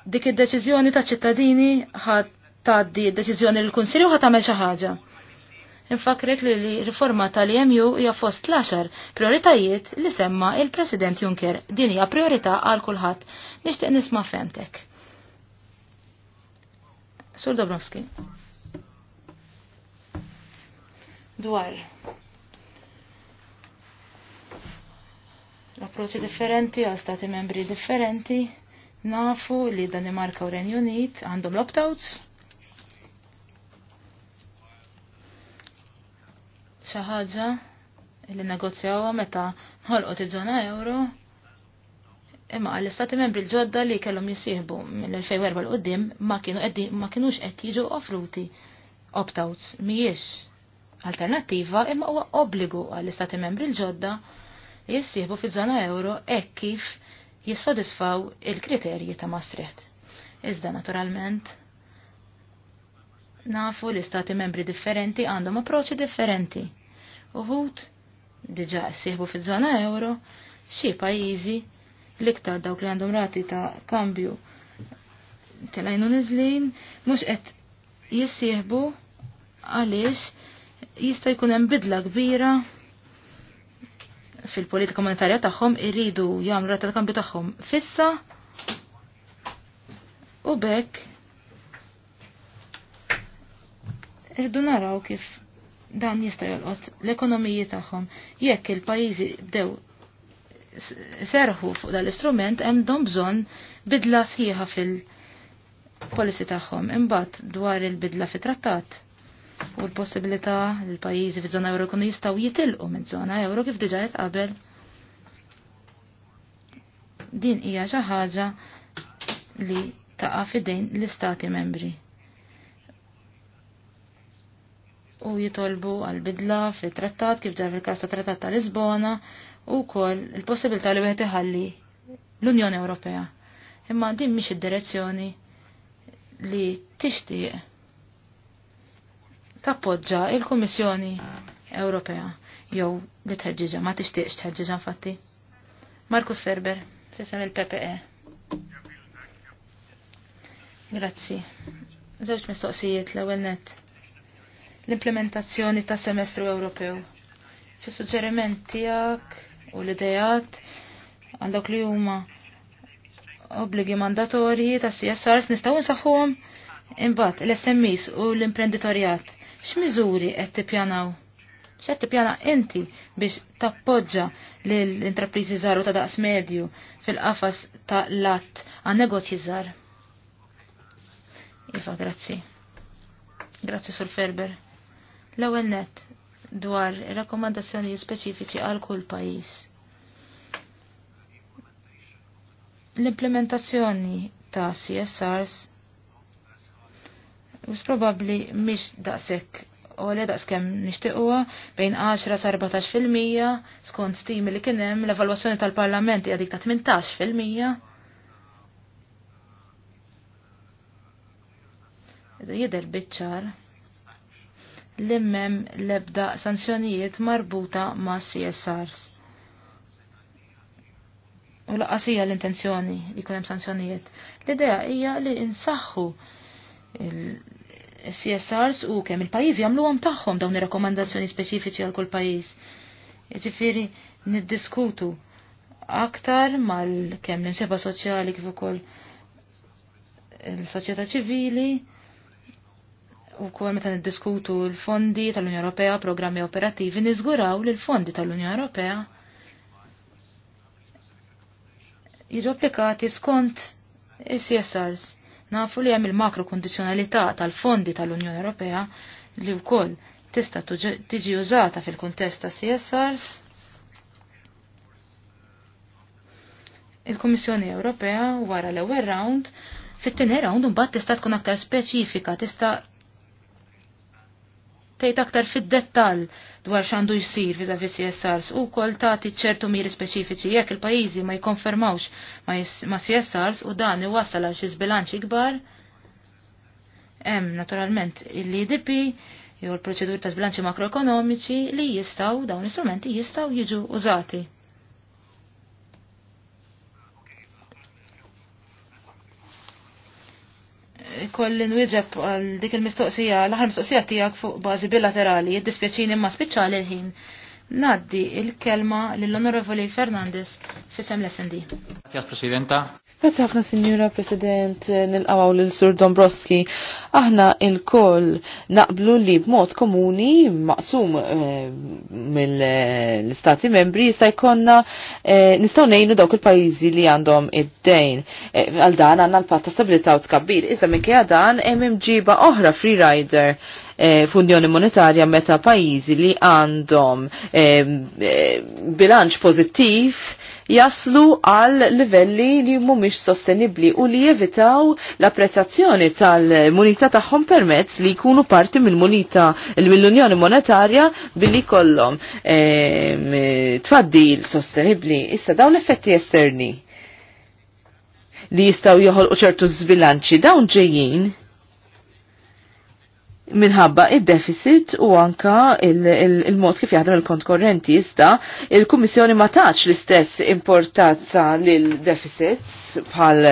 dik id-deċiżjoni ta' ċittadini ħat taddi d-deċiżjoni l kunsil u ħat għamel xi ħaġa. Infakrek li l-riforma tal-EMU hija fost l-10 prioritajiet li semma il-President Juncker. Din hija priorità għal kulħadd. Nixtieq nisma' femtek. Sur Dobrovski. Dwar l-approċċi differenti għal stati membri differenti nafu li Danimarka u Renju Unit għandhom l-opt-outs xi ħaġa li negozjawa meta ħolqot t żona euro imma għall-istati membri l-ġodda li kellhom jisihbu mill-2004 l qoddim ma kienu kienux qed jiġu offruti opt-outs mhijiex alternattiva imma huwa obbligu għall-istati membri l-ġodda jissieħbu fiż-żona euro hekk kif jissodisfaw il-kriterji ta' Maastricht. Iżda naturalment Nafu li stati membri differenti għandhom approċċi differenti. Uħut diġa sieħbu fiż-żona euro, xi pajjiżi l-iktar dawk li għandhom rati ta' kambju telajnu nizlin, mux qed jissieħbu għaliex jista' jkun hemm bidla kbira fil-politika monetarja tagħhom irridu jagħmlu rata ta' kambju tagħhom fissa u bekk Irdu naraw kif dan jista' jolqot l-ekonomiji tagħhom. Jekk il-pajjiżi bdew serħu fuq dal-istrument hemm dom bżonn bidla sħiħa fil-policy tagħhom. Imbagħad dwar il-bidla fit-trattat u l-possibilità li l-pajjiżi fi żona euro jkunu jistgħu jitilqu minn żona euro kif diġà qed qabel. Din hija xi ħaġa li taqa' fidejn l-istati membri. u jitolbu għal-bidla fi trattat kif ġar fil-kas ta' trattat ta' Lisbona u kol il-possibilità li wieħed iħalli l-Unjoni Ewropea. Imma din mhix id-direzzjoni li tixtieq tappoġġa il-Kummissjoni Ewropea jew li tħeġġiġa, ma tixtieqx tħeġġiġa infatti. Markus Ferber, fisem il-PPE. Grazzi. Żewġ mistoqsijiet l-ewwel net l-implementazzjoni ta' semestru Ewropew. Fi suġġeriment tiegħek u l-idejat għandok li huma obbligi mandatorji ta' CSRs nistgħu nsaħħuhom imbagħad l-SMEs u l-imprenditorjat. X'miżuri qed tippjanaw? X'qed tippjana inti biex tappoġġa lill-intrapriżi żgħar ta' daqs medju fil-qafas ta' lat għan negozji żgħar. Iva, grazzi. Grazzi Sur Ferber. L-ewwel net dwar rakkomandazzjoni speċifiċi għal kull pajjiż. L-implementazzjoni ta' CSRs mhux probabbli mhix daqshekk u li daqskem nishtiqwa bejn 10 sa 14% skont stimi li kienem l-evalwazzjoni tal-parlament hija dik ta' 18%. Jider biċċar l-immem lebda sanzjonijiet marbuta ma' CSRs. U laqqasija l-intenzjoni li kunem sanzjonijiet. L-idea hija li insaħħu CSRs u kemm il-pajjiżi jagħmluhom tagħhom dawn ir-rakkomandazzjoni speċifiċi għal kull pajjiż. Jiġifieri niddiskutu aktar mal kemm l-imseba soċjali kif ukoll il-soċjetà ċivili u kol meta niddiskutu l-fondi tal-Unja Ewropea, programmi operattivi, niżguraw li l-fondi tal-Unja Ewropea jiġu applikati skont CSRs. Nafu li hemm il-makro kondizjonalità tal-fondi tal-Unjoni Ewropea li wkoll tista' tiġi użata fil-kuntest ta' CSRs. Il-Kummissjoni Ewropea wara l-ewwel round fit-tieni round mbagħad tista' tkun aktar speċifika tista' tgħid aktar fid-dettall dwar x'għandu jsir viża fi CSRs u kol tagħti ċertu miri speċifiċi jekk il-pajjiżi ma jikonfermawx ma' CSRs u dan iwassal xi żbilanċi kbar. Hemm naturalment il-LDP jew l-proċeduri ta' zbilanċi makroekonomiċi li jistgħu dawn l-istrumenti jistgħu jiġu użati. kolli nwieġeb għal dik il-mistoqsija, l-aħħar mistoqsija tiegħek fuq bażi bilaterali, jiddispjaċini ma spiċċali l-ħin Naddi il-kelma l onorevoli Fernandez fisem l-SND. Grazie, Presidenta. Grazie ħafna, Signora President, nil-qawaw l-Sur Dombrowski. Aħna il-koll naqblu li b'mod komuni maqsum eh, mill-Stati membri jista' jkollna eh, nistgħu ngħinu dawk il-pajjiżi li għandhom id-dejn. Eh, għal dan għandna l-patta stabilità u tkabbir. Iżda minkejja dan hemm imġiba oħra free rider Eh, f'Unjoni Monetarja meta pajjiżi li għandhom eh, eh, bilanċ pożittiv jaslu għal livelli li mhumiex sostenibbli u li jevitaw l-apprezzazzjoni tal-munita tagħhom permezz li jkunu parti mill-munita mill-Unjoni Monetarja billi kollhom tfaddil sostenibbli. Issa dawn effetti esterni li jistaw joħolqu ċertu zbilanċi dawn ġejjin minħabba id-deficit u anka il-mod kif jaħdem il-kont korrenti jista, il-Kummissjoni ma taċ l-istess importanza l deficits bħal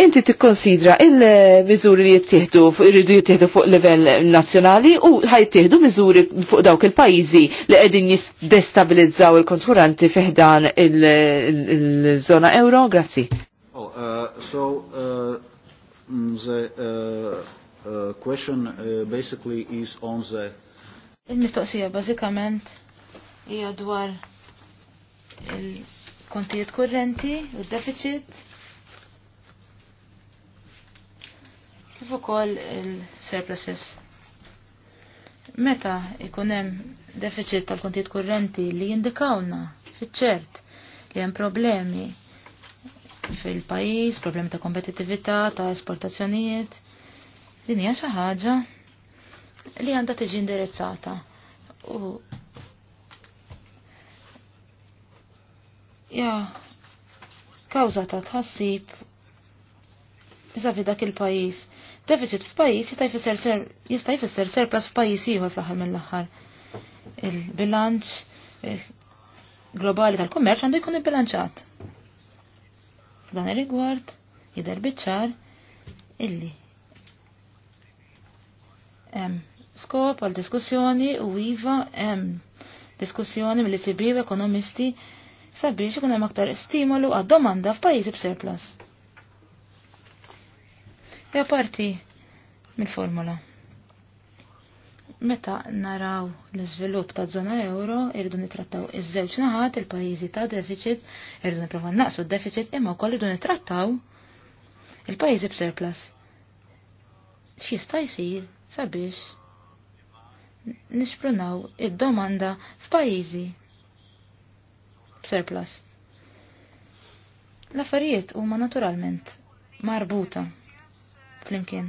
inti tikkonsidra il-miżuri li jittieħdu irridu jittieħdu fuq livell nazzjonali u ħajtieħdu miżuri fuq dawk il-pajjiżi li qegħdin jiddestabilizzaw il-konkuranti fiħdan il-żona euro? Grazzi. Uh, so uh, mm, the uh, question basically is on the Il-mistoqsija bażikament hija dwar il-kontijiet kurrenti u d-deficit kif ukoll il-surpluses. Meta ikun hemm deficit tal-kontijiet kurrenti li jindikawna fiċ-ċert li hemm problemi fil-pajjiż, problemi ta' kompetittività, ta' esportazzjonijiet, din hija xi ħaġa li għandha tiġi indirizzata. U ja, kawza ta' tħassib fi dak il-pajis. Deficit f'pajis jista' jfisser plus f'pajis ieħor fl-aħħar mill-aħħar. Il-bilanċ globali tal-kummerċ għandu jkun ibbilanċat. Dan ir-rigward jidher biċċar illi hemm skop għal diskussjoni u iva hemm diskussjoni mill-ECB ekonomisti sabiex ikun hemm aktar stimolu għad-domanda f'pajjiżi b'surplus. Ja parti mill-formula. Meta naraw l-iżvilupp ta' żona euro, irridu nitrattaw iż-żewġ naħat il-pajjiżi ta' deficit, irridu nipprova naqsu d-deficit imma wkoll irridu nitrattaw il-pajjiżi b'surplus. X'jista' jsir sabiex nixprunaw id-domanda f'pajjiżi b'surplus. L-affarijiet huma naturalment marbuta flimkien.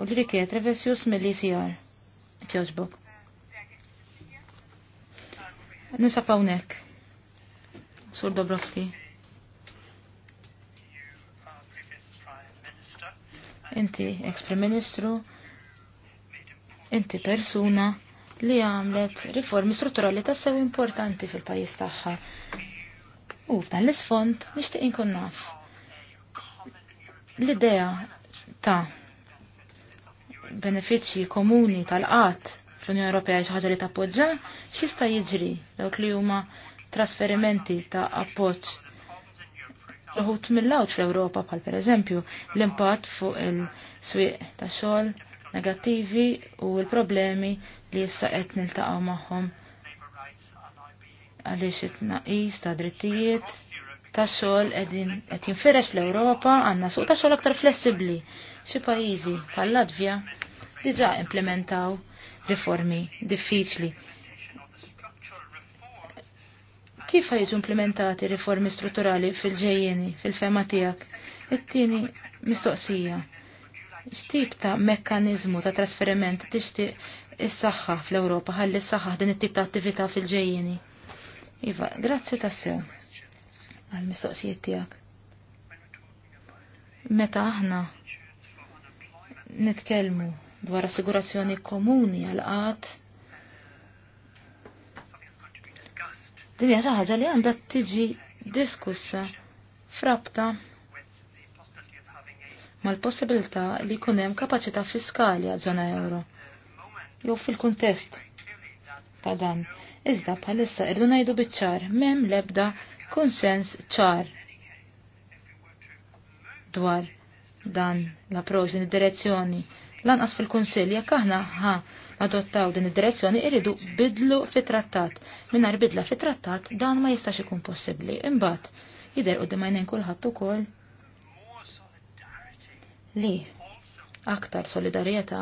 U li rikiet revesjus mill Kjoġbok. Nisa pawnek. Sur Dobrovski. Inti ex-Prim Ministru. Inti persuna li għamlet riformi strutturali tas-sew importanti fil-pajis tagħha. U f'dan l-isfond nixtieq inkun naf. L-idea ta' benefiċċji komuni tal qat fl-Unjoni Ewropea xi ħaġa li tappoġġa, x'jista' jiġri dawk li huma trasferimenti ta' appoġġ uħut mill-awt fl-Ewropa bħal pereżempju l-impatt fuq il-swieq tax-xogħol negattivi u l-problemi li issa qed niltaqgħu magħhom għaliex it-tnaqqis ta' drittijiet tax xogħol qegħdin qed jinferex fl-Ewropa għandna suq ta' xogħol aktar flessibbli. Xi pajjiżi bħal Latvja diġà implementaw riformi diffiċli. Kif ħajġu implementati riformi strutturali fil-ġejjeni, fil-fema tiegħek? It-tieni mistoqsija. X'tip ta' mekkaniżmu ta' trasferiment tixtieq is-saħħa fl-Ewropa ħalli s-saħħa din it-tip ta' attività fil-ġejjeni? Iva, grazzi tassew għal-mistoqsijiet tiegħek. Meta aħna nitkellmu dwar assigurazzjoni komuni għal qat din hija xi ħaġa li għandha tiġi diskussa frabta mal-possibilità li jkun hemm kapaċità fiskali għal żona euro jew fil-kuntest ta' dan. Iżda bħalissa irdu ngħidu biċ-ċar m'hemm l-ebda konsens ċar dwar dan l-approċ din id-direzzjoni. Lanqas fil-Kunsill jekk aħna ħa adottaw din id-direzzjoni iridu bidlu fit-trattat. Mingħajr bidla fit-trattat dan ma jistax ikun possibbli. Imbagħad jidher qudiem għajnejn kulħadd ukoll li aktar solidarjetà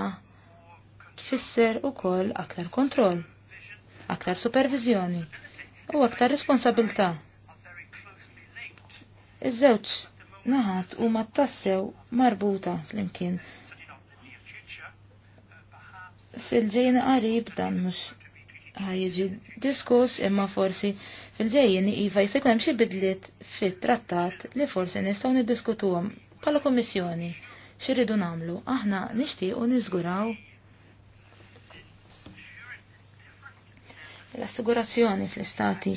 tfisser ukoll aktar kontroll, aktar supervizjoni u aktar responsabilta' Iż-żewġ naħat u tassew marbuta flimkien. Fil-ġejjin qarib dan mhux ħajġi diskuss imma forsi fil-ġejjin iva jkun hemm xi bidliet fit-trattat li forsi nistgħu niddiskutuhom bħala kummissjoni rridu nagħmlu aħna nixtiequ niżguraw l-assigurazzjoni fl-istati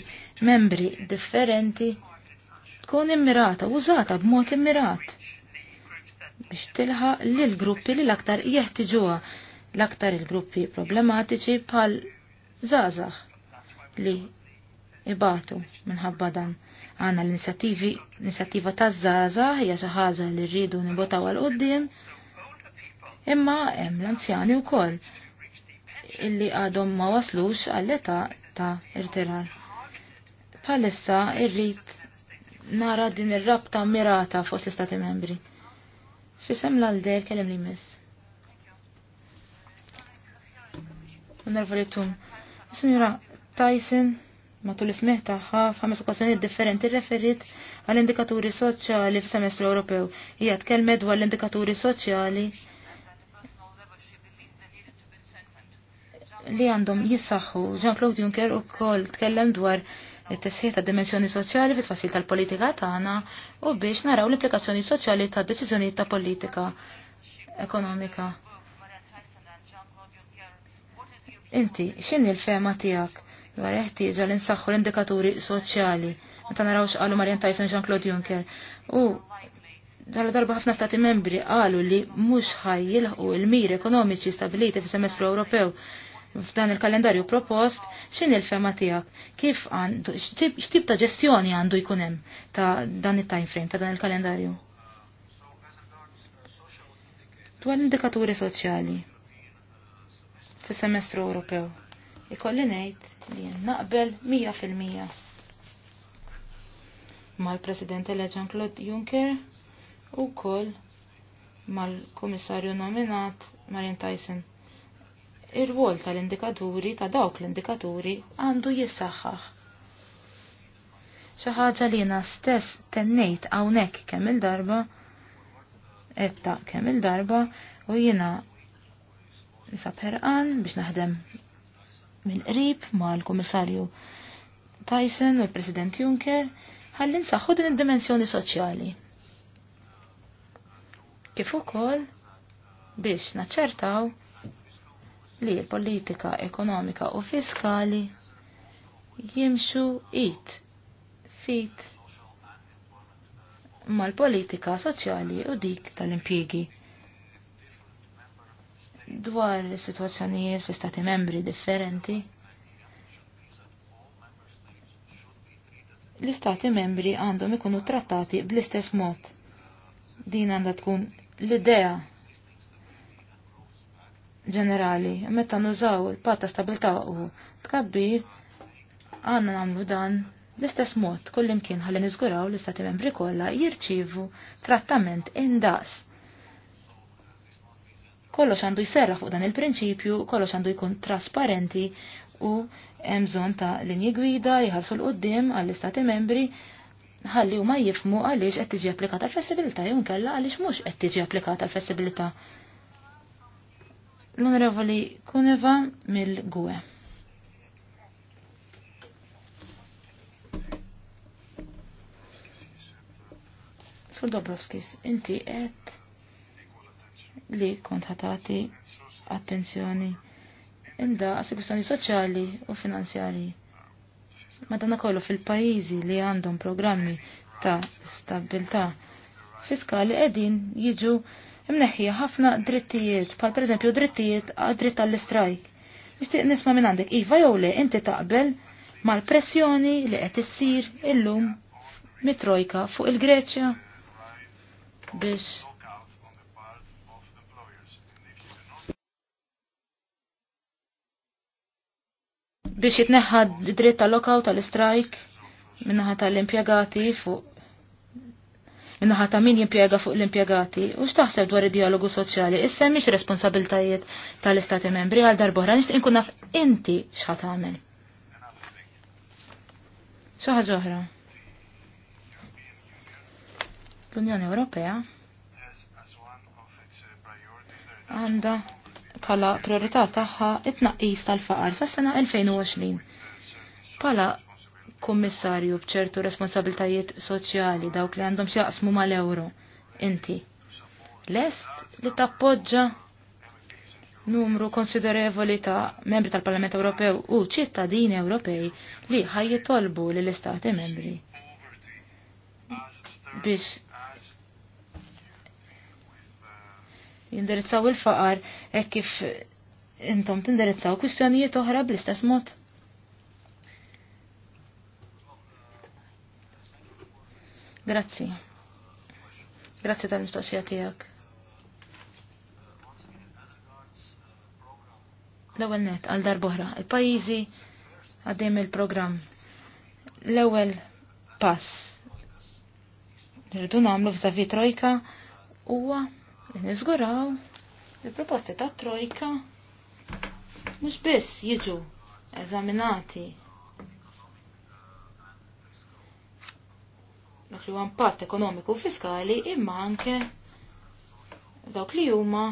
membri differenti tkun immirata, użata b'mod immirat biex tilħa lil gruppi li l-aktar jeħtiġuha l-aktar il-gruppi problematiċi bħal zazax li ibatu minħabba dan. Għanna l-inizjattivi, l-inizjattiva ta' zaza hija xi ħaġa li rridu nibotaw għal qudiem imma hemm l-anzjani wkoll illi għadhom ma waslux għall-età ta' irtirar. Palissa irrid nara din ir-rabta mirata fost l-Istati membri. Fisem l-għalde kellem li mis. Nervolitum. Signora Tyson, matul ismeħ taħħa f'ħames okkażjonijiet differenti referit għall-indikaturi soċjali f'semestru Ewropew. Hija tkellmet dwar l-indikaturi soċjali li għandhom jissaħħu. Jean-Claude Juncker ukoll tkellem dwar it-tisħiħ ta' dimensjoni soċjali fit tfassil tal-politika tagħna u biex naraw l-implikazzjoni soċjali ta' deċiżjonijiet ta' politika ekonomika. Inti, x'inhi l-fema tiegħek dwar eħtieġa li nsaħħu l-indikaturi soċjali meta naraw x'qalu Marian Tyson Jean-Claude Juncker u dalla darba ħafna stati membri qalu li mhux jilħu il-miri ekonomiċi stabiliti fis-semestru Ewropew f'dan il-kalendarju propost xin il-fema tijak, kif għandu, xtib ta' ġestjoni għandu jkunem ta' dan il-time frame, ta' dan il-kalendarju. Dwar l-indikaturi soċjali fis semestru Ewropew. Ikolli ngħid li naqbel 100% mal-President Eleġan Claude Juncker u koll mal-Komissarju nominat Marian Tyson ir-rwol tal-indikaturi ta' dawk l-indikaturi għandu jissaxħax. Xi ħaġa li jiena stess tennejt hawnhekk kemm il-darba etta kemm il-darba u jiena nisab ħerqan biex naħdem mill-qrib mal-Kummissarju Tyson u l-President Juncker ħalli nsaħħu din id-dimensjoni soċjali. Kif ukoll biex naċċertaw li l-politika ekonomika u fiskali jimxu it fit mal-politika soċjali u dik tal-impjegi dwar situazzjonijiet fi stati membri differenti. L-istati membri għandhom ikunu trattati bl-istess mod. Din għandha tkun l-idea ġenerali, meta nużaw il-patta stabilta u tkabbir, għanna namlu dan l-istess mod kullimkien ħalli niżguraw l-istati membri kollha jirċivu trattament indaqs. Kollox għandu jserra fuq dan il-prinċipju, kollox għandu jkun trasparenti u hemm bżonn ta' linji gwida li ħarsu l qoddim għall-istati membri ħalli huma jifmu għaliex qed tiġi applikata l-flessibilità jew inkella għaliex mhux qed tiġi applikata l-flessibilità l-Onorevoli Kuneva mill-GUE. Sur Dobrovskis, inti et li kont ħatati attenzjoni inda għas soċjali u finanzjali. Madonna kollu fil-pajizi li għandhom programmi ta' stabilta' fiskali edin jiġu imneħħija ħafna drittijiet, pal per eżempju drittijiet dritt għall-istrajk. Nixtieq nisma' minn għandek iva jew le inti taqbel mal-pressjoni li qed issir illum mitrojka fuq il-Greċja biex biex jitneħħa dritt tal-lokaw tal-istrajk minnaħa tal-impjegati fuq Innaħa ta' min jimpjega fuq l-impjegati u x'taħseb dwar id-dialogu soċjali issa miex responsabiltajiet tal-Istati membri għal darbohra nixtieq inkun naf inti x'ħat għamil. Xaħġa ħaġa oħra. L-Unjoni Ewropea għandha bħala priorità tagħha it-tnaqqis tal-faqar sas-sena 2020. Pala kummissarju bċertu responsabiltajiet soċjali dawk li għandhom xjaqsmu mal-euro. Inti. Lest li tappoġġa numru konsiderevoli ta' membri tal-Parlament Ewropew u ċittadini Ewropej li ħajjitolbu li l-Istati membri biex jindirizzaw il-faqar e kif intom tindirizzaw kwistjonijiet oħra bl-istess mod. Grazzi. Grazzi tal-mistoqsija tiegħek. L-ewwel net għal darbohra. Il-pajjiżi għaddejjem il-programm. L-ewwel pass. Nirridu nagħmlu f'zavi trojka huwa niżguraw il-proposti ta' trojka mhux biss jiġu eżaminati dak li huwa impatt ekonomiku u fiskali imma anke dawk li huma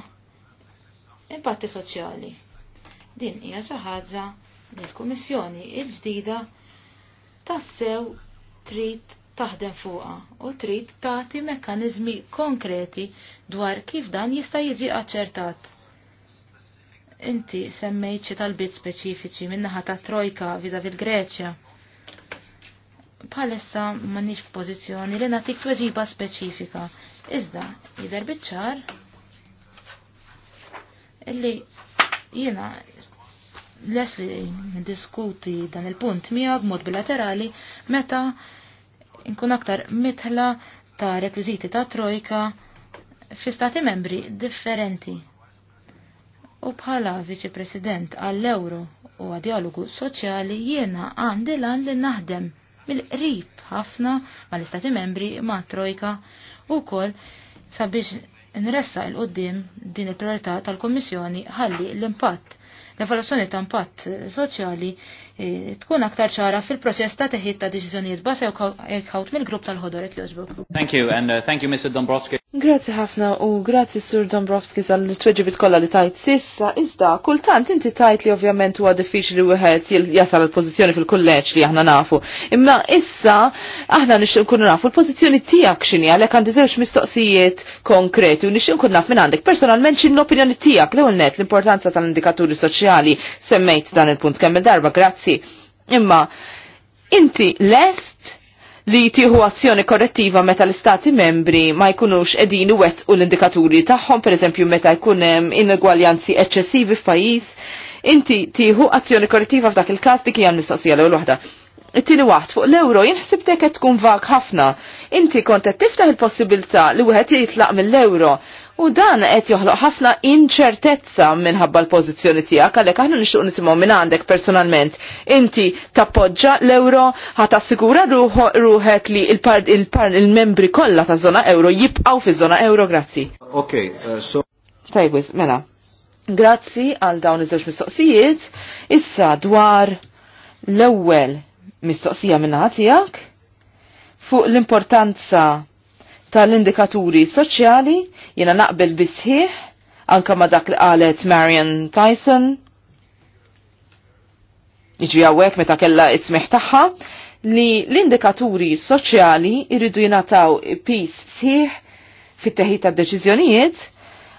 impatti soċjali. Din hija xi ħaġa li l-Kummissjoni l-ġdida tassew trid taħdem fuqha u trid tagħti mekkaniżmi konkreti dwar kif dan jista' jiġi aċċertat. Inti semmejt xi talbiet speċifiċi min-naħa ta' Trojka viżavi l-Greċja palessa f f'pożizzjoni li natik tweġiba speċifika. Iżda, jider bitċar illi jiena les li diskuti dan il-punt miegħu b'mod bilaterali meta nkun aktar mitħla ta' rekwiżiti ta' trojka fi stati membri differenti. U bħala viċi president għall-euro u għad dialogu soċjali jiena għandi lan li naħdem mill-qrib ħafna mal-Istati membri ma' Trojka u kol sabiex nressa il-qoddim din il-priorità tal-Kommissjoni ħalli l-impatt l-evaluazzjoni ta' impatt soċjali eh, tkun aktar ċara fil-proċess ta' teħid ta' deċiżjonijiet basew ekħawt e- mill-grupp tal-ħodor Thank you and uh, thank you Mr. Dombrovski. Grazzi ħafna u grazie Sur Dombrovski għal tweġibit kollha li tajt sissa, iżda kultant inti tajt li ovvjament huwa diffiċli wieħed jasal il-pożizzjoni fil-kulleġġ li aħna nafu. Imma issa aħna nixtieq nkunu nafu l-pożizzjoni tiegħek x'inhi għalhekk għandi żewġ mistoqsijiet konkreti u nixtieq nkun naf minn għandek personalment x'in l-opinjoni tiegħek l-ewwel net l-importanza tal-indikaturi soċjali semmejt dan il-punt kemm il-darba, grazzi. Imma inti lest li tieħu azzjoni korrettiva meta l-istati membri ma jkunux edini wet u l-indikaturi tagħhom, pereżempju meta jkun hemm inegwaljanzi eċċessivi f'pajjiż, inti tieħu azzjoni korrettiva f'dak il-każ dik hija l-mistoqsija l waħda. It-tieni waħd fuq l-euro jinħsib qed tkun vag ħafna. Inti kont qed tiftaħ il-possibilità li wieħed jitlaq mill-euro U dan qed joħloq ħafna inċertezza minħabba l-pożizzjoni tiegħek għalhekk aħna nixtieq nisimgħu minn għandek personalment. Inti tappoġġa l-euro ħat assigura ruħek li il-membri kollha ta' żona euro jibqgħu fiż-żona euro, grazzi. Okej, uh, so. Tajbwiż, mela. Grazzi għal dawn iż-żewġ mistoqsijiet. Issa dwar l-ewwel mistoqsija minn tiegħek fuq l-importanza tal-indikaturi soċjali jiena naqbel bisħiħ anka ma dak li qalet Marian Tyson iġi għawek meta kella ismiħ taħħa li l-indikaturi soċjali irridu jinataw pis sħiħ fit teħita ta' deċiżjonijiet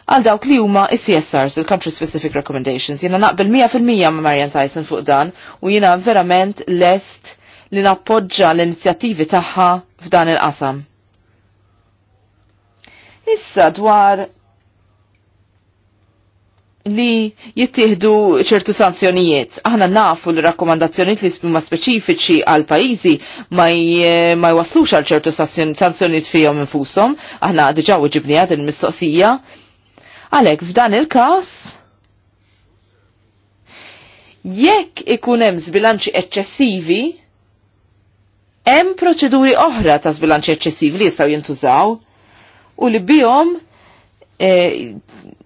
għal dawk li huma CSRs, il-Country Specific Recommendations. Jena naqbel 100% ma' Marian Tyson fuq dan u jena verament lest li nappoġġa l-inizjattivi tagħha f'dan il-qasam. Issa dwar li jittieħdu ċertu sanzjonijiet. Aħna nafu li rakkomandazzjonijiet li spima speċifiċi għal pajjiżi ma, ma jwaslux għal ċertu sanzjonijiet fihom infushom. Aħna diġà ġibni għad il-mistoqsija. Għalhekk f'dan il-każ jekk ikun hemm żbilanċi eċċessivi, hemm proċeduri oħra ta' zbilanċi eċċessivi li jistgħu jintużaw u li bihom e,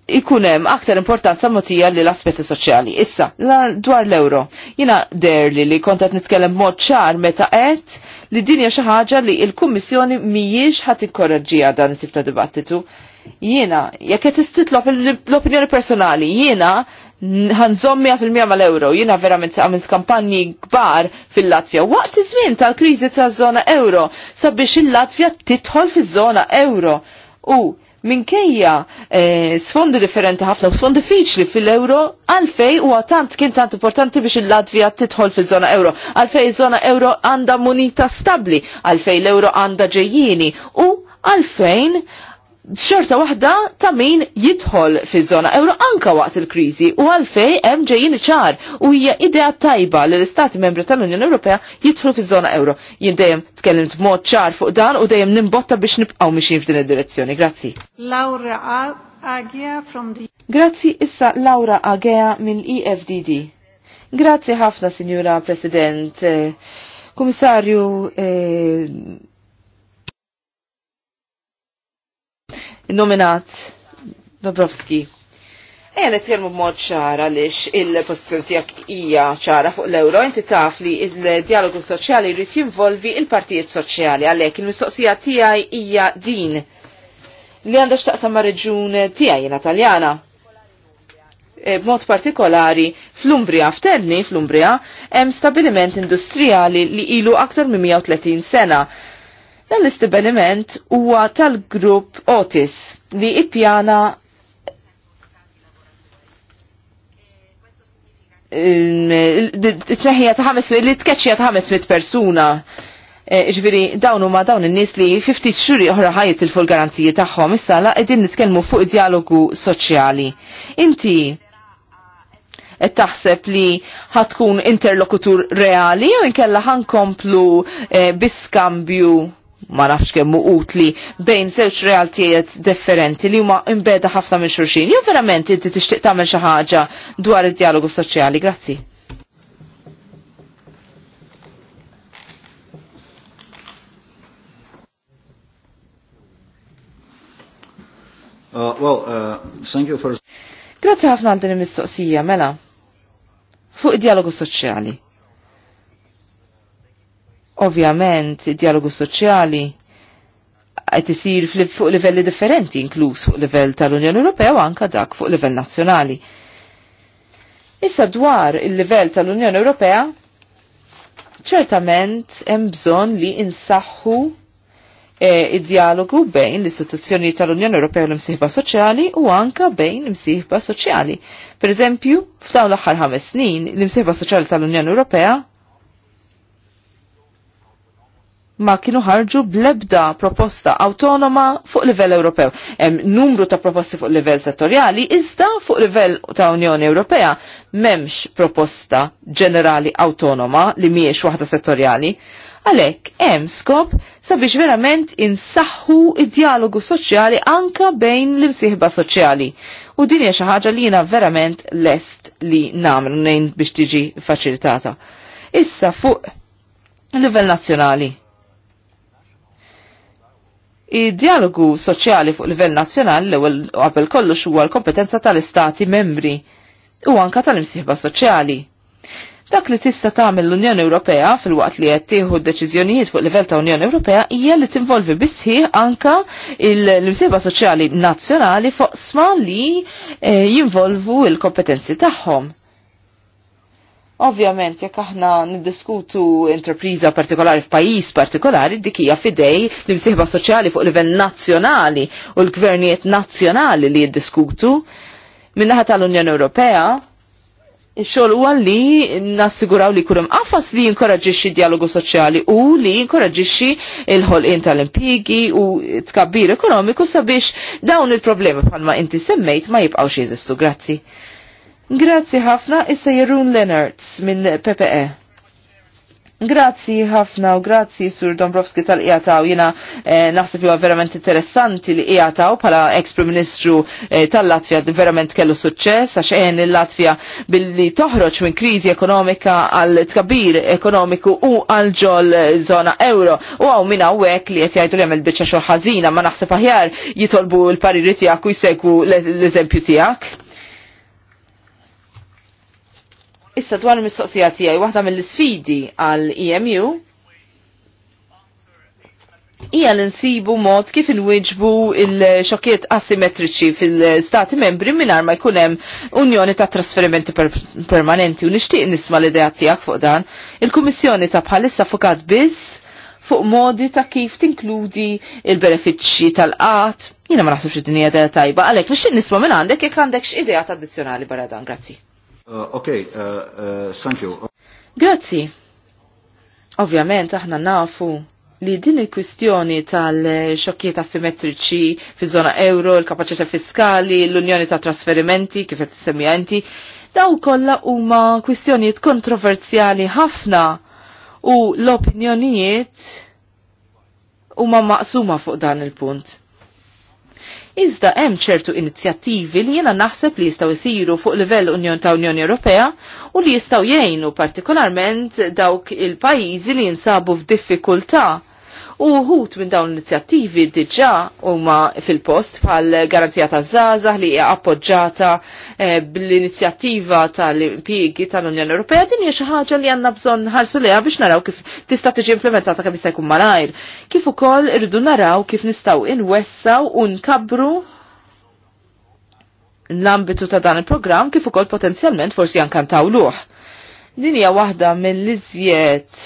ikunem aktar importanza motija li l-aspetti soċjali. Issa, la, dwar l-euro, jina derli li kontet nitkellem mod ċar meta qed li dinja xi ħaġa li l-Kummissjoni mhijiex ħadd ikkoraġġija dan it-tip ta' dibattitu. Jiena, jekk qed istitlob l-opinjoni personali, jiena ħanżommija fil-mija mal-euro, jina verament għamilt kampanji kbar fil-Latvja. Waqt iż-żmien tal-kriżi ta' zona euro, sabiex il-Latvja titħol fiż-żona euro. U minkejja eh, sfondi differenti ħafna u sfondi fiċli fil-euro għalfej u għatant kien tant importanti biex il-Latvija titħol fil-zona euro. Għalfej zona euro għanda munita stabli, għalfej l-euro għanda ġejjini u għalfejn xorta waħda ta' min jidħol fi zona euro anka waqt il-krizi u għalfej hemm ġejjin ċar u hija idea tajba li l-Istati membri tal-Unjoni Ewropea jidħlu fi zona euro. Jien dejjem tkellimt b'mod ċar fuq dan u dejjem nimbotta biex nibqgħu mixin f'din id-direzzjoni. Grazzi. Laura Agea from the Grazzi issa Laura Agea mill-EFDD. Grazzi ħafna, Sinjura President. Komissarju, eh, nominat Dobrovski. Eja nitkellmu b'mod ċara lix il-pożizzjoni tijak hija ċara fuq l-euro, inti taf li il dialogu soċjali jrid jinvolvi il-partijiet soċjali għalhekk il-mistoqsija tiegħi hija din li għandha x'taqsam ma' reġun tiegħi jiena Taljana. E, b'mod partikolari fl-Umbria f'Terni fl-Umbria hemm stabiliment industrijali li ilu aktar minn 130 sena Dan l-istibeniment huwa tal-grupp Otis li ippjana t-neħija ta' ħames, li t-keċċija ta' ħames mit persuna. Iġviri, e, dawnu ma dawn il-nis li 50 xuri oħra ħajt il-full garanzijiet tagħhom issa la qegħdin nitkellmu fuq dialogu soċjali. Inti qed taħseb li ħatkun interlokutur reali jew inkella ħankomplu e, biskambju ma nafx kemm utli bejn żewġ realtijiet differenti li huma imbeda ħafna minn xulxin. Jew verament inti tixtieq tagħmel xi ħaġa dwar id-dialogu soċjali. Grazzi. Uh, well, uh, thank you for... Grazie ħafna għal din il-mistoqsija, mela. Fuq id-dialogu soċjali. Ovvjament, dialogu soċjali qed isir fuq livelli differenti, inkluż fuq livell tal-Unjoni Ewropea u anka dak fuq livell nazzjonali. Issa dwar il-livell tal-Unjoni Ewropea, ċertament hemm bżonn li insaħħu E, id-dialogu bejn l-istituzzjoni tal-Unjoni Ewropea u l-imsieħba soċjali u anka bejn l-imsieħba soċjali. Per eżempju, f'dawn l-aħħar ħames snin, l-imsieħba soċjali tal-Unjoni Ewropea ma kienu ħarġu blebda proposta autonoma fuq livell Ewropew. Hemm numru ta' proposti fuq livell settorjali, iżda fuq livell ta' Unjoni Ewropea m'hemmx proposta ġenerali autonoma li mhijiex waħda settorjali. Għalhekk hemm skop sabiex verament insaħħu id-dialogu soċjali anka bejn l-imsieħba soċjali. U din hija xi ħaġa li jiena verament lest li nagħmlu nejn biex tiġi faċilitata. Issa fuq livell nazzjonali Id-dialogu soċjali fuq livell nazzjonali l-ewwel qabel kollox huwa l-kompetenza tal-istati membri u anka tal-imsieħba soċjali. Dak li tista tagħmel l-Unjoni Ewropea fil-waqt li qed tieħu deċiżjonijiet fuq livell ta' Unjoni Ewropea hija li tinvolvi bisħieħ anka l imsieħba soċjali nazzjonali foqsma li eh, jinvolvu l-kompetenzi tagħhom. Ovvjament, jekk aħna niddiskutu intrapriża partikolari f'pajjiż partikolari, dik hija fidej li msieħba soċjali fuq livell nazzjonali u l-gvernijiet nazzjonali li jiddiskutu. Min-naħa tal-Unjoni Ewropea, Ix-xogħol huwa li nassiguraw li kurum qafas li jinkoraġixxi dialogu soċjali u li jinkoraġixxi il-ħolqien tal-impjigi u tkabbir ekonomiku sabiex dawn il-problemi bħalma inti semmejt ma jibqgħux jeżistu. Grazzi. Grazzi ħafna issa Jirun Leonards minn PPE. Grazzi ħafna u grazzi Sur Dombrovski tal-Ijataw. Jena eh, naħseb juwa verament interessanti li Iataw pala ex-Prim Ministru eh, tal-Latvija verament kellu suċċess għax eħen il-Latvija billi toħroġ minn krizi ekonomika għal tkabbir ekonomiku u għal ġol eh, zona euro. U għaw minna u għek li għet jajdu li għamil bieċa xorħazina ma naħseb aħjar jitolbu l-pariri tijak u jisegwu l-eżempju tijak. Issa dwar il-mistoqsija tiegħi waħda mill-isfidi għal EMU hija l insibu mod kif inwiġbu il xokiet asimetriċi fil-stati membri minar ma jkun hemm unjoni ta' trasferimenti per permanenti u nixtieq nisma l-idea tiegħek fuq dan. Il-Kummissjoni ta' bħalissa fukat biss fuq modi ta' kif tinkludi il-benefiċċji tal-qat. Jiena ma naħsibx id-dinja tajba għalhekk nixtieq nisma' minn għandek jekk għandek x'idea addizzjonali barra dan. Grazzi. Uh, ok, uh, uh, thank you. Grazzi. Ovvjament aħna nafu li din il-kwistjoni tal-xokkiet asimetriċi fi zona euro, il-kapacità fiskali, l-unjoni ta' trasferimenti, kif qed semmija inti, daw kollha huma kwistjonijiet kontroversjali ħafna u l-opinjonijiet huma maqsuma fuq dan il-punt iżda hemm ċertu inizjattivi li jiena naħseb li jistgħu jsiru fuq livell Unjon ta' Unjoni Ewropea u li jistgħu jgħinu partikolarment dawk il-pajjiżi li jinsabu f'diffikultà U uħut minn dawn l-inizjattivi diġa huma fil-post bħal garanzija ta' Zaza li hija appoġġata eh, bl-inizjattiva tal-impjiegi tal-Unjoni Ewropea din hija xi ħaġa li għandna bżonn ħarsu liha biex naraw kif tista' tiġi implementata kemm jista' jkun malajr. Kif ukoll irridu naraw kif nistgħu inwessaw u nkabru l-ambitu ta' dan il-programm kif ukoll potenzjalment forsi anke ntawluh. Din hija waħda mill-iżjed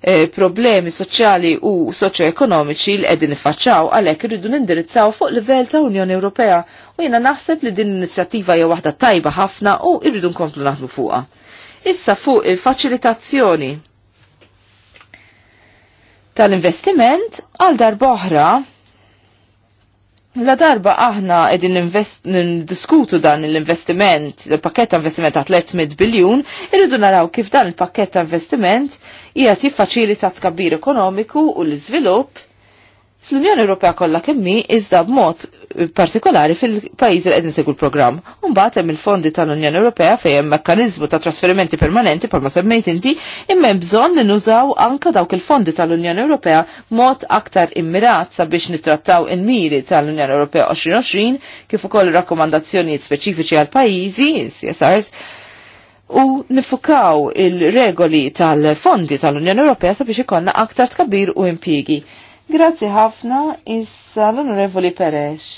E, problemi soċjali u soċjoekonomiċi li qegħdin ifaċċaw għalhekk irridu nindirizzaw fuq livell ta' Unjoni Ewropea u jiena naħseb li din inizjattiva hija waħda tajba ħafna u irridu nkomplu naħdmu fuqha. Issa fuq il-faċilitazzjoni tal-investiment għal darba oħra La darba aħna edin diskutu dan l-investiment, il-pakket ta' investiment ta' 300 biljun, irridu naraw kif dan il-pakket ta' investiment hija tiffaċilita tkabbir ekonomiku u l-iżvilupp fl-Unjoni Ewropea kollha kemmi iżda b'mod partikolari fil-pajjiż li qed insegwu l-programm. Imbagħad hemm il-fondi tal-Unjoni Ewropea fejn hemm mekkaniżmu ta' trasferimenti permanenti bħalma semmejt inti, imma hemm bżonn li nużaw anke dawk il-fondi tal-Unjoni Ewropea mod aktar immirat sabiex nittrattaw il-miri tal-Unjoni Ewropea 2020 kif ukoll rakkomandazzjonijiet speċifiċi għal pajjiżi, CSRs, u nifukaw il-regoli tal-fondi tal-Unjoni Ewropea sabiex ikollna aktar tkabbir u impjiegi. Grazzi ħafna issa l-Onorevoli Perex.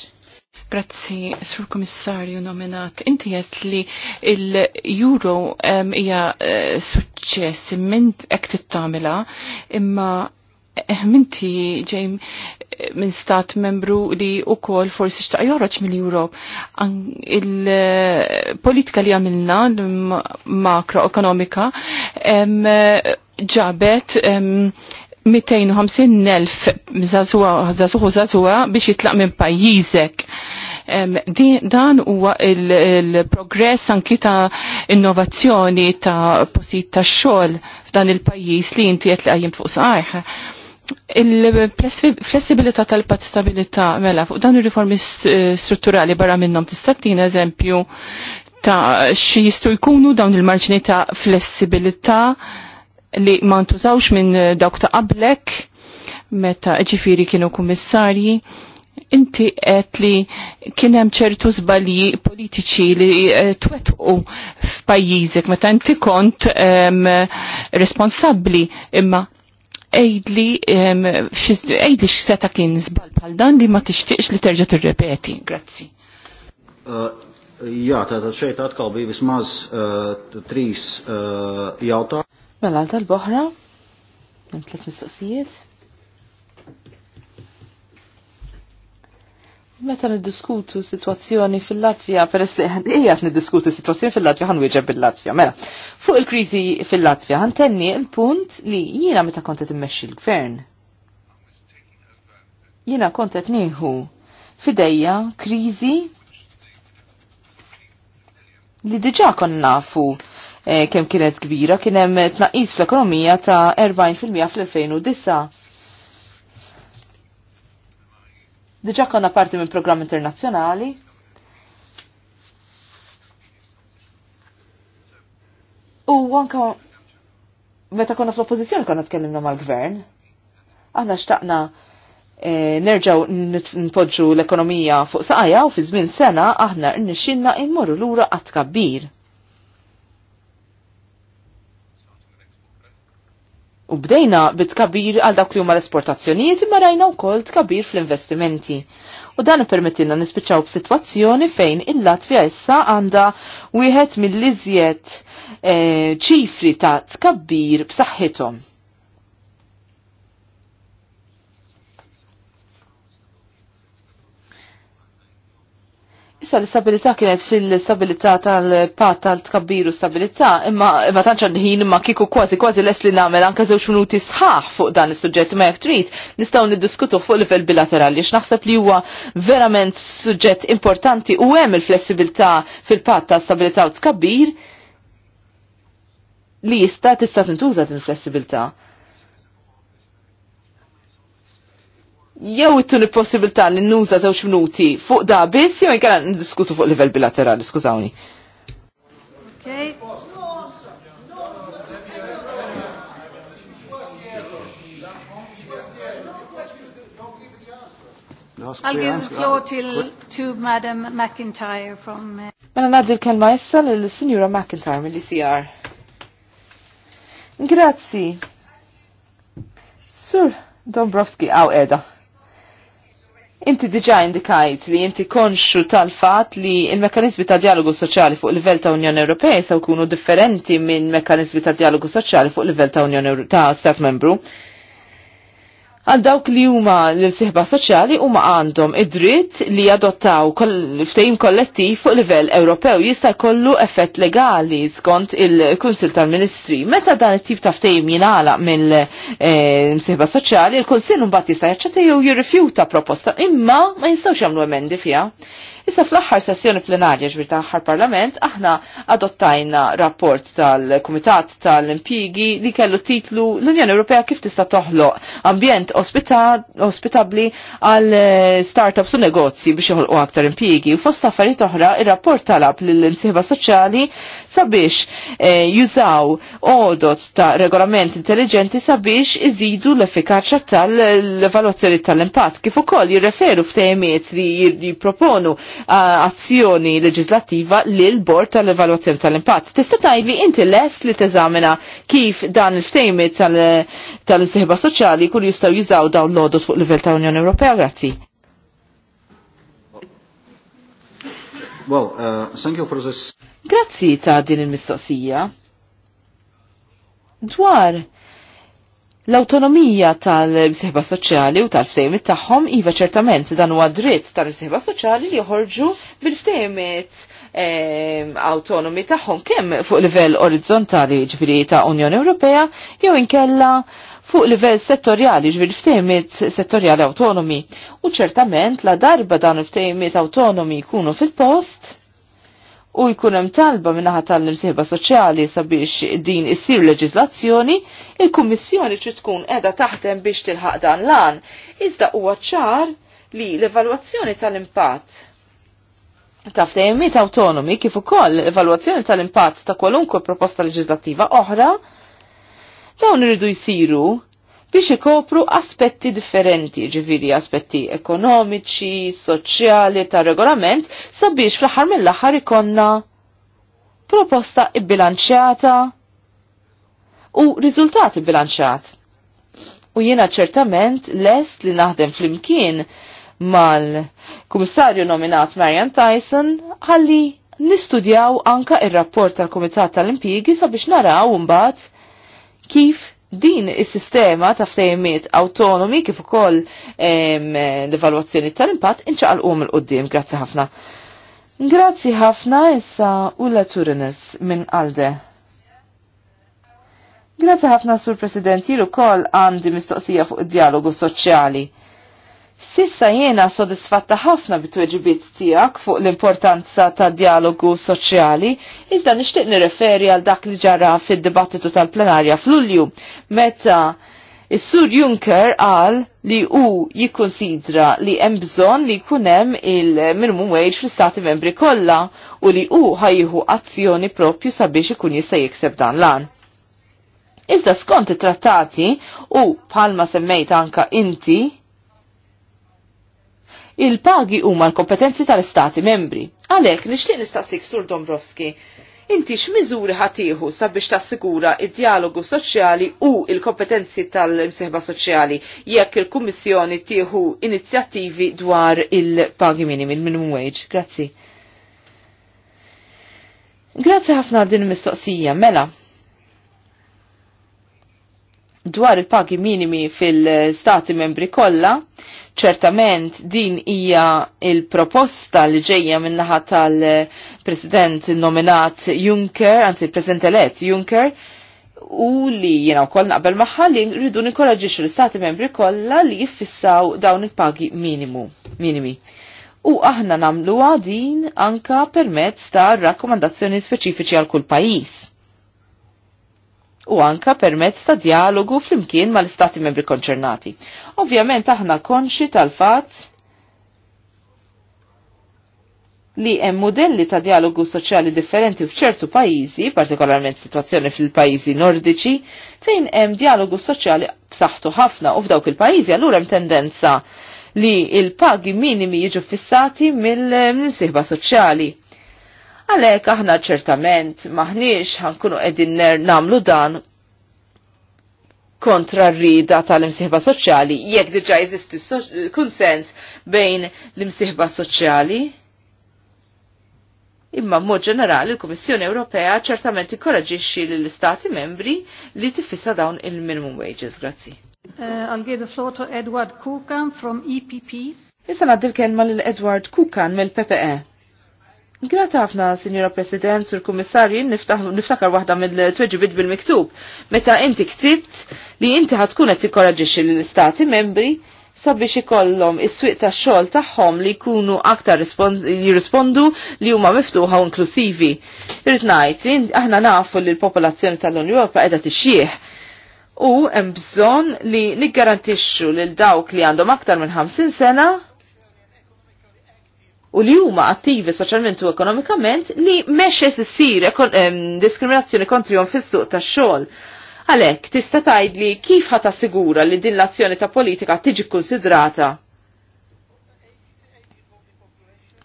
Grazzi, Sur Komissarju nominat. Inti għet li il-Euro hija um, suċċess minn ek tittamila imma Eh, minti ġejm eh, minn stat membru li u kol forsi xtaq joħroġ mill-Europ. Il-politika eh, li għamilna makroekonomika ġabet 250.000 zazuħu zazuħa biex jitlaq minn pajjiżek. Dan huwa il-progress anki ta' innovazzjoni ta' posit ta' xogħol f'dan il-pajjiż li inti jitlaq li fuq saħħ il-flessibilità tal-pat stabilità mela fuq dawn ir-riformi eh, strutturali barra minnhom tista' tina eżempju ta' xi jistgħu jkunu dawn il-marġni ta' flessibilità li ma ntużawx minn dawk ta' qablek meta ġifiri kienu kummissarji inti qed li kien hemm ċertu żbalji politiċi li eh, twettqu f'pajjiżek meta inti kont ehm, responsabbli imma ejdli ejdli x-seta kien zbal pal dan li ma tixtiqx li terġa tirrepeti. Grazzi. Uh, Jā, tātad šeit atkal bija vismaz uh, tris uh, jauta. Mela, tal bohra tliet mistoqsijiet. Meta niddiskutu situazzjoni fil-Latvija, peress li hija niddiskutu situazzjoni fil-Latvija ħanwieġeb bil-Latvja. Mela, fuq il-kriżi fil-Latvja tenni l-punt li jiena meta kont qed immexxi l-gvern. Jiena kont qed nieħu fidejja kriżi li diġà konna nafu eh, kemm kienet kbira, kien hemm tnaqqis fl-ekonomija ta' 40% fl-2009 Diġa konna parti minn programm internazzjonali. U anka meta konna fl-oppozizjoni konna tkellimna mal-gvern. Aħna xtaqna E, nerġaw npoġġu l-ekonomija fuq saqajja u fi żmien sena aħna rnexxinna immorru lura għat kabbir. U bdejna bit-kabir għal dawk li huma l-esportazzjonijiet imma rajna wkoll tkabir fl-investimenti. U dan permettilna nispiċċaw b'sitwazzjoni fejn il-Latvja issa għandha wieħed mill-iżjed eh, ċifri ta' tkabbir b'saħħithom. Issa l-istabilità kienet fil istabilità tal-pat tal-tkabbiru stabilità, imma ma tantx ħin imma kieku kważi kważi les li nagħmel anke żewġ minuti sħaħ fuq dan is-suġġett ma jekk trid nistgħu niddiskutu fuq livell bilaterali x naħseb li huwa verament suġġett importanti u hemm il-flessibilità fil-pat ta' stabilità u tkabbir li jista' tista' tintuża din il-flessibilità. jew il possibilità li nuża żewġ minuti fuq da biss jew n ndiskutu fuq livell bilaterali, skużawni. Okay. I'll give the floor till, to Madam McIntyre from... Uh, mela nadir l-kelma issa l-Signora McIntyre mill-ICR. E Grazzi. Sir Dombrovski, għaw edha. Inti diġa indikajt li inti konxu tal-fat li il-mekanizmi ta' dialogu soċjali fuq livell ta' Unjoni Ewropea jistgħu jkunu differenti minn mekanizmi ta' dialogu soċjali fuq livell ta' Unjoni ta' Stat Membru għal dawk li huma l-sihba soċjali huma għandhom id-dritt li jadottaw kol kollettiv fuq livell Ewropew jista' jkollu effett legali skont il-Kunsil tal-Ministri. Meta dan it-tip ta' ftejim jingħalaq mill-sihba eh, soċjali, il-Kunsil mbagħad jista' jaċċetta jew jirrifjuta proposta imma ma jistgħux jagħmlu emendi fiha. Issa fl-aħħar sessjoni plenarja ġbir ta' aħħar parlament, aħna adottajna rapport tal-Kumitat tal impigi li kellu titlu l-Unjoni Ewropea kif tista' toħloq ambjent ospitabli għal eh, startups u negozji biex joħolqu aktar impjigi. U fost affarijiet oħra, ir-rapport talab lill-imsieħba soċjali sabiex eh, jużaw odot ta' regolament intelligenti sabiex iżidu l-effikaċja tal-evaluazzjoni tal-impatt kif ukoll jirreferu f'temiet li jipproponu Eh, azzjoni leġislattiva lil bord tal-evalwazzjoni tal-impatt. Tista' tajvi inti lest li teżamina kif dan il-ftejmi tal-imsieħba soċjali kull jistgħu jużaw dawn l-għodot fuq livell ta' Unjoni Ewropea. Grazzi. Well, uh, thank you for this. Grazzi ta' din il-mistoqsija. Dwar L-autonomija tal sehba soċjali u tal-ftejmit tagħhom iva ċertament dan huwa dritt tal sehba soċjali li joħorġu bil-ftejmit ehm, autonomi tagħhom kemm fuq livell orizzontali ġifieri ta' Unjoni Ewropea jew inkella fuq livell settorjali ġbir ftejmiet settorjali autonomi. U ċertament la darba dan il ftejmiet autonomi jkunu fil-post, u jkun hemm talba minnaħa tal-imsieħba soċjali sabiex din issir leġizlazzjoni, il-Kummissjoni ċi tkun qiegħda taħtem biex tilħaq dan lan. Iżda huwa ċar li l-evalwazzjoni tal-impatt ta' ftehimiet autonomi kif ukoll l evaluazzjoni tal-impatt ta' kwalunkwe proposta leġislattiva oħra dawn iridu jsiru biex ikopru aspetti differenti, ġiviri aspetti ekonomiċi, soċjali, ta' regolament, sabiex fl-ħar mill-ħar ikonna proposta ibbilanċjata u rizultat bilanċjat. U jiena ċertament lest li naħdem fl-imkien mal-Kummissarju nominat Marian Tyson ħalli nistudjaw anka ir-rapport tal-Kumitat tal-Impjigi sabiex naraw mbagħad kif din is-sistema ta' ftejmiet autonomi kif ukoll l-evalwazzjoni tal-impatt inċaqalqu il qudiem Grazzi ħafna. Grazzi ħafna issa Ulla Turines minn Alde. Grazzi ħafna Sur President jilu kol għandi mistoqsija fuq id-dialogu soċjali. Sissa jiena sodisfatta ħafna bit-tweġibiet tiegħek fuq l-importanza ta' dialogu soċjali, iżda nixtieq nirreferi għal dak li ġara fid-dibattitu tal-plenarja f'Lulju, meta is-Sur Juncker qal li hu jikkonsidra li hemm bżonn li jkun hemm il-minimum wage fl-istati membri kollha u li hu ħajjieħu azzjoni propju sabiex ikun jista' jikseb dan lan. Iżda skont it-trattati u bħalma semmejt anka inti il-pagi huma l-kompetenzi tal istati membri. Għalhekk nixtieq nistaqsik Sur Dombrovski, inti x'miżuri ħatiħu sabiex tassigura id-dialogu soċjali u il-kompetenzi tal-imsieħba soċjali jekk il-Kummissjoni tieħu inizjattivi dwar il-pagi minimi, il-minimum wage. Grazzi. Grazzi ħafna din mistoqsija, mela. Dwar il-pagi minimi fil-stati membri kollha, ċertament din hija il-proposta li ġejja minnaħa tal-President nominat Juncker, anzi il-President elett Juncker, u li jena u koll naqbel maħħa li rridu nikoraġiċu l-Stati membri kolla li jiffissaw dawn il-pagi minimu, minimi. U aħna namlu għadin anka permezz ta' rakkomandazzjoni speċifiċi għal kull pajis u anka permezz ta' dialogu flimkien mal-istati membri konċernati. Ovvjament aħna konxi tal-fatt li hemm modelli ta' dialogu soċjali differenti f'ċertu pajjiżi, partikolarment situazzjoni fil-pajjiżi nordiċi, fejn hemm dialogu soċjali b'saħħtu ħafna u f'dawk il-pajjiżi allura hemm tendenza li il-pagi minimi jiġu fissati mill-imsieħba soċjali. Għalek aħna ċertament maħniex ħankunu edin namlu dan kontra rrida tal-imsiħba soċjali, jekk diġa jeżisti konsens bejn l-imsiħba soċjali? Imma mod ġenerali l-Kummissjoni Ewropea ċertament ikkoraġixxi lill istati membri li tifissa dawn il-minimum wages. Grazzi. Eh, I'll give the floor to Edward Kukan from EPP. Issa naddi l-kelma l Edward Kukan mill-PPE. Grat ħafna, Signora President, Sur Kummissarju, niftakar waħda mill-tweġibit bil-miktub. Meta inti ktibt li inti ħatkun qed tikkoraġixxi lill-istati membri sabiex ikollhom is-swieq tax-xogħol tagħhom li jkunu aktar jirrispondu li huma miftuħa u inklusivi. Irid ngħid, aħna nafu li l-popolazzjoni tal-Unjoni Ewropea qiegħda tixjieħ u hemm bżonn li niggarantixxu lil dawk li għandhom aktar minn 50 sena u li huma attivi soċjalment u ekonomikament li mexxes sir diskriminazzjoni kontrihom fis-suq tax-xogħol. Għalhekk tista' tgħidli kif ħa tassigura li din l-azzjoni ta' politika tiġi kkunsidrata?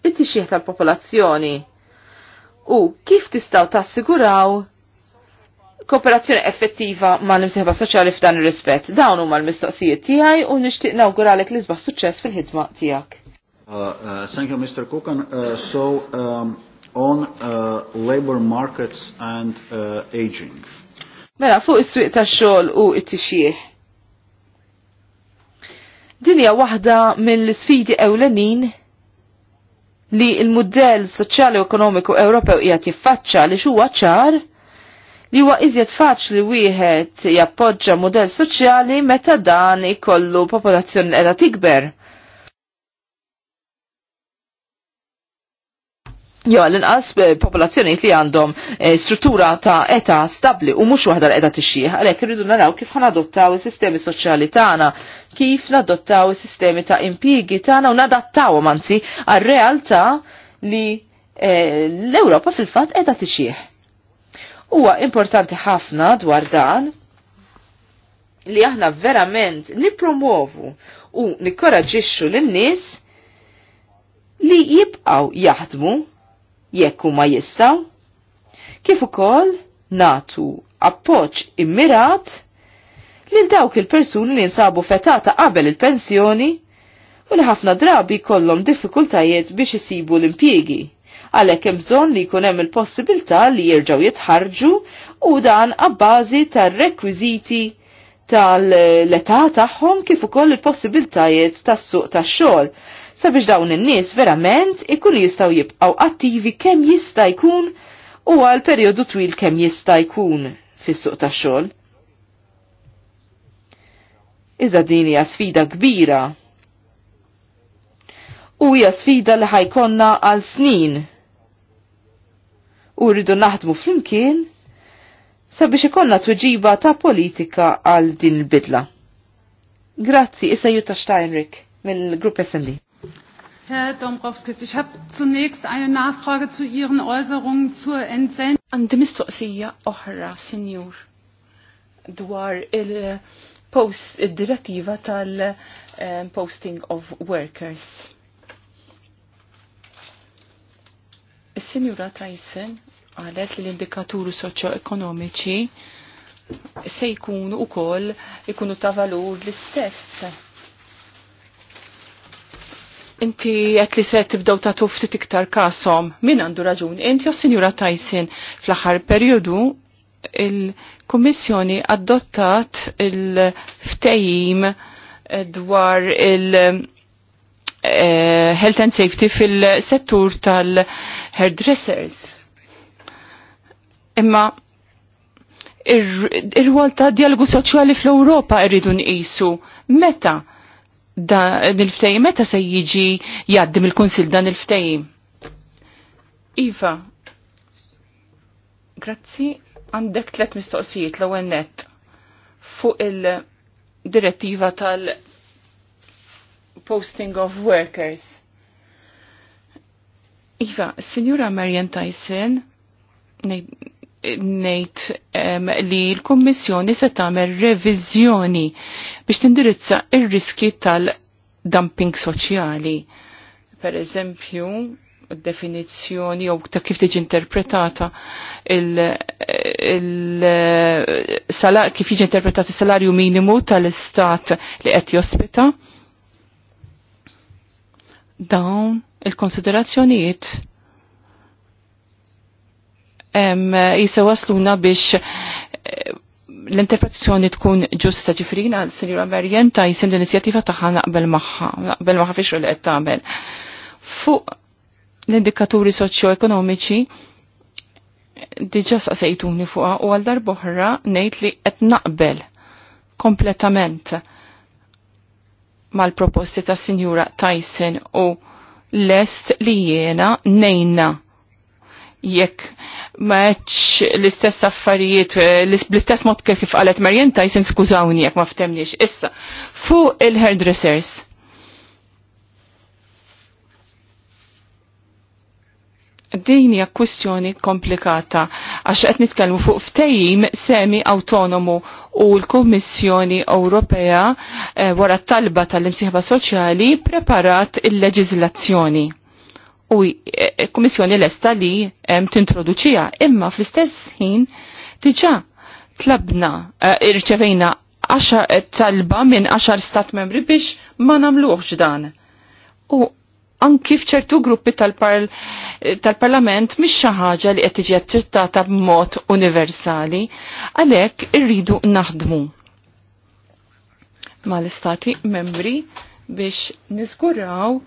it xieħ tal-popolazzjoni. U kif tistgħu tassiguraw kooperazzjoni effettiva ma' l-imsieħba soċjali f'dan ir-rispett? Dawn huma l-mistoqsijiet tiegħi u nixtieq nawguralek l-isbaħ suċċess fil-ħidma tiegħek. Uh, uh, thank you, Mr. Kukan. Uh, so, um, on uh, labor markets and uh, aging. Mela, fuq is-swieq tax-xogħol u t-tixjih. Din hija waħda mill-sfidi ewlenin li l-mudell soċjali u ekonomiku Ewropew qiegħed jiffaċċa li huwa ċar li huwa iżjed faċli wieħed jappoġġa mudell soċjali meta dan ikollu popolazzjoni qiegħda tikber Jo, l-inqas eh, popolazzjoniet li għandhom eh, struttura ta' eta stabli u mux waħda l eta t-xieħ, għalek rridu naraw kif ħanadottaw il-sistemi soċjali tagħna, kif nadottaw il-sistemi ta' impigi tagħna u nadattaw manzi għal-realtà li eh, l-Ewropa fil-fat eta t-xieħ. Huwa importanti ħafna dwar dan li aħna verament nipromovu u nikkoraġixxu lin-nies li jibqaw jaħdmu jekk huma jistgħu, kif ukoll natu appoġġ immirat lil dawk il-persuni li nsabu fetata qabel il-pensjoni u li ħafna drabi kollom diffikultajiet biex isibu l-impjiegi għalhekk hemm bżonn li jkun hemm il-possibilità li jerġgħu jitħarġu u dan abbażi tar-rekwiżiti tal-età tagħhom kif ukoll il-possibiltajiet tas-suq tax-xogħol sabiex dawn in-nies verament ikun jistgħu jibqgħu attivi kemm jista' jkun u għal perjodu twil kemm jista' jkun fis-suq tax-xogħol. Iżda din hija sfida kbira. U hija sfida li ħajkonna għal snin. U rridu naħdmu flimkien sabiex ikollna tweġiba ta' politika għal din il-bidla. Grazzi, issa Jutta Steinrich mill-Grupp SMD. Herr Dombrovskis, ich habe zunächst eine Nachfrage zu Ihren Äußerungen zur Entsendung. Għandi mistoqsija oħra, Senior. dwar il-post, il-direttiva tal-posting of workers. Is-Sinjura Tyson għalet li l-indikaturi soċjo-ekonomiċi se jkunu u ikunu ta' valur l-istess Inti għet li se tibdaw ta' ftit iktar kasom, min għandu raġun? Inti jew Sinjura Tyson fl-aħħar periodu il-Kummissjoni adottat il-ftejim dwar il- health and safety fil-settur tal-hairdressers. Imma ir-rwol ta' dialogu soċjali fl-Ewropa irridu nqisu. Meta? dan il-ftejim meta se jiġi jaddim il-Kunsil dan il-ftejim. Iva, grazzi, għandek tlet mistoqsijiet l net fuq il-direttiva tal-posting of workers. Iva, Signora Marian Tyson, ngħid li l-Kummissjoni se tagħmel reviżjoni biex tindirizza ir-riski tal-dumping soċjali. Per eżempju, definizzjoni jew ta' kif tiġi interpretata il, kif jiġi interpretat is-salarju minimu tal-istat li qed jospita. Dawn il-konsiderazzjonijiet jisa wasluna biex eh, l-interpretazzjoni tkun ġusta ġifrina l-Sinjura Marjenta jisim l inizjativa taħħa naqbel maħħa, naqbel maħħa fiex li qed tagħmel. Fuq l-indikaturi soċjoekonomiċi diġa saqsejtuni fuqa u għal darboħra ngħid li qed naqbel kompletament mal-proposti ta' Sinjura Tyson u lest li jiena nejna jekk maħċ l-istess affarijiet, eh, l-istess mod kif qalet Marjen Tyson skużawni jek ma ftemniex. Issa, fuq il-hairdressers. Din hija kwistjoni komplikata għax qed nitkellmu fuq ftehim semi autonomu u l-Kummissjoni Ewropea eh, wara t-talba tal-imsieħba soċjali preparat il-leġiżlazzjoni u kummissjoni lesta li tintroduċija. Imma fl-istess ħin diġa tlabna eh, irċevejna eh, talba minn 10 stat membri biex ma namluħx dan. U anki fċertu gruppi tal-parlament tal miex ħaġa li qed tiġi attrittata b'mod universali, għalhekk irridu naħdmu mal-istati membri biex niżguraw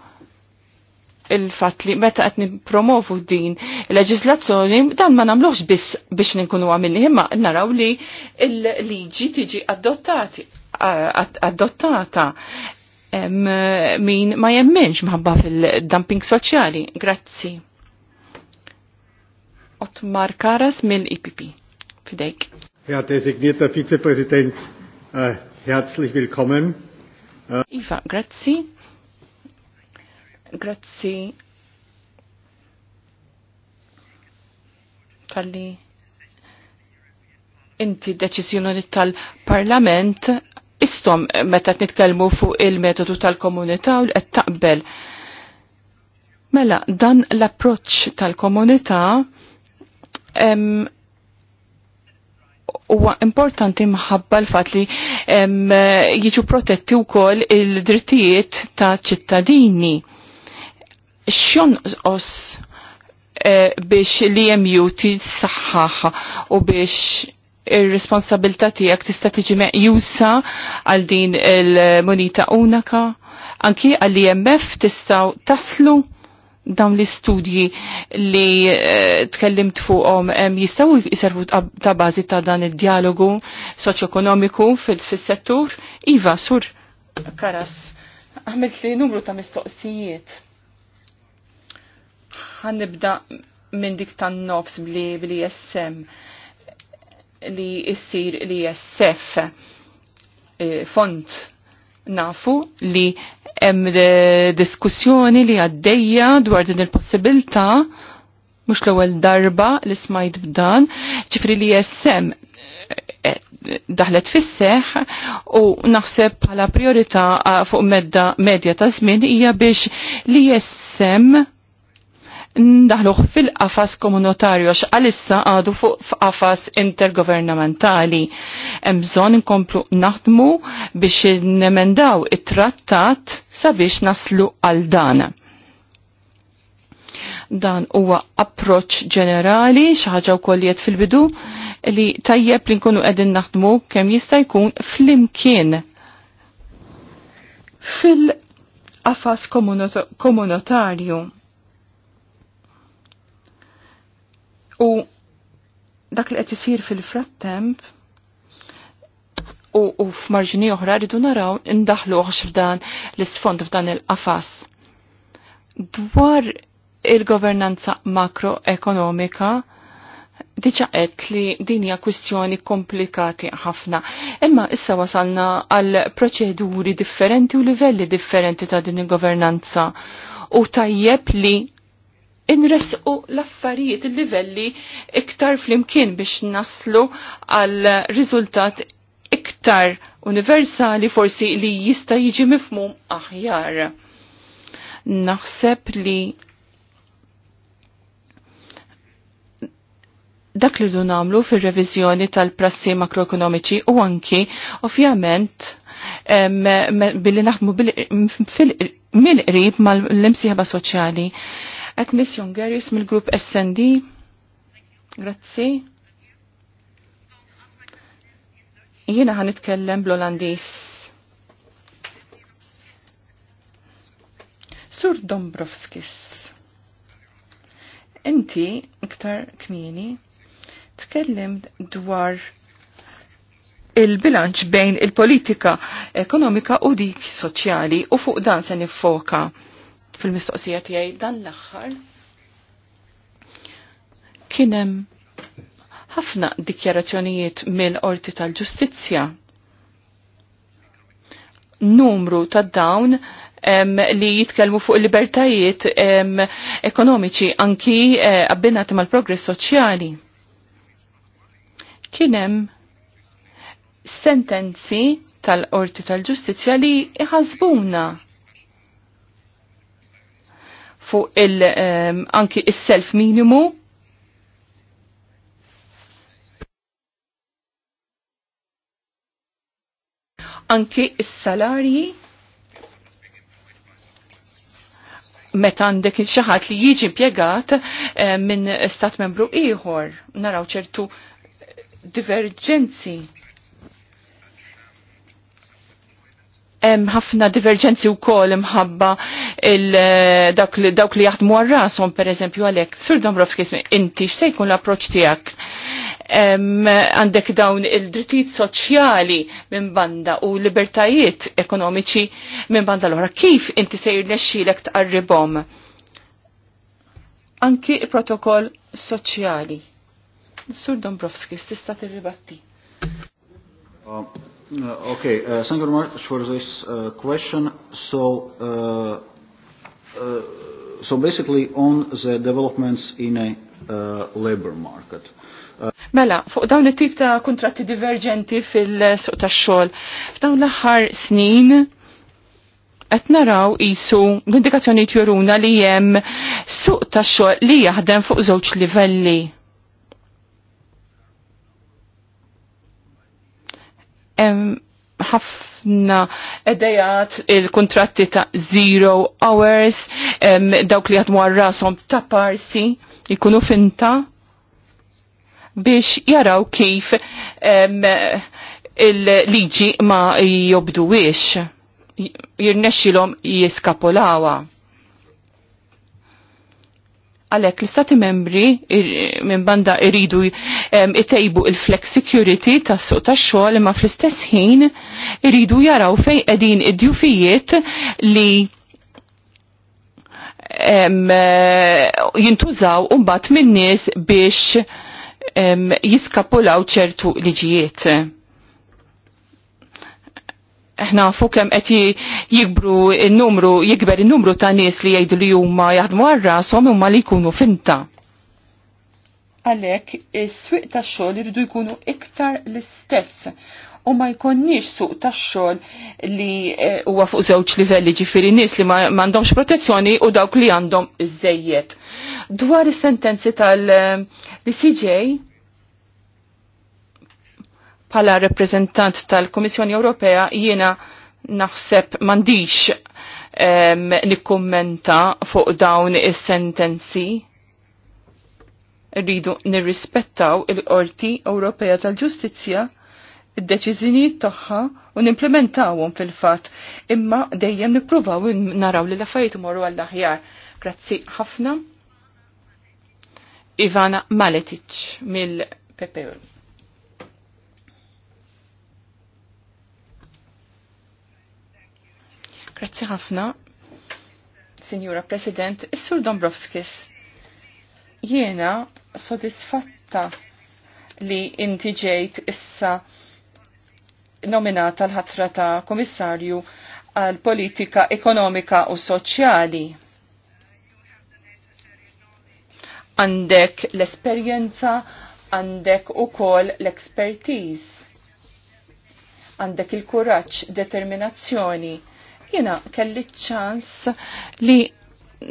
il-fat li meta qed nippromovu din il leġizlazzjoni dan ma namluħx biss biex ninkunu għamilni imma naraw li il-liġi tiġi adottati adottata min ma jemminx mħabba fil-dumping soċjali. Grazzi. Otmar Karas mill-IPP. Fidejk. Herr designierter Vizepräsident, äh, herzlich willkommen. Iva, grazzi Grazzi tal-li inti deċizjoni tal-parlament istom meta nitkellmu fuq il-metodu tal-komunità u qed taqbel. Mela, dan l-approċċ tal-komunità huwa importanti mħabba l-fat li jiġu protetti wkoll il-drittijiet ta' ċittadini xjonqos os eh, biex l-EMU tissaħħaħ u biex ir-responsabilta tiegħek tista' tiġi meqjusa għal din il-monita unaka, anki għall imf tistgħu taslu dawn l-istudji li eh, tkellimt fuqhom jistgħu jservu ta' bażi ta' dan id-dialogu ekonomiku fil-settur. Iva, sur Karas, għamilt li numru ta' mistoqsijiet Ħannibda minn dik tan-nofs bli bli jessem li jessir li jessef e, font nafu li hemm e, diskussjoni li għaddejja dwar din il-possibilità mhux l-ewwel darba li smajt b'dan, ċifri li jessem e, daħlet fisseħ u naħseb bħala priorità fuq medda medja ta' żmien hija biex li jessem ndaħluħ fil-qafas komunitarju għalissa għadu fuq f'qafas intergovernamentali. Mżon inkomplu naħdmu biex nemendaw it-trattat sabiex naslu għal dan. Dan huwa approċ ġenerali, xaħġa u kolliet fil-bidu, li tajjeb li nkunu qegħdin naħdmu kemm jista' jkun flimkien fil-qafas komunitarju U dak li qed isir fil-frattemp u, u f'marġini oħra rridu naraw indaħluħ f'dan l-isfond f'dan il-qafas. Dwar il-governanza makroekonomika diċa qed li din hija kwistjoni komplikati ħafna. Imma issa wasalna għal proċeduri differenti u livelli differenti ta' din il-governanza. U tajjeb li inresqu l-affarijiet il-livelli iktar flimkien biex naslu għal riżultat iktar universali forsi li jista jiġi mifmum aħjar. Naħseb li dak li du namlu fil-revizjoni tal-prassi makroekonomiċi u anki ovvjament billi fil mil qrib mal limsiħba soċjali Miss Jongeris mill-grupp SND. Grazzi. Jiena ħan nitkellem bl-Olandis. Sur Dombrovskis. Inti, iktar kmieni, tkellem dwar il-bilanċ bejn il-politika ekonomika u dik soċjali u fuq dan se nifoka fil-mistoqsija tiegħi dan l-aħħar kien hemm ħafna dikjarazzjonijiet mill-Qorti tal-Ġustizzja. Numru ta' dawn em, li jitkellmu fuq libertajiet ekonomiċi anki eh, abbinati mal-progress soċjali. Kien hemm sentenzi tal-Qorti tal-Ġustizzja li iħasbuna fuq il um, anki is-self minimu. Anki is-salarji meta għandek xi ħadd li jiġi impjegat ehm, minn stat membru ieħor naraw ċertu divergenzi hemm ħafna diverġenzi wkoll imħabba eh, dawk li jaħdmu għal rashom pereżempju għalhekk. Sur Dombrovski inti x'se jkun l-approċċ tiegħek? Għandek dawn il-drittijiet soċjali minn banda u libertajiet ekonomiċi minn banda l-oħra. Kif inti se jirnexxilek tqarribhom? Anki protokoll soċjali. Sur Dombrovski, tista' tirribatti. Ah, Uh, okay, uh, thank you very much for this uh, question. So, uh, uh, so basically on the developments in a uh, labor market. Uh, mela, fuq dawn it-tip ta' kontratti divergenti fil-suq tax-xogħol, f'dawn l-aħħar snin qed naraw isu l-indikazzjoni juruna li hemm suq ta' xogħol li jaħdem fuq żewġ livelli ħafna edajat il-kontratti ta' zero hours, dawk li għadmu għarrasom ta' parsi, jikunu finta biex jaraw kif il-liġi ma jobduwix, jirnexilom jiskapolawa għalek l-istati membri minn banda iridu itejbu il-flex security tas suq tax xogħol imma fl-istess ħin iridu jaraw fejn qegħdin id-djufijiet li jintużaw mbagħad min-nies biex jiskapulaw ċertu liġijiet Aħna fuq kemm qed jikbru n-numru, jikber in-numru ta' nies li jgħidu li huma jaħdmu għarra, rashom huma li jkunu finta. Għalhekk is-swieq tax-xogħol iridu jkunu iktar l-istess u ma jkonniex suq tax-xogħol li eh, huwa fuq żewġ livelli ġifieri nies li m'għandhomx protezzjoni u dawk li għandhom iżejjed. Dwar is-sentenzi tal-CJ eh, Pala reprezentant tal-Komissjoni Ewropea jiena naħseb mandiċ um, fuq dawn is-sentenzi. Rridu nirrispettaw il-Qorti Ewropea tal-Ġustizzja id-deċiżjonijiet tagħha u nimplementawhom fil-fatt, imma dejjem nippruvaw naraw li l-affarijiet imorru għall aħjar Grazzi ħafna. Ivana Maletic mill-PPU. Grazzi ħafna, Signora President, Is-Sur Dombrovskis. Jiena sodisfatta li inti ġejt issa nominata l-ħatra ta' komissarju għal politika ekonomika u soċjali. Għandek l-esperjenza, għandek u kol l-ekspertiz, għandek il-kuraċ, determinazzjoni Jena kelli ċans li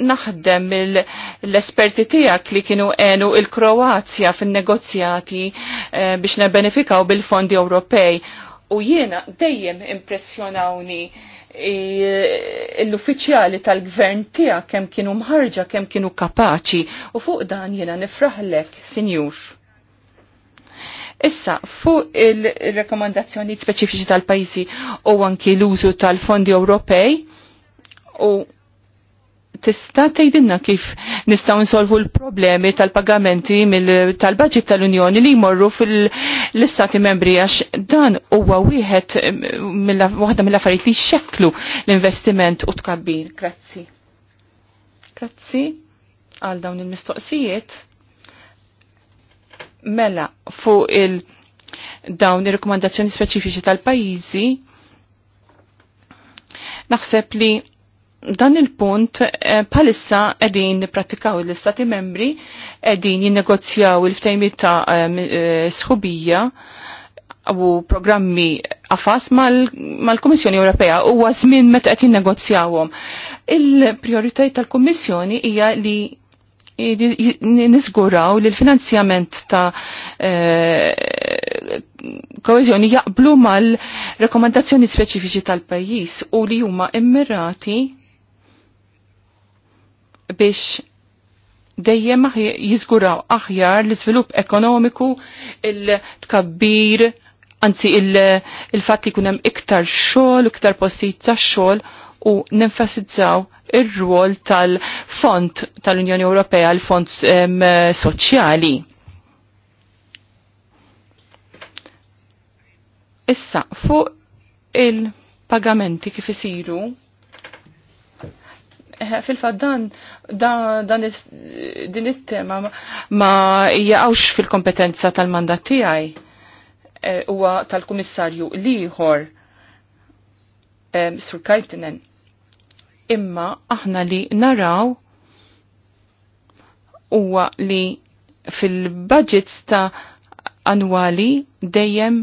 naħdem l-esperti tijak li kienu enu il-Kroazja fin-negozjati eh, biex nebenefikaw bil-fondi Ewropej. U jiena dejjem impressjonawni eh, l-uffiċjali tal-gvern tijak kem kienu mħarġa, kem kienu kapaċi. U fuq dan jiena nifraħlek, sinjur. Issa, fuq il-rekomandazzjoni speċifiċi tal-pajzi u anki l-użu tal-fondi Ewropej u tista tgħidilna kif nistgħu nsolvu l-problemi tal-pagamenti tal-budget tal-Unjoni li jmorru fil-istati membri għax dan huwa wieħed waħda mill-affarijiet li xeklu l-investiment u tkabbir. Grazzi. Grazzi għal dawn il-mistoqsijiet mela fuq il- dawn ir-rekomandazzjoni speċifiċi tal-pajjiżi, naħseb li dan il-punt palissa eh, edin niprattikaw l-istati membri edin jinnegozjaw il-ftejmi ta' eh, eh, sħubija u programmi għafas mal-Komissjoni Ewropea u għazmin meta qed jinnegozjawhom. il prioritajt tal-Komissjoni hija li nisguraw li l-finanzjament ta' eh, koezjoni jaqblu mal-rekomendazzjoni speċifiċi tal-pajis u li huma immirati biex dejjem jizguraw aħjar l-izvilup ekonomiku, il-tkabbir, anzi il-fat li kunem iktar xol, iktar postijiet ta' xol u nenfasizzaw ir-rwol tal-Fond tal-Unjoni Ewropea, l-Fond Soċjali. Issa, fuq il-pagamenti kif isiru, eh, fil-fat dan, dan din it-tema ma jgħawx fil-kompetenza tal-mandat tiegħi eh, huwa tal-Kummissarju liħor eh, Sur Kajtinen imma aħna li naraw huwa li fil-budgets ta' annwali dejjem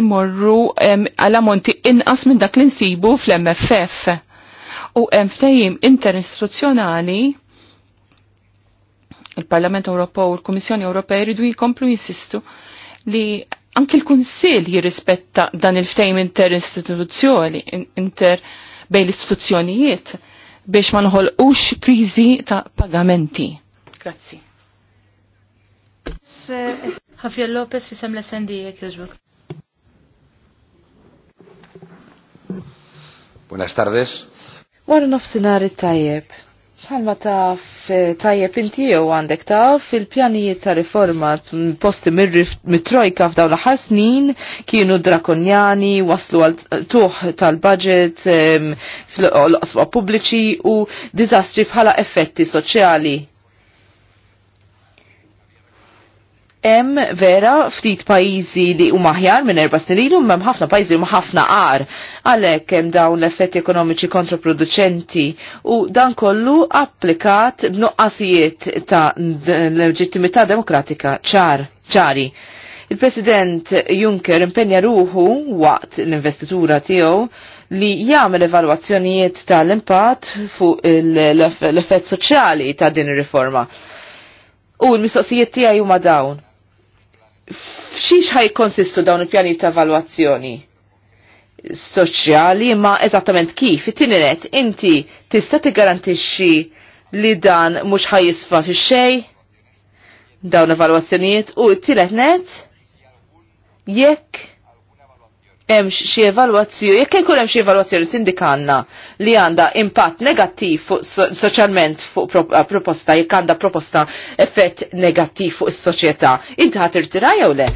imorru għal monti inqas minn dak li nsibu fl-MFF. U hemm ftehim interistituzzjonali il-Parlament Ewropew u l-Kummissjoni Ewropea jridu jkomplu jinsistu li anki l-Kunsill jirrispetta dan il-ftehim interistituzzjoni inter, -istituzzjoni, inter bejn l-istituzzjonijiet biex ma nħolqux kriżi ta' pagamenti. Grazzi. Javier Lopez fi semla sendijek jużbuk. Buenas tardes. Wara nofsinari tajjeb. Bħalma taf eh, tajjeb inti jew għandek taf il-pjanijiet ta' riforma posti mit-trojka f'daw l-aħħar snin kienu drakonjani waslu għal tuħ tal-budget fl-qosba pubbliċi u diżastri bħala effetti soċjali Hemm vera ftit pajjiżi li huma aħjar minn erba' snin ilu, hemm ħafna pajjiżi huma ħafna qar. Għalhekk hemm dawn l-effetti ekonomiċi kontraproducenti u dan kollu applikat b'nuqqasijiet ta' leġittimità demokratika ċar ċari. Il-President Juncker impenja ruħu waqt l-investitura tiegħu li jagħmel evalwazzjonijiet tal-impatt fuq l-effett soċjali ta' din ir-riforma. U l-mistoqsijiet tiegħi huma dawn f'xiex ħaj konsistu dawn il-pjani ta' valuazzjoni? soċjali, ma eżattament kif. It-tieni inti tista' tigarantixxi li dan mhux jisfa fi xej dawn evalwazzjonijiet u t-tielet net jekk hemm xi evalwazzjoni, jekk ikun hemm xi evalwazzjoni tindikanna li għandha impatt negattiv fuq soċjalment fuq proposta jekk għandha proposta effett negattiv fuq is-soċjetà, inti ħadd irtiraj jew le?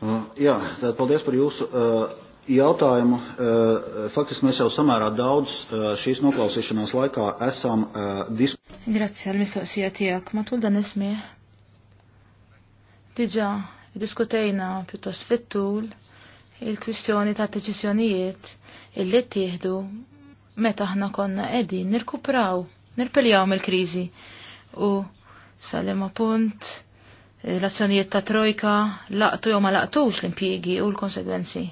Uh, jā, tad paldies par jūsu uh, jautājumu. Uh, faktiski mēs jau samērā daudz uh, šīs noklausīšanās laikā esam uh, diskutējuši. Grazie, Almistoqsija tiegħek. Matul dan Diġa, diskutejna pjuttost fit-tul il-kwistjoni ta' deċiżjonijiet illi ttieħdu meta aħna konna qegħdin nirkupraw, nirpiljaw mill-kriżi u salema punt eh, l-azzjonijiet ta' trojka laqtu jew ma laqtux l-impjiegi u l-konsegwenzi.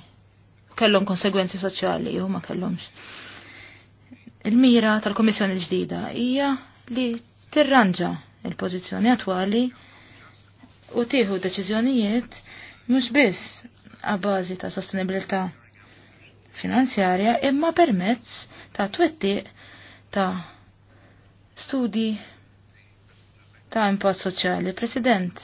Kellhom konsegwenzi soċjali jew ma kellhomx. Il-mira tal-Komissjoni ġdida hija li tirranġa il-pożizzjoni attwali u tieħu deċiżjonijiet mhux biss għabbażi ta' sostenibilità finanzjarja imma permezz ta' twettiq ta' studi ta' impatt soċjali. President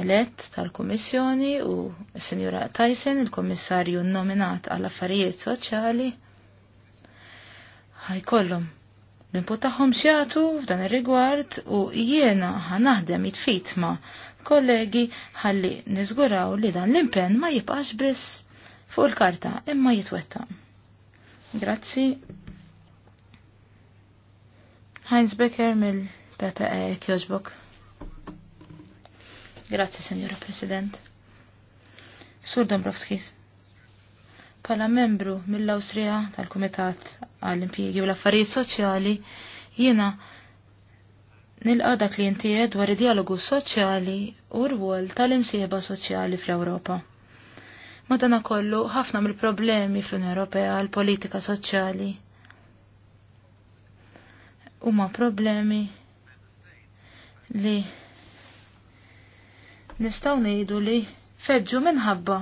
elett tal-Kummissjoni u s-Sinjura Tyson, il-Kommissarju nominat għall affarijiet soċjali, ħajkollhom l-input tagħhom xjatu f'dan ir-rigward u jiena ħanaħdem jitfit ma' kollegi ħalli niżguraw li dan l-impenn ma jibqax biss fuq il-karta imma jitwetta. Grazzi. Heinz Becker mill-PPE Kjosbok. Grazzi, Signora President. Sur Dombrovskis. Pala membru mill-Awstrija tal-Kumitat għall-Impjegi u l-Affarijiet Soċjali jiena nilqadak li inti dwar id-dialogu soċjali u rwol tal-imsieba soċjali fl-Ewropa. Madana kollu ħafna mill-problemi fl-Unjoni Ewropea għall-politika soċjali huma problemi li nistgħu ngħidu li feġġu minħabba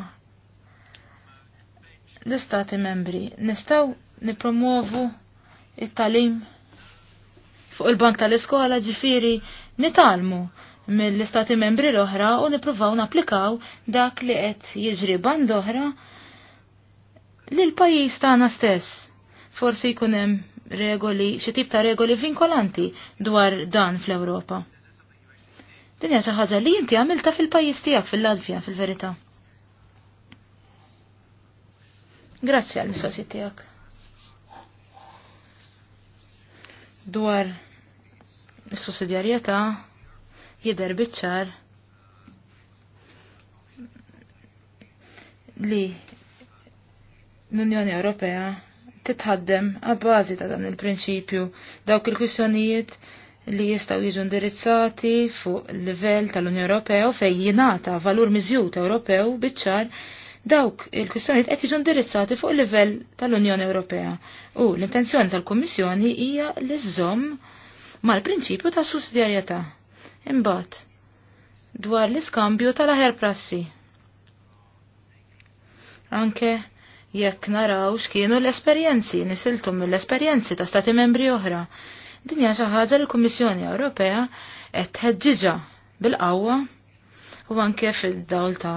l-istati membri nistaw nipromovu it-talim fuq il-bank tal-iskola ġifiri nitalmu mill-istati membri l-oħra u nipruvaw naplikaw dak li qed jiġri band oħra lil pajjiż tagħna stess. Forsi jkun hemm regoli, xi tip ta' regoli vinkolanti dwar dan fl-Ewropa. Din hija xi ħaġa li inti għamilta fil-pajjiż tiegħek fil-Latvja fil-verità. Grazzi għal mistoqsijiet tiegħek. Dwar is-sussidjarjetà jidher biċ-ċar li l-Unjoni Ewropea titħaddem għabbażi ta' dan il-prinċipju dawk il-kwissjonijiet li jistaw jiġu indirizzati fuq livell tal-Unjoni Ewropea u fejn jingħata valur miżjut Ewropew biċ-ċar Dawk il-kwistjonijiet qed jiġu indirizzati fuq il-livell tal-Unjoni Ewropea u l-intenzjoni tal-Kummissjoni hija li żomm mal-prinċipju ta' sussidjarjetà. Imbagħad dwar l-iskambju tal-aħjar prassi. Anke jekk naraw x'kienu l-esperjenzi nisiltu mill-esperjenzi ta' stati membri oħra. Din hija xi ħaġa l-Kummissjoni Ewropea qed tħeġġiġha bil-qawwa u anke fil-dawl ta'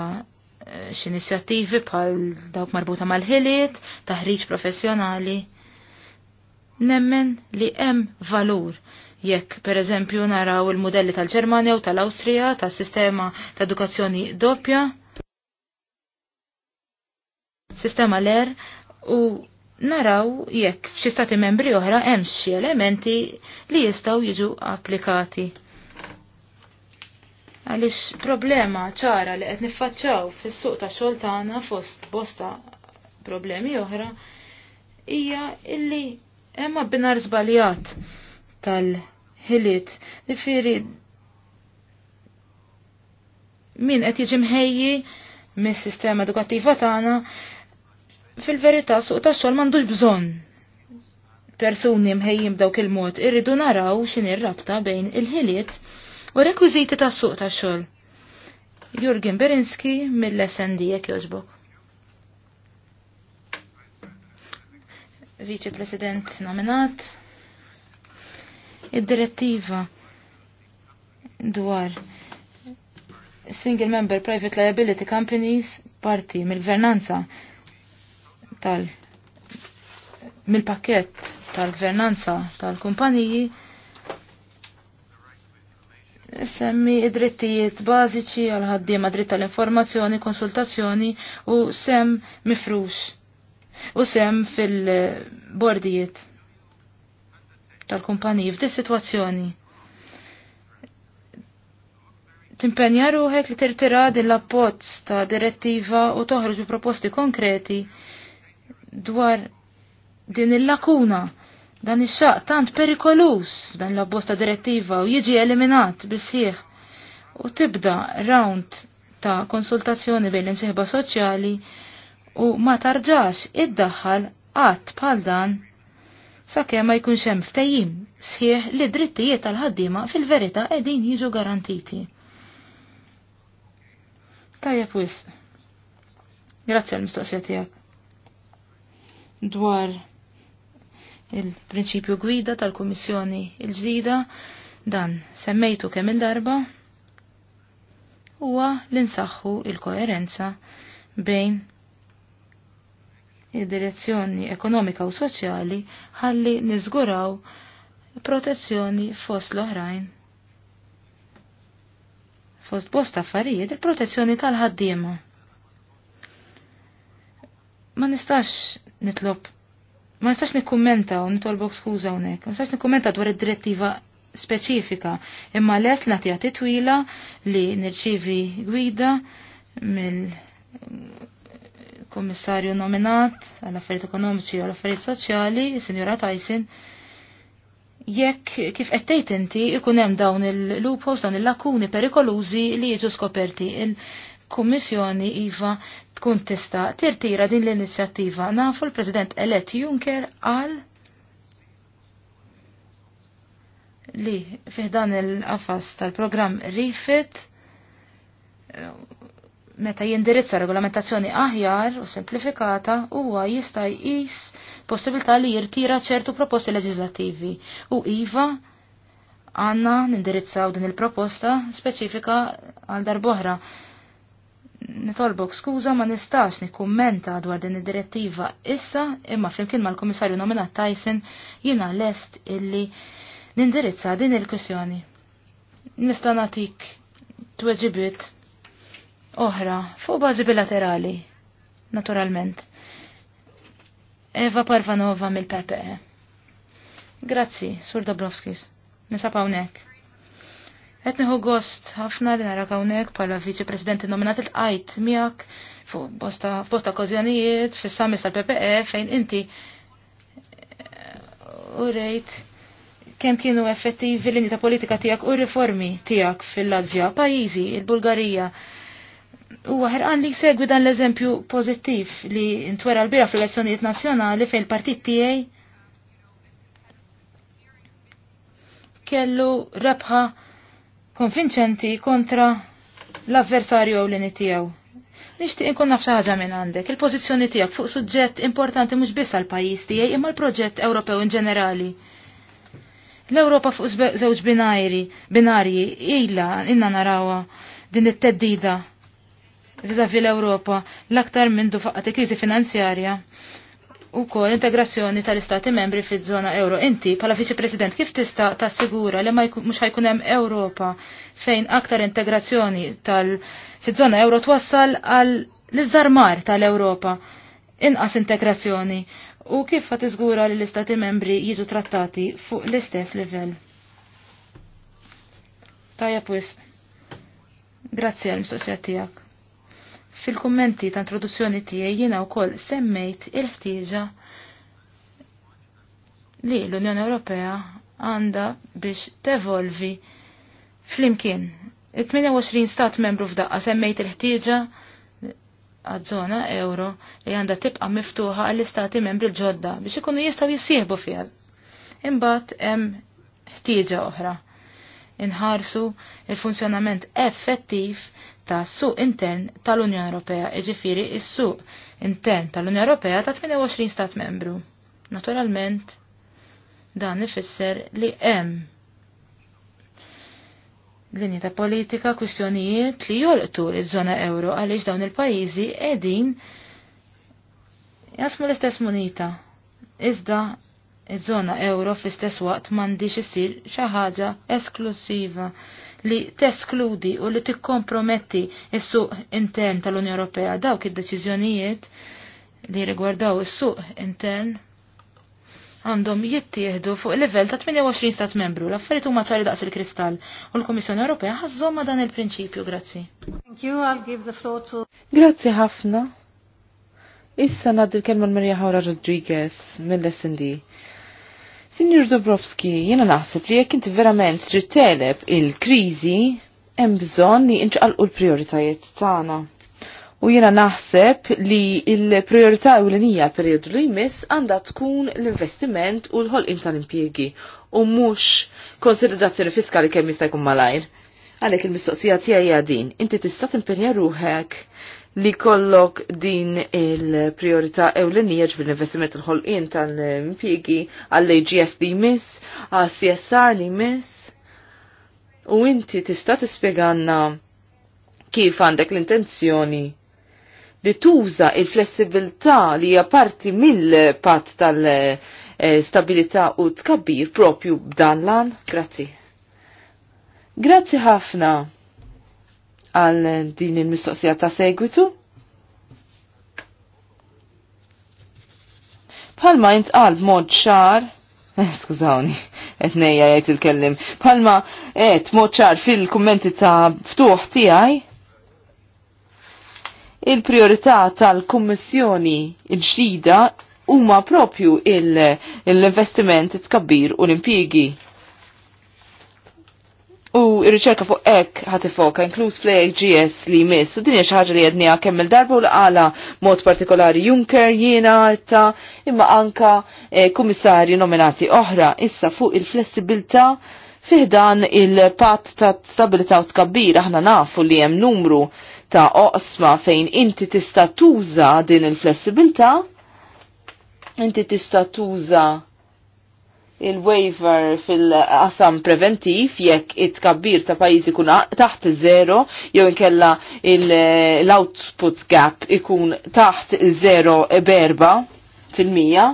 x'inizjattivi bħal dawk marbuta mal-ħiliet, taħriġ professjonali. Nemmen li hemm valur jekk per eżempju naraw il-modelli tal-Ġermanja u tal-Awstrija tas-sistema ta' edukazzjoni doppja, sistema l-er u naraw jekk f'xi stati membri oħra hemm xi elementi li jistgħu jiġu applikati. Għaliex problema ċara li qed niffaċċaw fis-suq ta' xogħol tagħna fost bosta problemi oħra hija illi hemm binar żbaljat tal-ħiliet. Ifieri min qed jiġi mħejji mis-sistema edukattiva tagħna fil-verità suq ta' xogħol m'għandux bżonn persuni mħejjim dawk il-mod irridu naraw xin ir-rabta bejn il-ħiliet u rekwiżiti ta' suq ta' xogħol. Jurgen Berinski mill-SND jekk jogħġbok. Vice President nominat. Id-direttiva dwar Single Member Private Liability Companies parti mill-gvernanza tal mill-pakket tal-gvernanza tal-kumpaniji semmi id-drittijiet bażiċi għal ħaddiema dritt tal-informazzjoni, konsultazzjoni u sem mifrux. U sem fil-bordijiet tal-kumpaniji f'di situazzjoni. Timpenja ruħek li tirtira din l-appozz ta' direttiva u toħroġu proposti konkreti dwar din il-lakuna Dan ix-xaq tant perikolus f'dan l abbosta direttiva u jiġi eliminat bisħieħ u tibda round ta' konsultazzjoni bejn l-imsieħba soċjali u ma tarġax id-daħħal qatt bħal dan sakemm ma jkunx hemm ftehim sħiħ li drittijiet tal-ħaddiema fil-verità qegħdin jiġu garantiti. Tajjeb wisq. Grazzi għal mistoqsija tiegħek. Dwar il-prinċipju gwida tal-Kummissjoni il-ġdida dan semmejtu kemm il-darba huwa l nsaħħu il-koerenza bejn id-direzzjoni ekonomika u soċjali ħalli niżguraw protezzjoni fost l-oħrajn. Fost bost affarijiet il-protezzjoni tal-ħaddiema. Ma nistax nitlob ma nistax nikkummenta u nitolbok skuża hawnhekk, ma nistax nikkummenta dwar id-direttiva speċifika, imma lest nagħtiha titwila li nirċivi gwida mill kommissarju nominat għall affarijiet ekonomiċi u għall affarijiet soċjali, sinjora Tyson, jekk kif qed tgħid inti ikun hemm dawn il-loopholes, dawn il-lakuni perikolużi li jiġu skoperti kummissjoni iva tkun tista' tirtira din l-inizjattiva. Nafu l-President elett Juncker għal li fiħdan il-qafas tal-programm RIFIT meta jindirizza regolamentazzjoni aħjar u semplifikata huwa jista' jqis possibilità li jirtira ċertu proposti leġislattivi. u iva għanna nindirizzaw din il-proposta speċifika għal darboħra nitolbok skuża ma nistax nikkummenta dwar din id-direttiva issa imma flimkien mal-Kummissarju nominat Tyson jiena lest illi nindirizza din il-kwistjoni. Nista' nagħtik tweġibiet oħra fuq bażi bilaterali, naturalment. Eva Parvanova mill-PPE. Grazzi, Sur Dobrovskis. Nisab hawnhekk. Qed nieħu gost ħafna li narak hawnhekk bħala viċi presidenti nominat il-qajt miegħek fuq bosta kozjonijiet, okkożjonijiet fis samis tal-PPE fejn inti eh, u rejt kemm kienu effettivi l ta' politika tiegħek u riformi tiegħek fil-Latvja, pajjiżi, il-Bulgarija. Huwa ħerqan li segwi dan l-eżempju pożittiv li ntwera l-bira fl-elezzjonijiet nazzjonali fejn l partit tiegħi kellu rebħa konvinċenti kontra l-avversarju ewlieni tiegħu. Nixtieq inkun naf xi ħaġa minn għandek, il-pożizzjoni tiegħek fuq suġġett importanti mhux biss għall-pajjiż tiegħi imma l-proġett Ewropew in ġenerali. L-Ewropa fuq żewġ binari, binarji, ilha inna narawha din it-teddida vizavi l-Ewropa l-aktar minn dufaqqa kriżi finanzjarja u kol integrazzjoni tal-istati membri fi zona euro. Inti, pala viċi president, kif tista tassigura li ma mux ħajkun hemm Ewropa fejn aktar integrazzjoni tal fi zona euro twassal għal l-izzarmar tal-Ewropa inqas integrazzjoni u kif ħat iżgura li l-istati membri jiġu trattati fuq l-istess livell. Tajja pwis. Grazzi għal mistoqsija tiegħek. Fil-kummenti ta' introduzzjoni tiegħi jiena wkoll semmejt il-ħtieġa li l-Unjoni Ewropea għandha biex tevolvi flimkien. It-28 stat membru f'daqqa semmejt il-ħtieġa għadżona euro li għandha tibqa' miftuħa għall-istati membri ġodda biex ikunu jistgħu jissieħbu fiha. Imbagħad hemm ħtieġa oħra inħarsu il-funzjonament effettiv ta' suq intern tal-Unjoni Ewropea, iġifiri is-suq intern tal-Unjoni Ewropea ta' 28 stat membru. Naturalment, dan ifisser li hemm linji ta' politika, kwistjonijiet li jolqtu l żona euro għaliex dawn il-pajjiżi qegħdin jasmu l-istess munita. Iżda Iż-żona euro fl-istess waqt m'għandix isir xi ħaġa esklusiva li teskludi u li tikkomprometti s-suq intern tal unjoni Ewropea dawk id-deċiżjonijiet li rigwardaw is-suq intern għandhom jittieħdu fuq livell ta' 28 stat membru l-affarijiet huma ċari daqs il-kristall u l-Kummissjoni Ewropea ħażhom ma' dan il-prinċipju grazzi. Thank you, I'll give the floor to Grazzi ħafna. Issa nad il-kelma l marija Hawra Rodriguez mill-SND. Signor Dobrovski, jena naħseb li jekk inti verament trid il-kriżi, hemm bżonn li inċqalqu l-prijoritajiet tagħna. U jena naħseb li l-priorità ewlenija periodu li jmiss għandha tkun l-investiment u l-ħolqim tal-impjiegi u mhux konsiderazzjoni fiskali kemm jista' jkun malajr. Għalhekk il-mistoqsija tiegħi hija din, inti tista' timpenja ruħek li kollok din il priorita ewlenija ġbil investiment il-ħolqien tal-impjegi għall-AGS li mis, għal CSR li mis, u inti tista tispieganna kif għandek l-intenzjoni li tuża il-flessibilità li hija parti mill pat tal-stabilità u tkabbir propju b'dan lan? Grazzi. Grazzi ħafna għal din il-mistoqsija ta' segwitu. Palma jintqal b'mod ċar, skużawni, etnejja jgħid il-kellim, palma et mod ċar fil-kummenti ta' ftuħ tiegħi il-priorità tal-Kummissjoni ġdida huma propju l-investiment tkabbir u l-impjigi ir-riċerka fuq ek ħatifoka, inkluz fl GS li jmiss, u dinja xaħġa li għednija kemm darba u l-għala mod partikolari Juncker jiena etta, imma anka e, kummissarji nominati oħra issa fuq il-flessibilta fiħdan il-pat ta' stabilita u tkabbir aħna nafu li hemm numru ta' oqsma fejn inti tista' tuża din il-flessibilta, inti tista' tuża il-waiver fil-qasam preventiv jekk it-kabbir ta' pajizi kuna taħt zero jew inkella l-output gap ikun taħt zero e berba fil-mija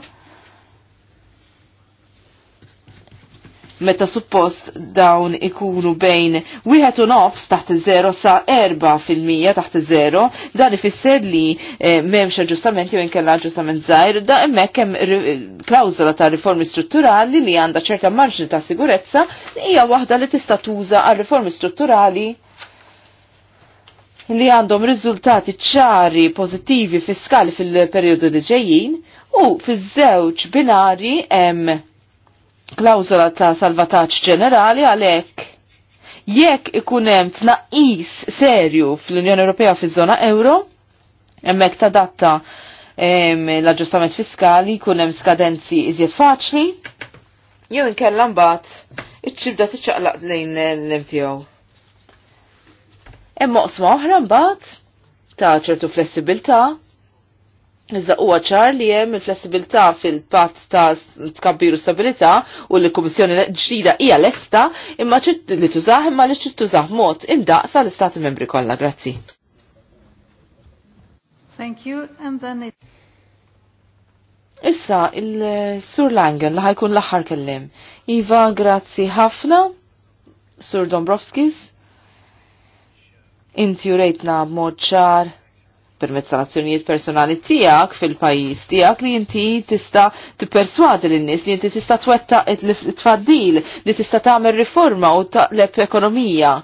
meta suppost dawn ikunu bejn wieħed u nofs taħt iż-0 sa 4 fil-mija taħt iż-0 dan ifisser li eh, m'hemmx aġġustamenti jew inkella aġġustament żgħir da hemmhekk hemm klawżola ta' riformi strutturali li għandha ċerta marġni ta' sigurezza hija waħda li tista' tuża għal riformi strutturali li għandhom riżultati ċari pożittivi fiskali fil-perjodu li ġejjin u fiż-żewġ binari hemm klawzola ta' salvataġġ ġenerali għalhekk jekk ikun hemm tnaqqis serju fl-Unjoni Ewropea fi zona euro, hemmhekk datta l-aġġustament fiskali jkun hemm skadenzi iżjed faċli, jew inkella mbagħad iċ-ċibda tiċċaqlaq lejn l-MTO. Hemm oqsma oħra mbagħad ta' ċertu flessibilità Iżda huwa ċar li hemm il-flessibilità fil-patt ta' tkabbiru stabilità u li kummissjoni ġdida hija lesta imma li tużaħ imma li tużaħ mod indaqsa l-Istati membri kollha. Grazzi. Thank you and then it... Issa il-Sur Langen li ħajkun l-aħħar kellim. Iva, grazzi ħafna, Sur Dombrovskis. Inti urejtna mod ċar permezz tal-azzjonijiet personali tiegħek fil-pajjiż tiegħek li inti tista' tipperswadi lin-nies li inti tista' twetta tfaddil li tista' tagħmel riforma u taqleb ekonomija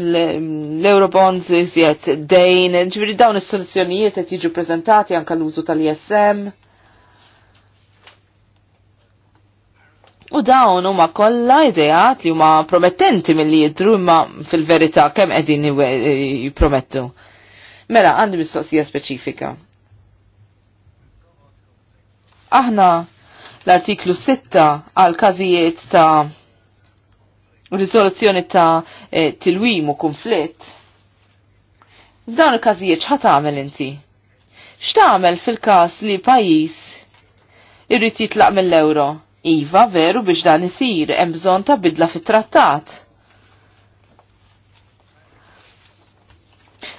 l-Eurobonds jizjet dejn, ġviri dawn is-soluzzjonijiet qed jiġu prezentati anke l-użu tal-ISM. U dawn huma kollha ideat li huma promettenti milli jidru imma fil-verità kemm qegħdin jippromettu. Mela, għandi mistoqsija speċifika. Aħna l-artiklu 6 għal każijiet ta' risoluzzjoni ta' eh, tilwim u konflitt. Dan il-każijiet x'ħat għamel inti? X'tagħmel fil-każ li pajjiż irrid jitlaq mill-ewro? Iva veru biex dan isir hemm bżonn ta' bidla fit-trattat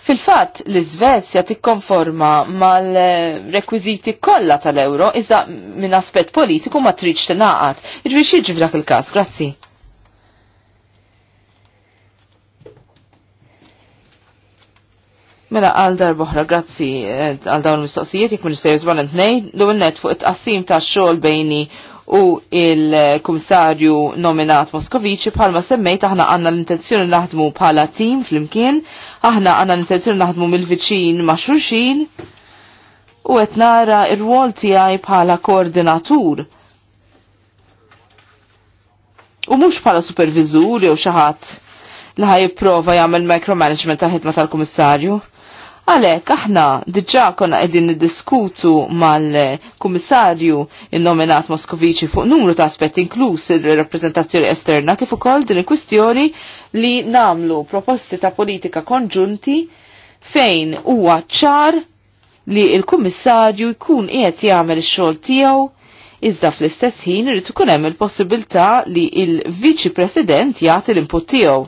Fil-fatt, l-Svezja tikkonforma mal-rekwiziti kollha tal-euro iżda minn aspett politiku ma tridx tingħaqad. Irri xiġri f'dak il-każ, grazzi. Mela għal darboħra, grazzi eh, għal dawn l-mistoqsijiet, jek minn s-serjus l għunnet fuq it-qassim ta' xogħol bejni u il komissarju nominat Moskovici bħalma semmejt aħna għanna l-intenzjoni naħdmu bħala tim fl-imkien, aħna għanna l-intenzjoni naħdmu mill-viċin ma' xulxin u qed nara r-rwol tiegħi bħala koordinatur. U mhux bħala supervizur jew xi ħadd li ħaj jagħmel micromanagement tal ħidma tal-Kummissarju. Għalek, aħna diġa konna edin diskutu mal-komissarju il-nominat Moskovici fuq numru ta' aspetti inkluż il reprezentazzjoni esterna kif ukoll din il-kwistjoni li namlu proposti ta' politika konġunti fejn huwa ċar li il-kummissarju jkun qiegħed jagħmel ix-xogħol tiegħu iżda fl-istess ħin irid ikun hemm il-possibilità li il-viċi president jagħti l-input tiegħu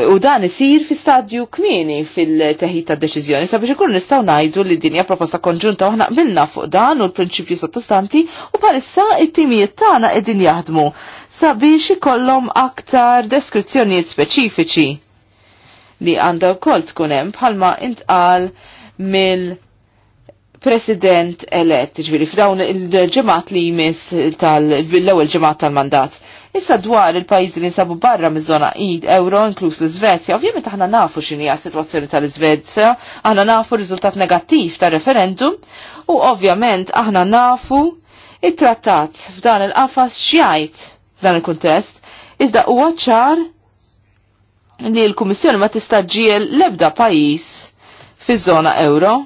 U dan isir fi stadju kmini fil-teħid ta' deċiżjoni sabiex ikun nistgħu ngħidu li din hija proposta konġunta aħna qbilna fuq dan u l-prinċipju sottostanti u bħalissa it-timijiet tagħna qegħdin jaħdmu sabiex ikollhom aktar deskrizzjonijiet speċifiċi li għandha wkoll tkun hemm bħalma intqal mill President elett, ġviri, f'dawn il-ġemat li jmiss tal-ewwel ġemat tal-mandat. Issa dwar il-pajjiżi li nsabu barra mizzona id euro inklus l svezja ovvjament aħna nafu x'inhi s-sitwazzjoni tal-Iżvezja, aħna nafu riżultat negattiv tar-referendum u ovvjament aħna nafu il trattat f'dan il-qafas x'jgħid f'dan il-kuntest, iżda huwa ċar li l-Kummissjoni ma tistaġġiel l-ebda pajjiż fiż-żona euro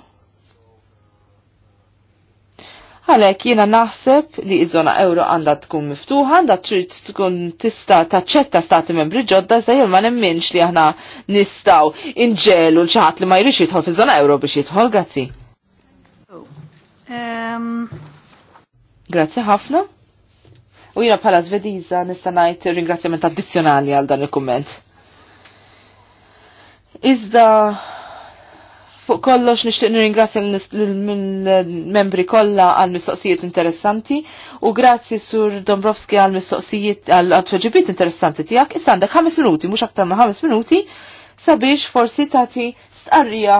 Għalek jiena naħseb li iż-żona euro għandha tkun miftuħa, għandha trid tkun tista' taċċetta stati membri ġodda zaħi ma nemminx li aħna nistgħu inġelu l ċaħat li ma jrix jidħol fi zona euro biex jidħol, grazzi. Um... Grazzi ħafna. U jina pala zvediza nista ngħid ringrazzjament addizzjonali għal dan il-kumment. Iżda Fuq kollox nixtieq nirringrazzja l-membri kollha għal mistoqsijiet interessanti u grazzi sur Dombrovski għal mistoqsijiet għal tweġibiet interessanti tiegħek. Issa għandek ħames minuti, mhux aktar minn ħames minuti sabiex forsi tagħti stqarrija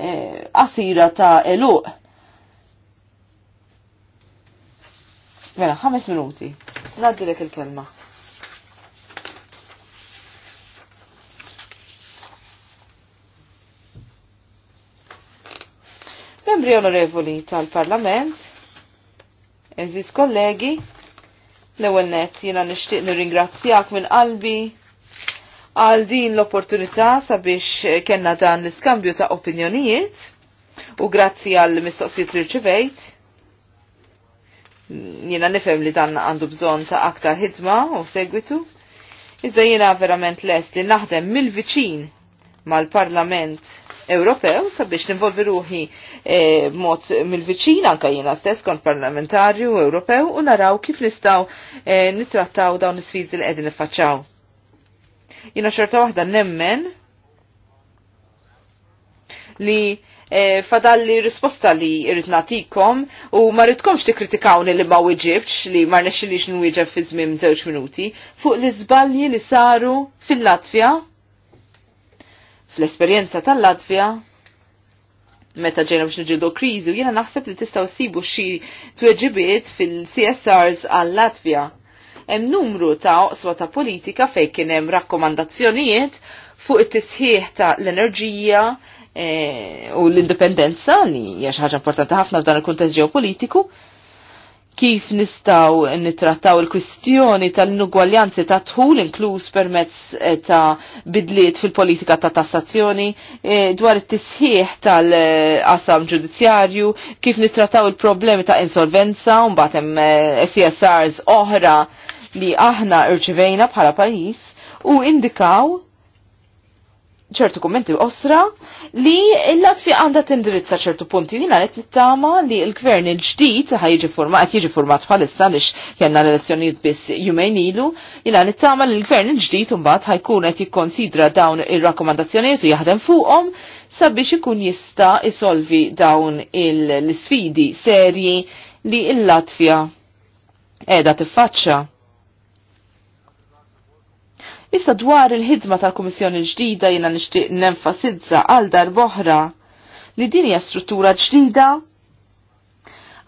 eh, qasira ta' eluq. Mela, ħames minuti. Naddilek il-kelma. Membri onorevoli tal-Parlament, eżis kollegi, l-ewel net jena nishtiq nir-ringrazzjak minn qalbi għal din l-opportunità sabiex kenna dan l-iskambju ta' opinjonijiet u grazzi għal mistoqsijiet li rċivejt. Jena nifem li dan għandu bżon ta' aktar hidma u segwitu. Iżda jena verament lest li naħdem mill-viċin mal-parlament Ewropew sabiex nivolvi ruħi eh, mod mill-viċin anka jiena stess kont parlamentarju Ewropew u naraw kif nistgħu nitrattaw eh, nittrattaw dawn is-sfizi li qegħdin niffaċċaw. Jiena xorta waħda nemmen li eh, fadalli risposta li irrit natikom u ma ridkomx tikkritikawni li ma wieġibx li ma rnexxilix nwieġeb fi żmien żewġ minuti fuq l-iżbalji li saru fil-Latvja Fl-esperjenza tal-Latvja, meta ġejna biex nġildu kriżi, u jiena naħseb li tistaw sibu xie tweġibiet fil-CSRs għall-Latvja. Hemm numru ta' oqswa ta' politika fejn kien hemm rakkomandazzjonijiet fuq it-tisħiħ ta' l-enerġija e, u l-indipendenza li hija xi ħaġa importanti ħafna f'dan il-kuntest ġeopolitiku, kif nistaw nitrattaw il-kwistjoni tal-inugwaljanzi ta' tħul inkluż permezz eh, ta' bidliet fil-politika ta' tassazzjoni eh, dwar it-tisħiħ tal-qasam ġudizzjarju, kif nitrattaw il-problemi ta' insolvenza un batem CSRs eh, e oħra li aħna irċivejna bħala pajis u indikaw ċertu kommenti osra li l-Latvija għandha tindirizza ċertu punti jina għalet nittama li l-gvern il-ġdijt ħajġi format, jiġi format bħalissa lix jenna l-elezzjoniet biss jumejn ilu, jina nittama li l-gvern il-ġdijt unbat ħajkun qed jikkonsidra dawn il-rakkomandazzjoniet u jaħdem fuqhom sabiex ikun jista' isolvi dawn l-sfidi serji li l-Latvija qiegħda tiffaċċa. Issa dwar il-ħidma tal-Kummissjoni ġdida jiena nixtieq nenfasizza għal dar boħra li din hija struttura ġdida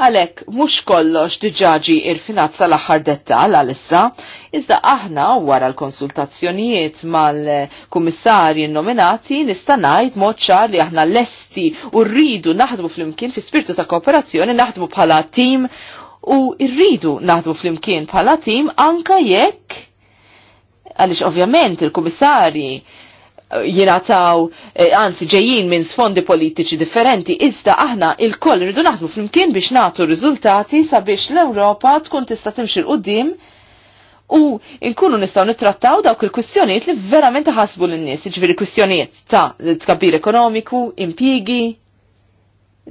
Għalek, mux kollox diġaġi irfinat sal-axar dettal għal-issa, iżda aħna wara l-konsultazzjonijiet mal-kummissarji nominati nistanajt moċċar li aħna lesti u rridu naħdmu fl-imkien fi spirtu ta' kooperazzjoni naħdmu bħala tim u rridu naħdmu fl-imkien bħala tim anka jekk għaliex ovvjament il-kummissarji eh, jinataw, eh, anzi ġejjin minn sfondi politiċi differenti, iżda aħna il-koll rridu naħdmu flimkien biex nagħtu riżultati sabiex l-Ewropa tkun tista' timxi l qoddim u nkunu nistaw nittrattaw dawk il-kwistjonijiet li verament ħasbu l-nies, ġviri jiġifieri kwistjonijiet ta' tkabbir ekonomiku, impjigi,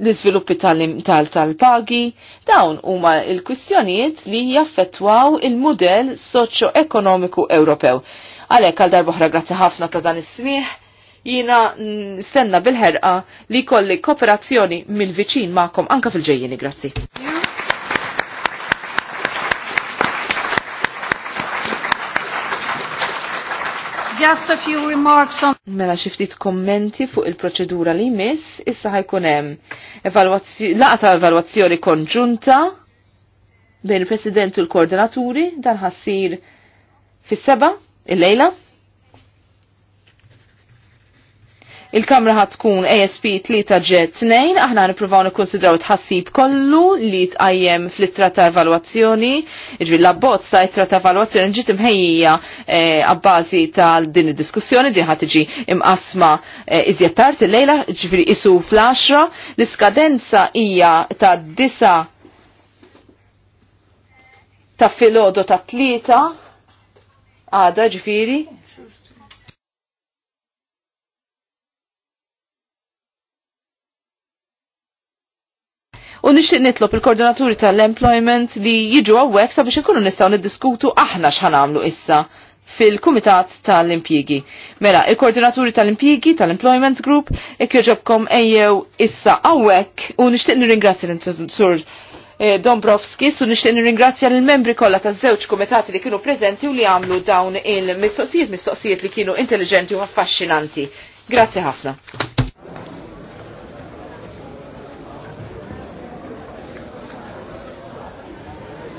l-izviluppi tal-pagi, dawn huma il-kwistjonijiet li jaffettwaw il-modell soċjo-ekonomiku Ewropew. Għalhekk għal darbohra grazzi ħafna ta' dan is-smieħ, jina stenna bil-ħerqa li kolli kooperazzjoni mill-viċin ma'kom anka fil-ġejjeni, grazzi. just a few remarks on... Mela xiftit kommenti fuq il-proċedura li jmiss, issa ħajkun hemm laqa ta' evalwazzjoni konġunta bejn il-President u l-Koordinaturi dan ħassir fis-seba' il-lejla. Il-kamra ħat tkun ASP 3 g 2, aħna nipruvaw nikkonsidraw tħassib kollu li tqajjem fl-ittra ta' evalwazzjoni, iġbir l-abbozz ta' ittra ta' evalwazzjoni ġiet imħejjija eh, għabbażi ta' din id-diskussjoni, din ħat iġi imqasma eh, iżjed tard il-lejla, ġifieri isu fl-10, l-iskadenza hija ta' disa ta' filodo ta' tlieta għada ġifiri U nixtieq nitlob il-koordinaturi tal-employment li jiġu għawek sabiex ikunu nistgħu niddiskutu aħna x'ħanamlu issa fil-Kumitat tal-Impjigi. Mela, il-Koordinaturi tal-Impjigi tal-Employment Group ikkjoġobkom ejjew issa għawek u nixtieq nirringrazzja l-Sur eh, Dombrovski su nixtieq nirringrazzja lill-membri kollha taż-żewġ kumitati li kienu preżenti u li għamlu dawn il-mistoqsijiet mistoqsijiet li kienu intelligenti u affaxxinanti. Grazzi ħafna.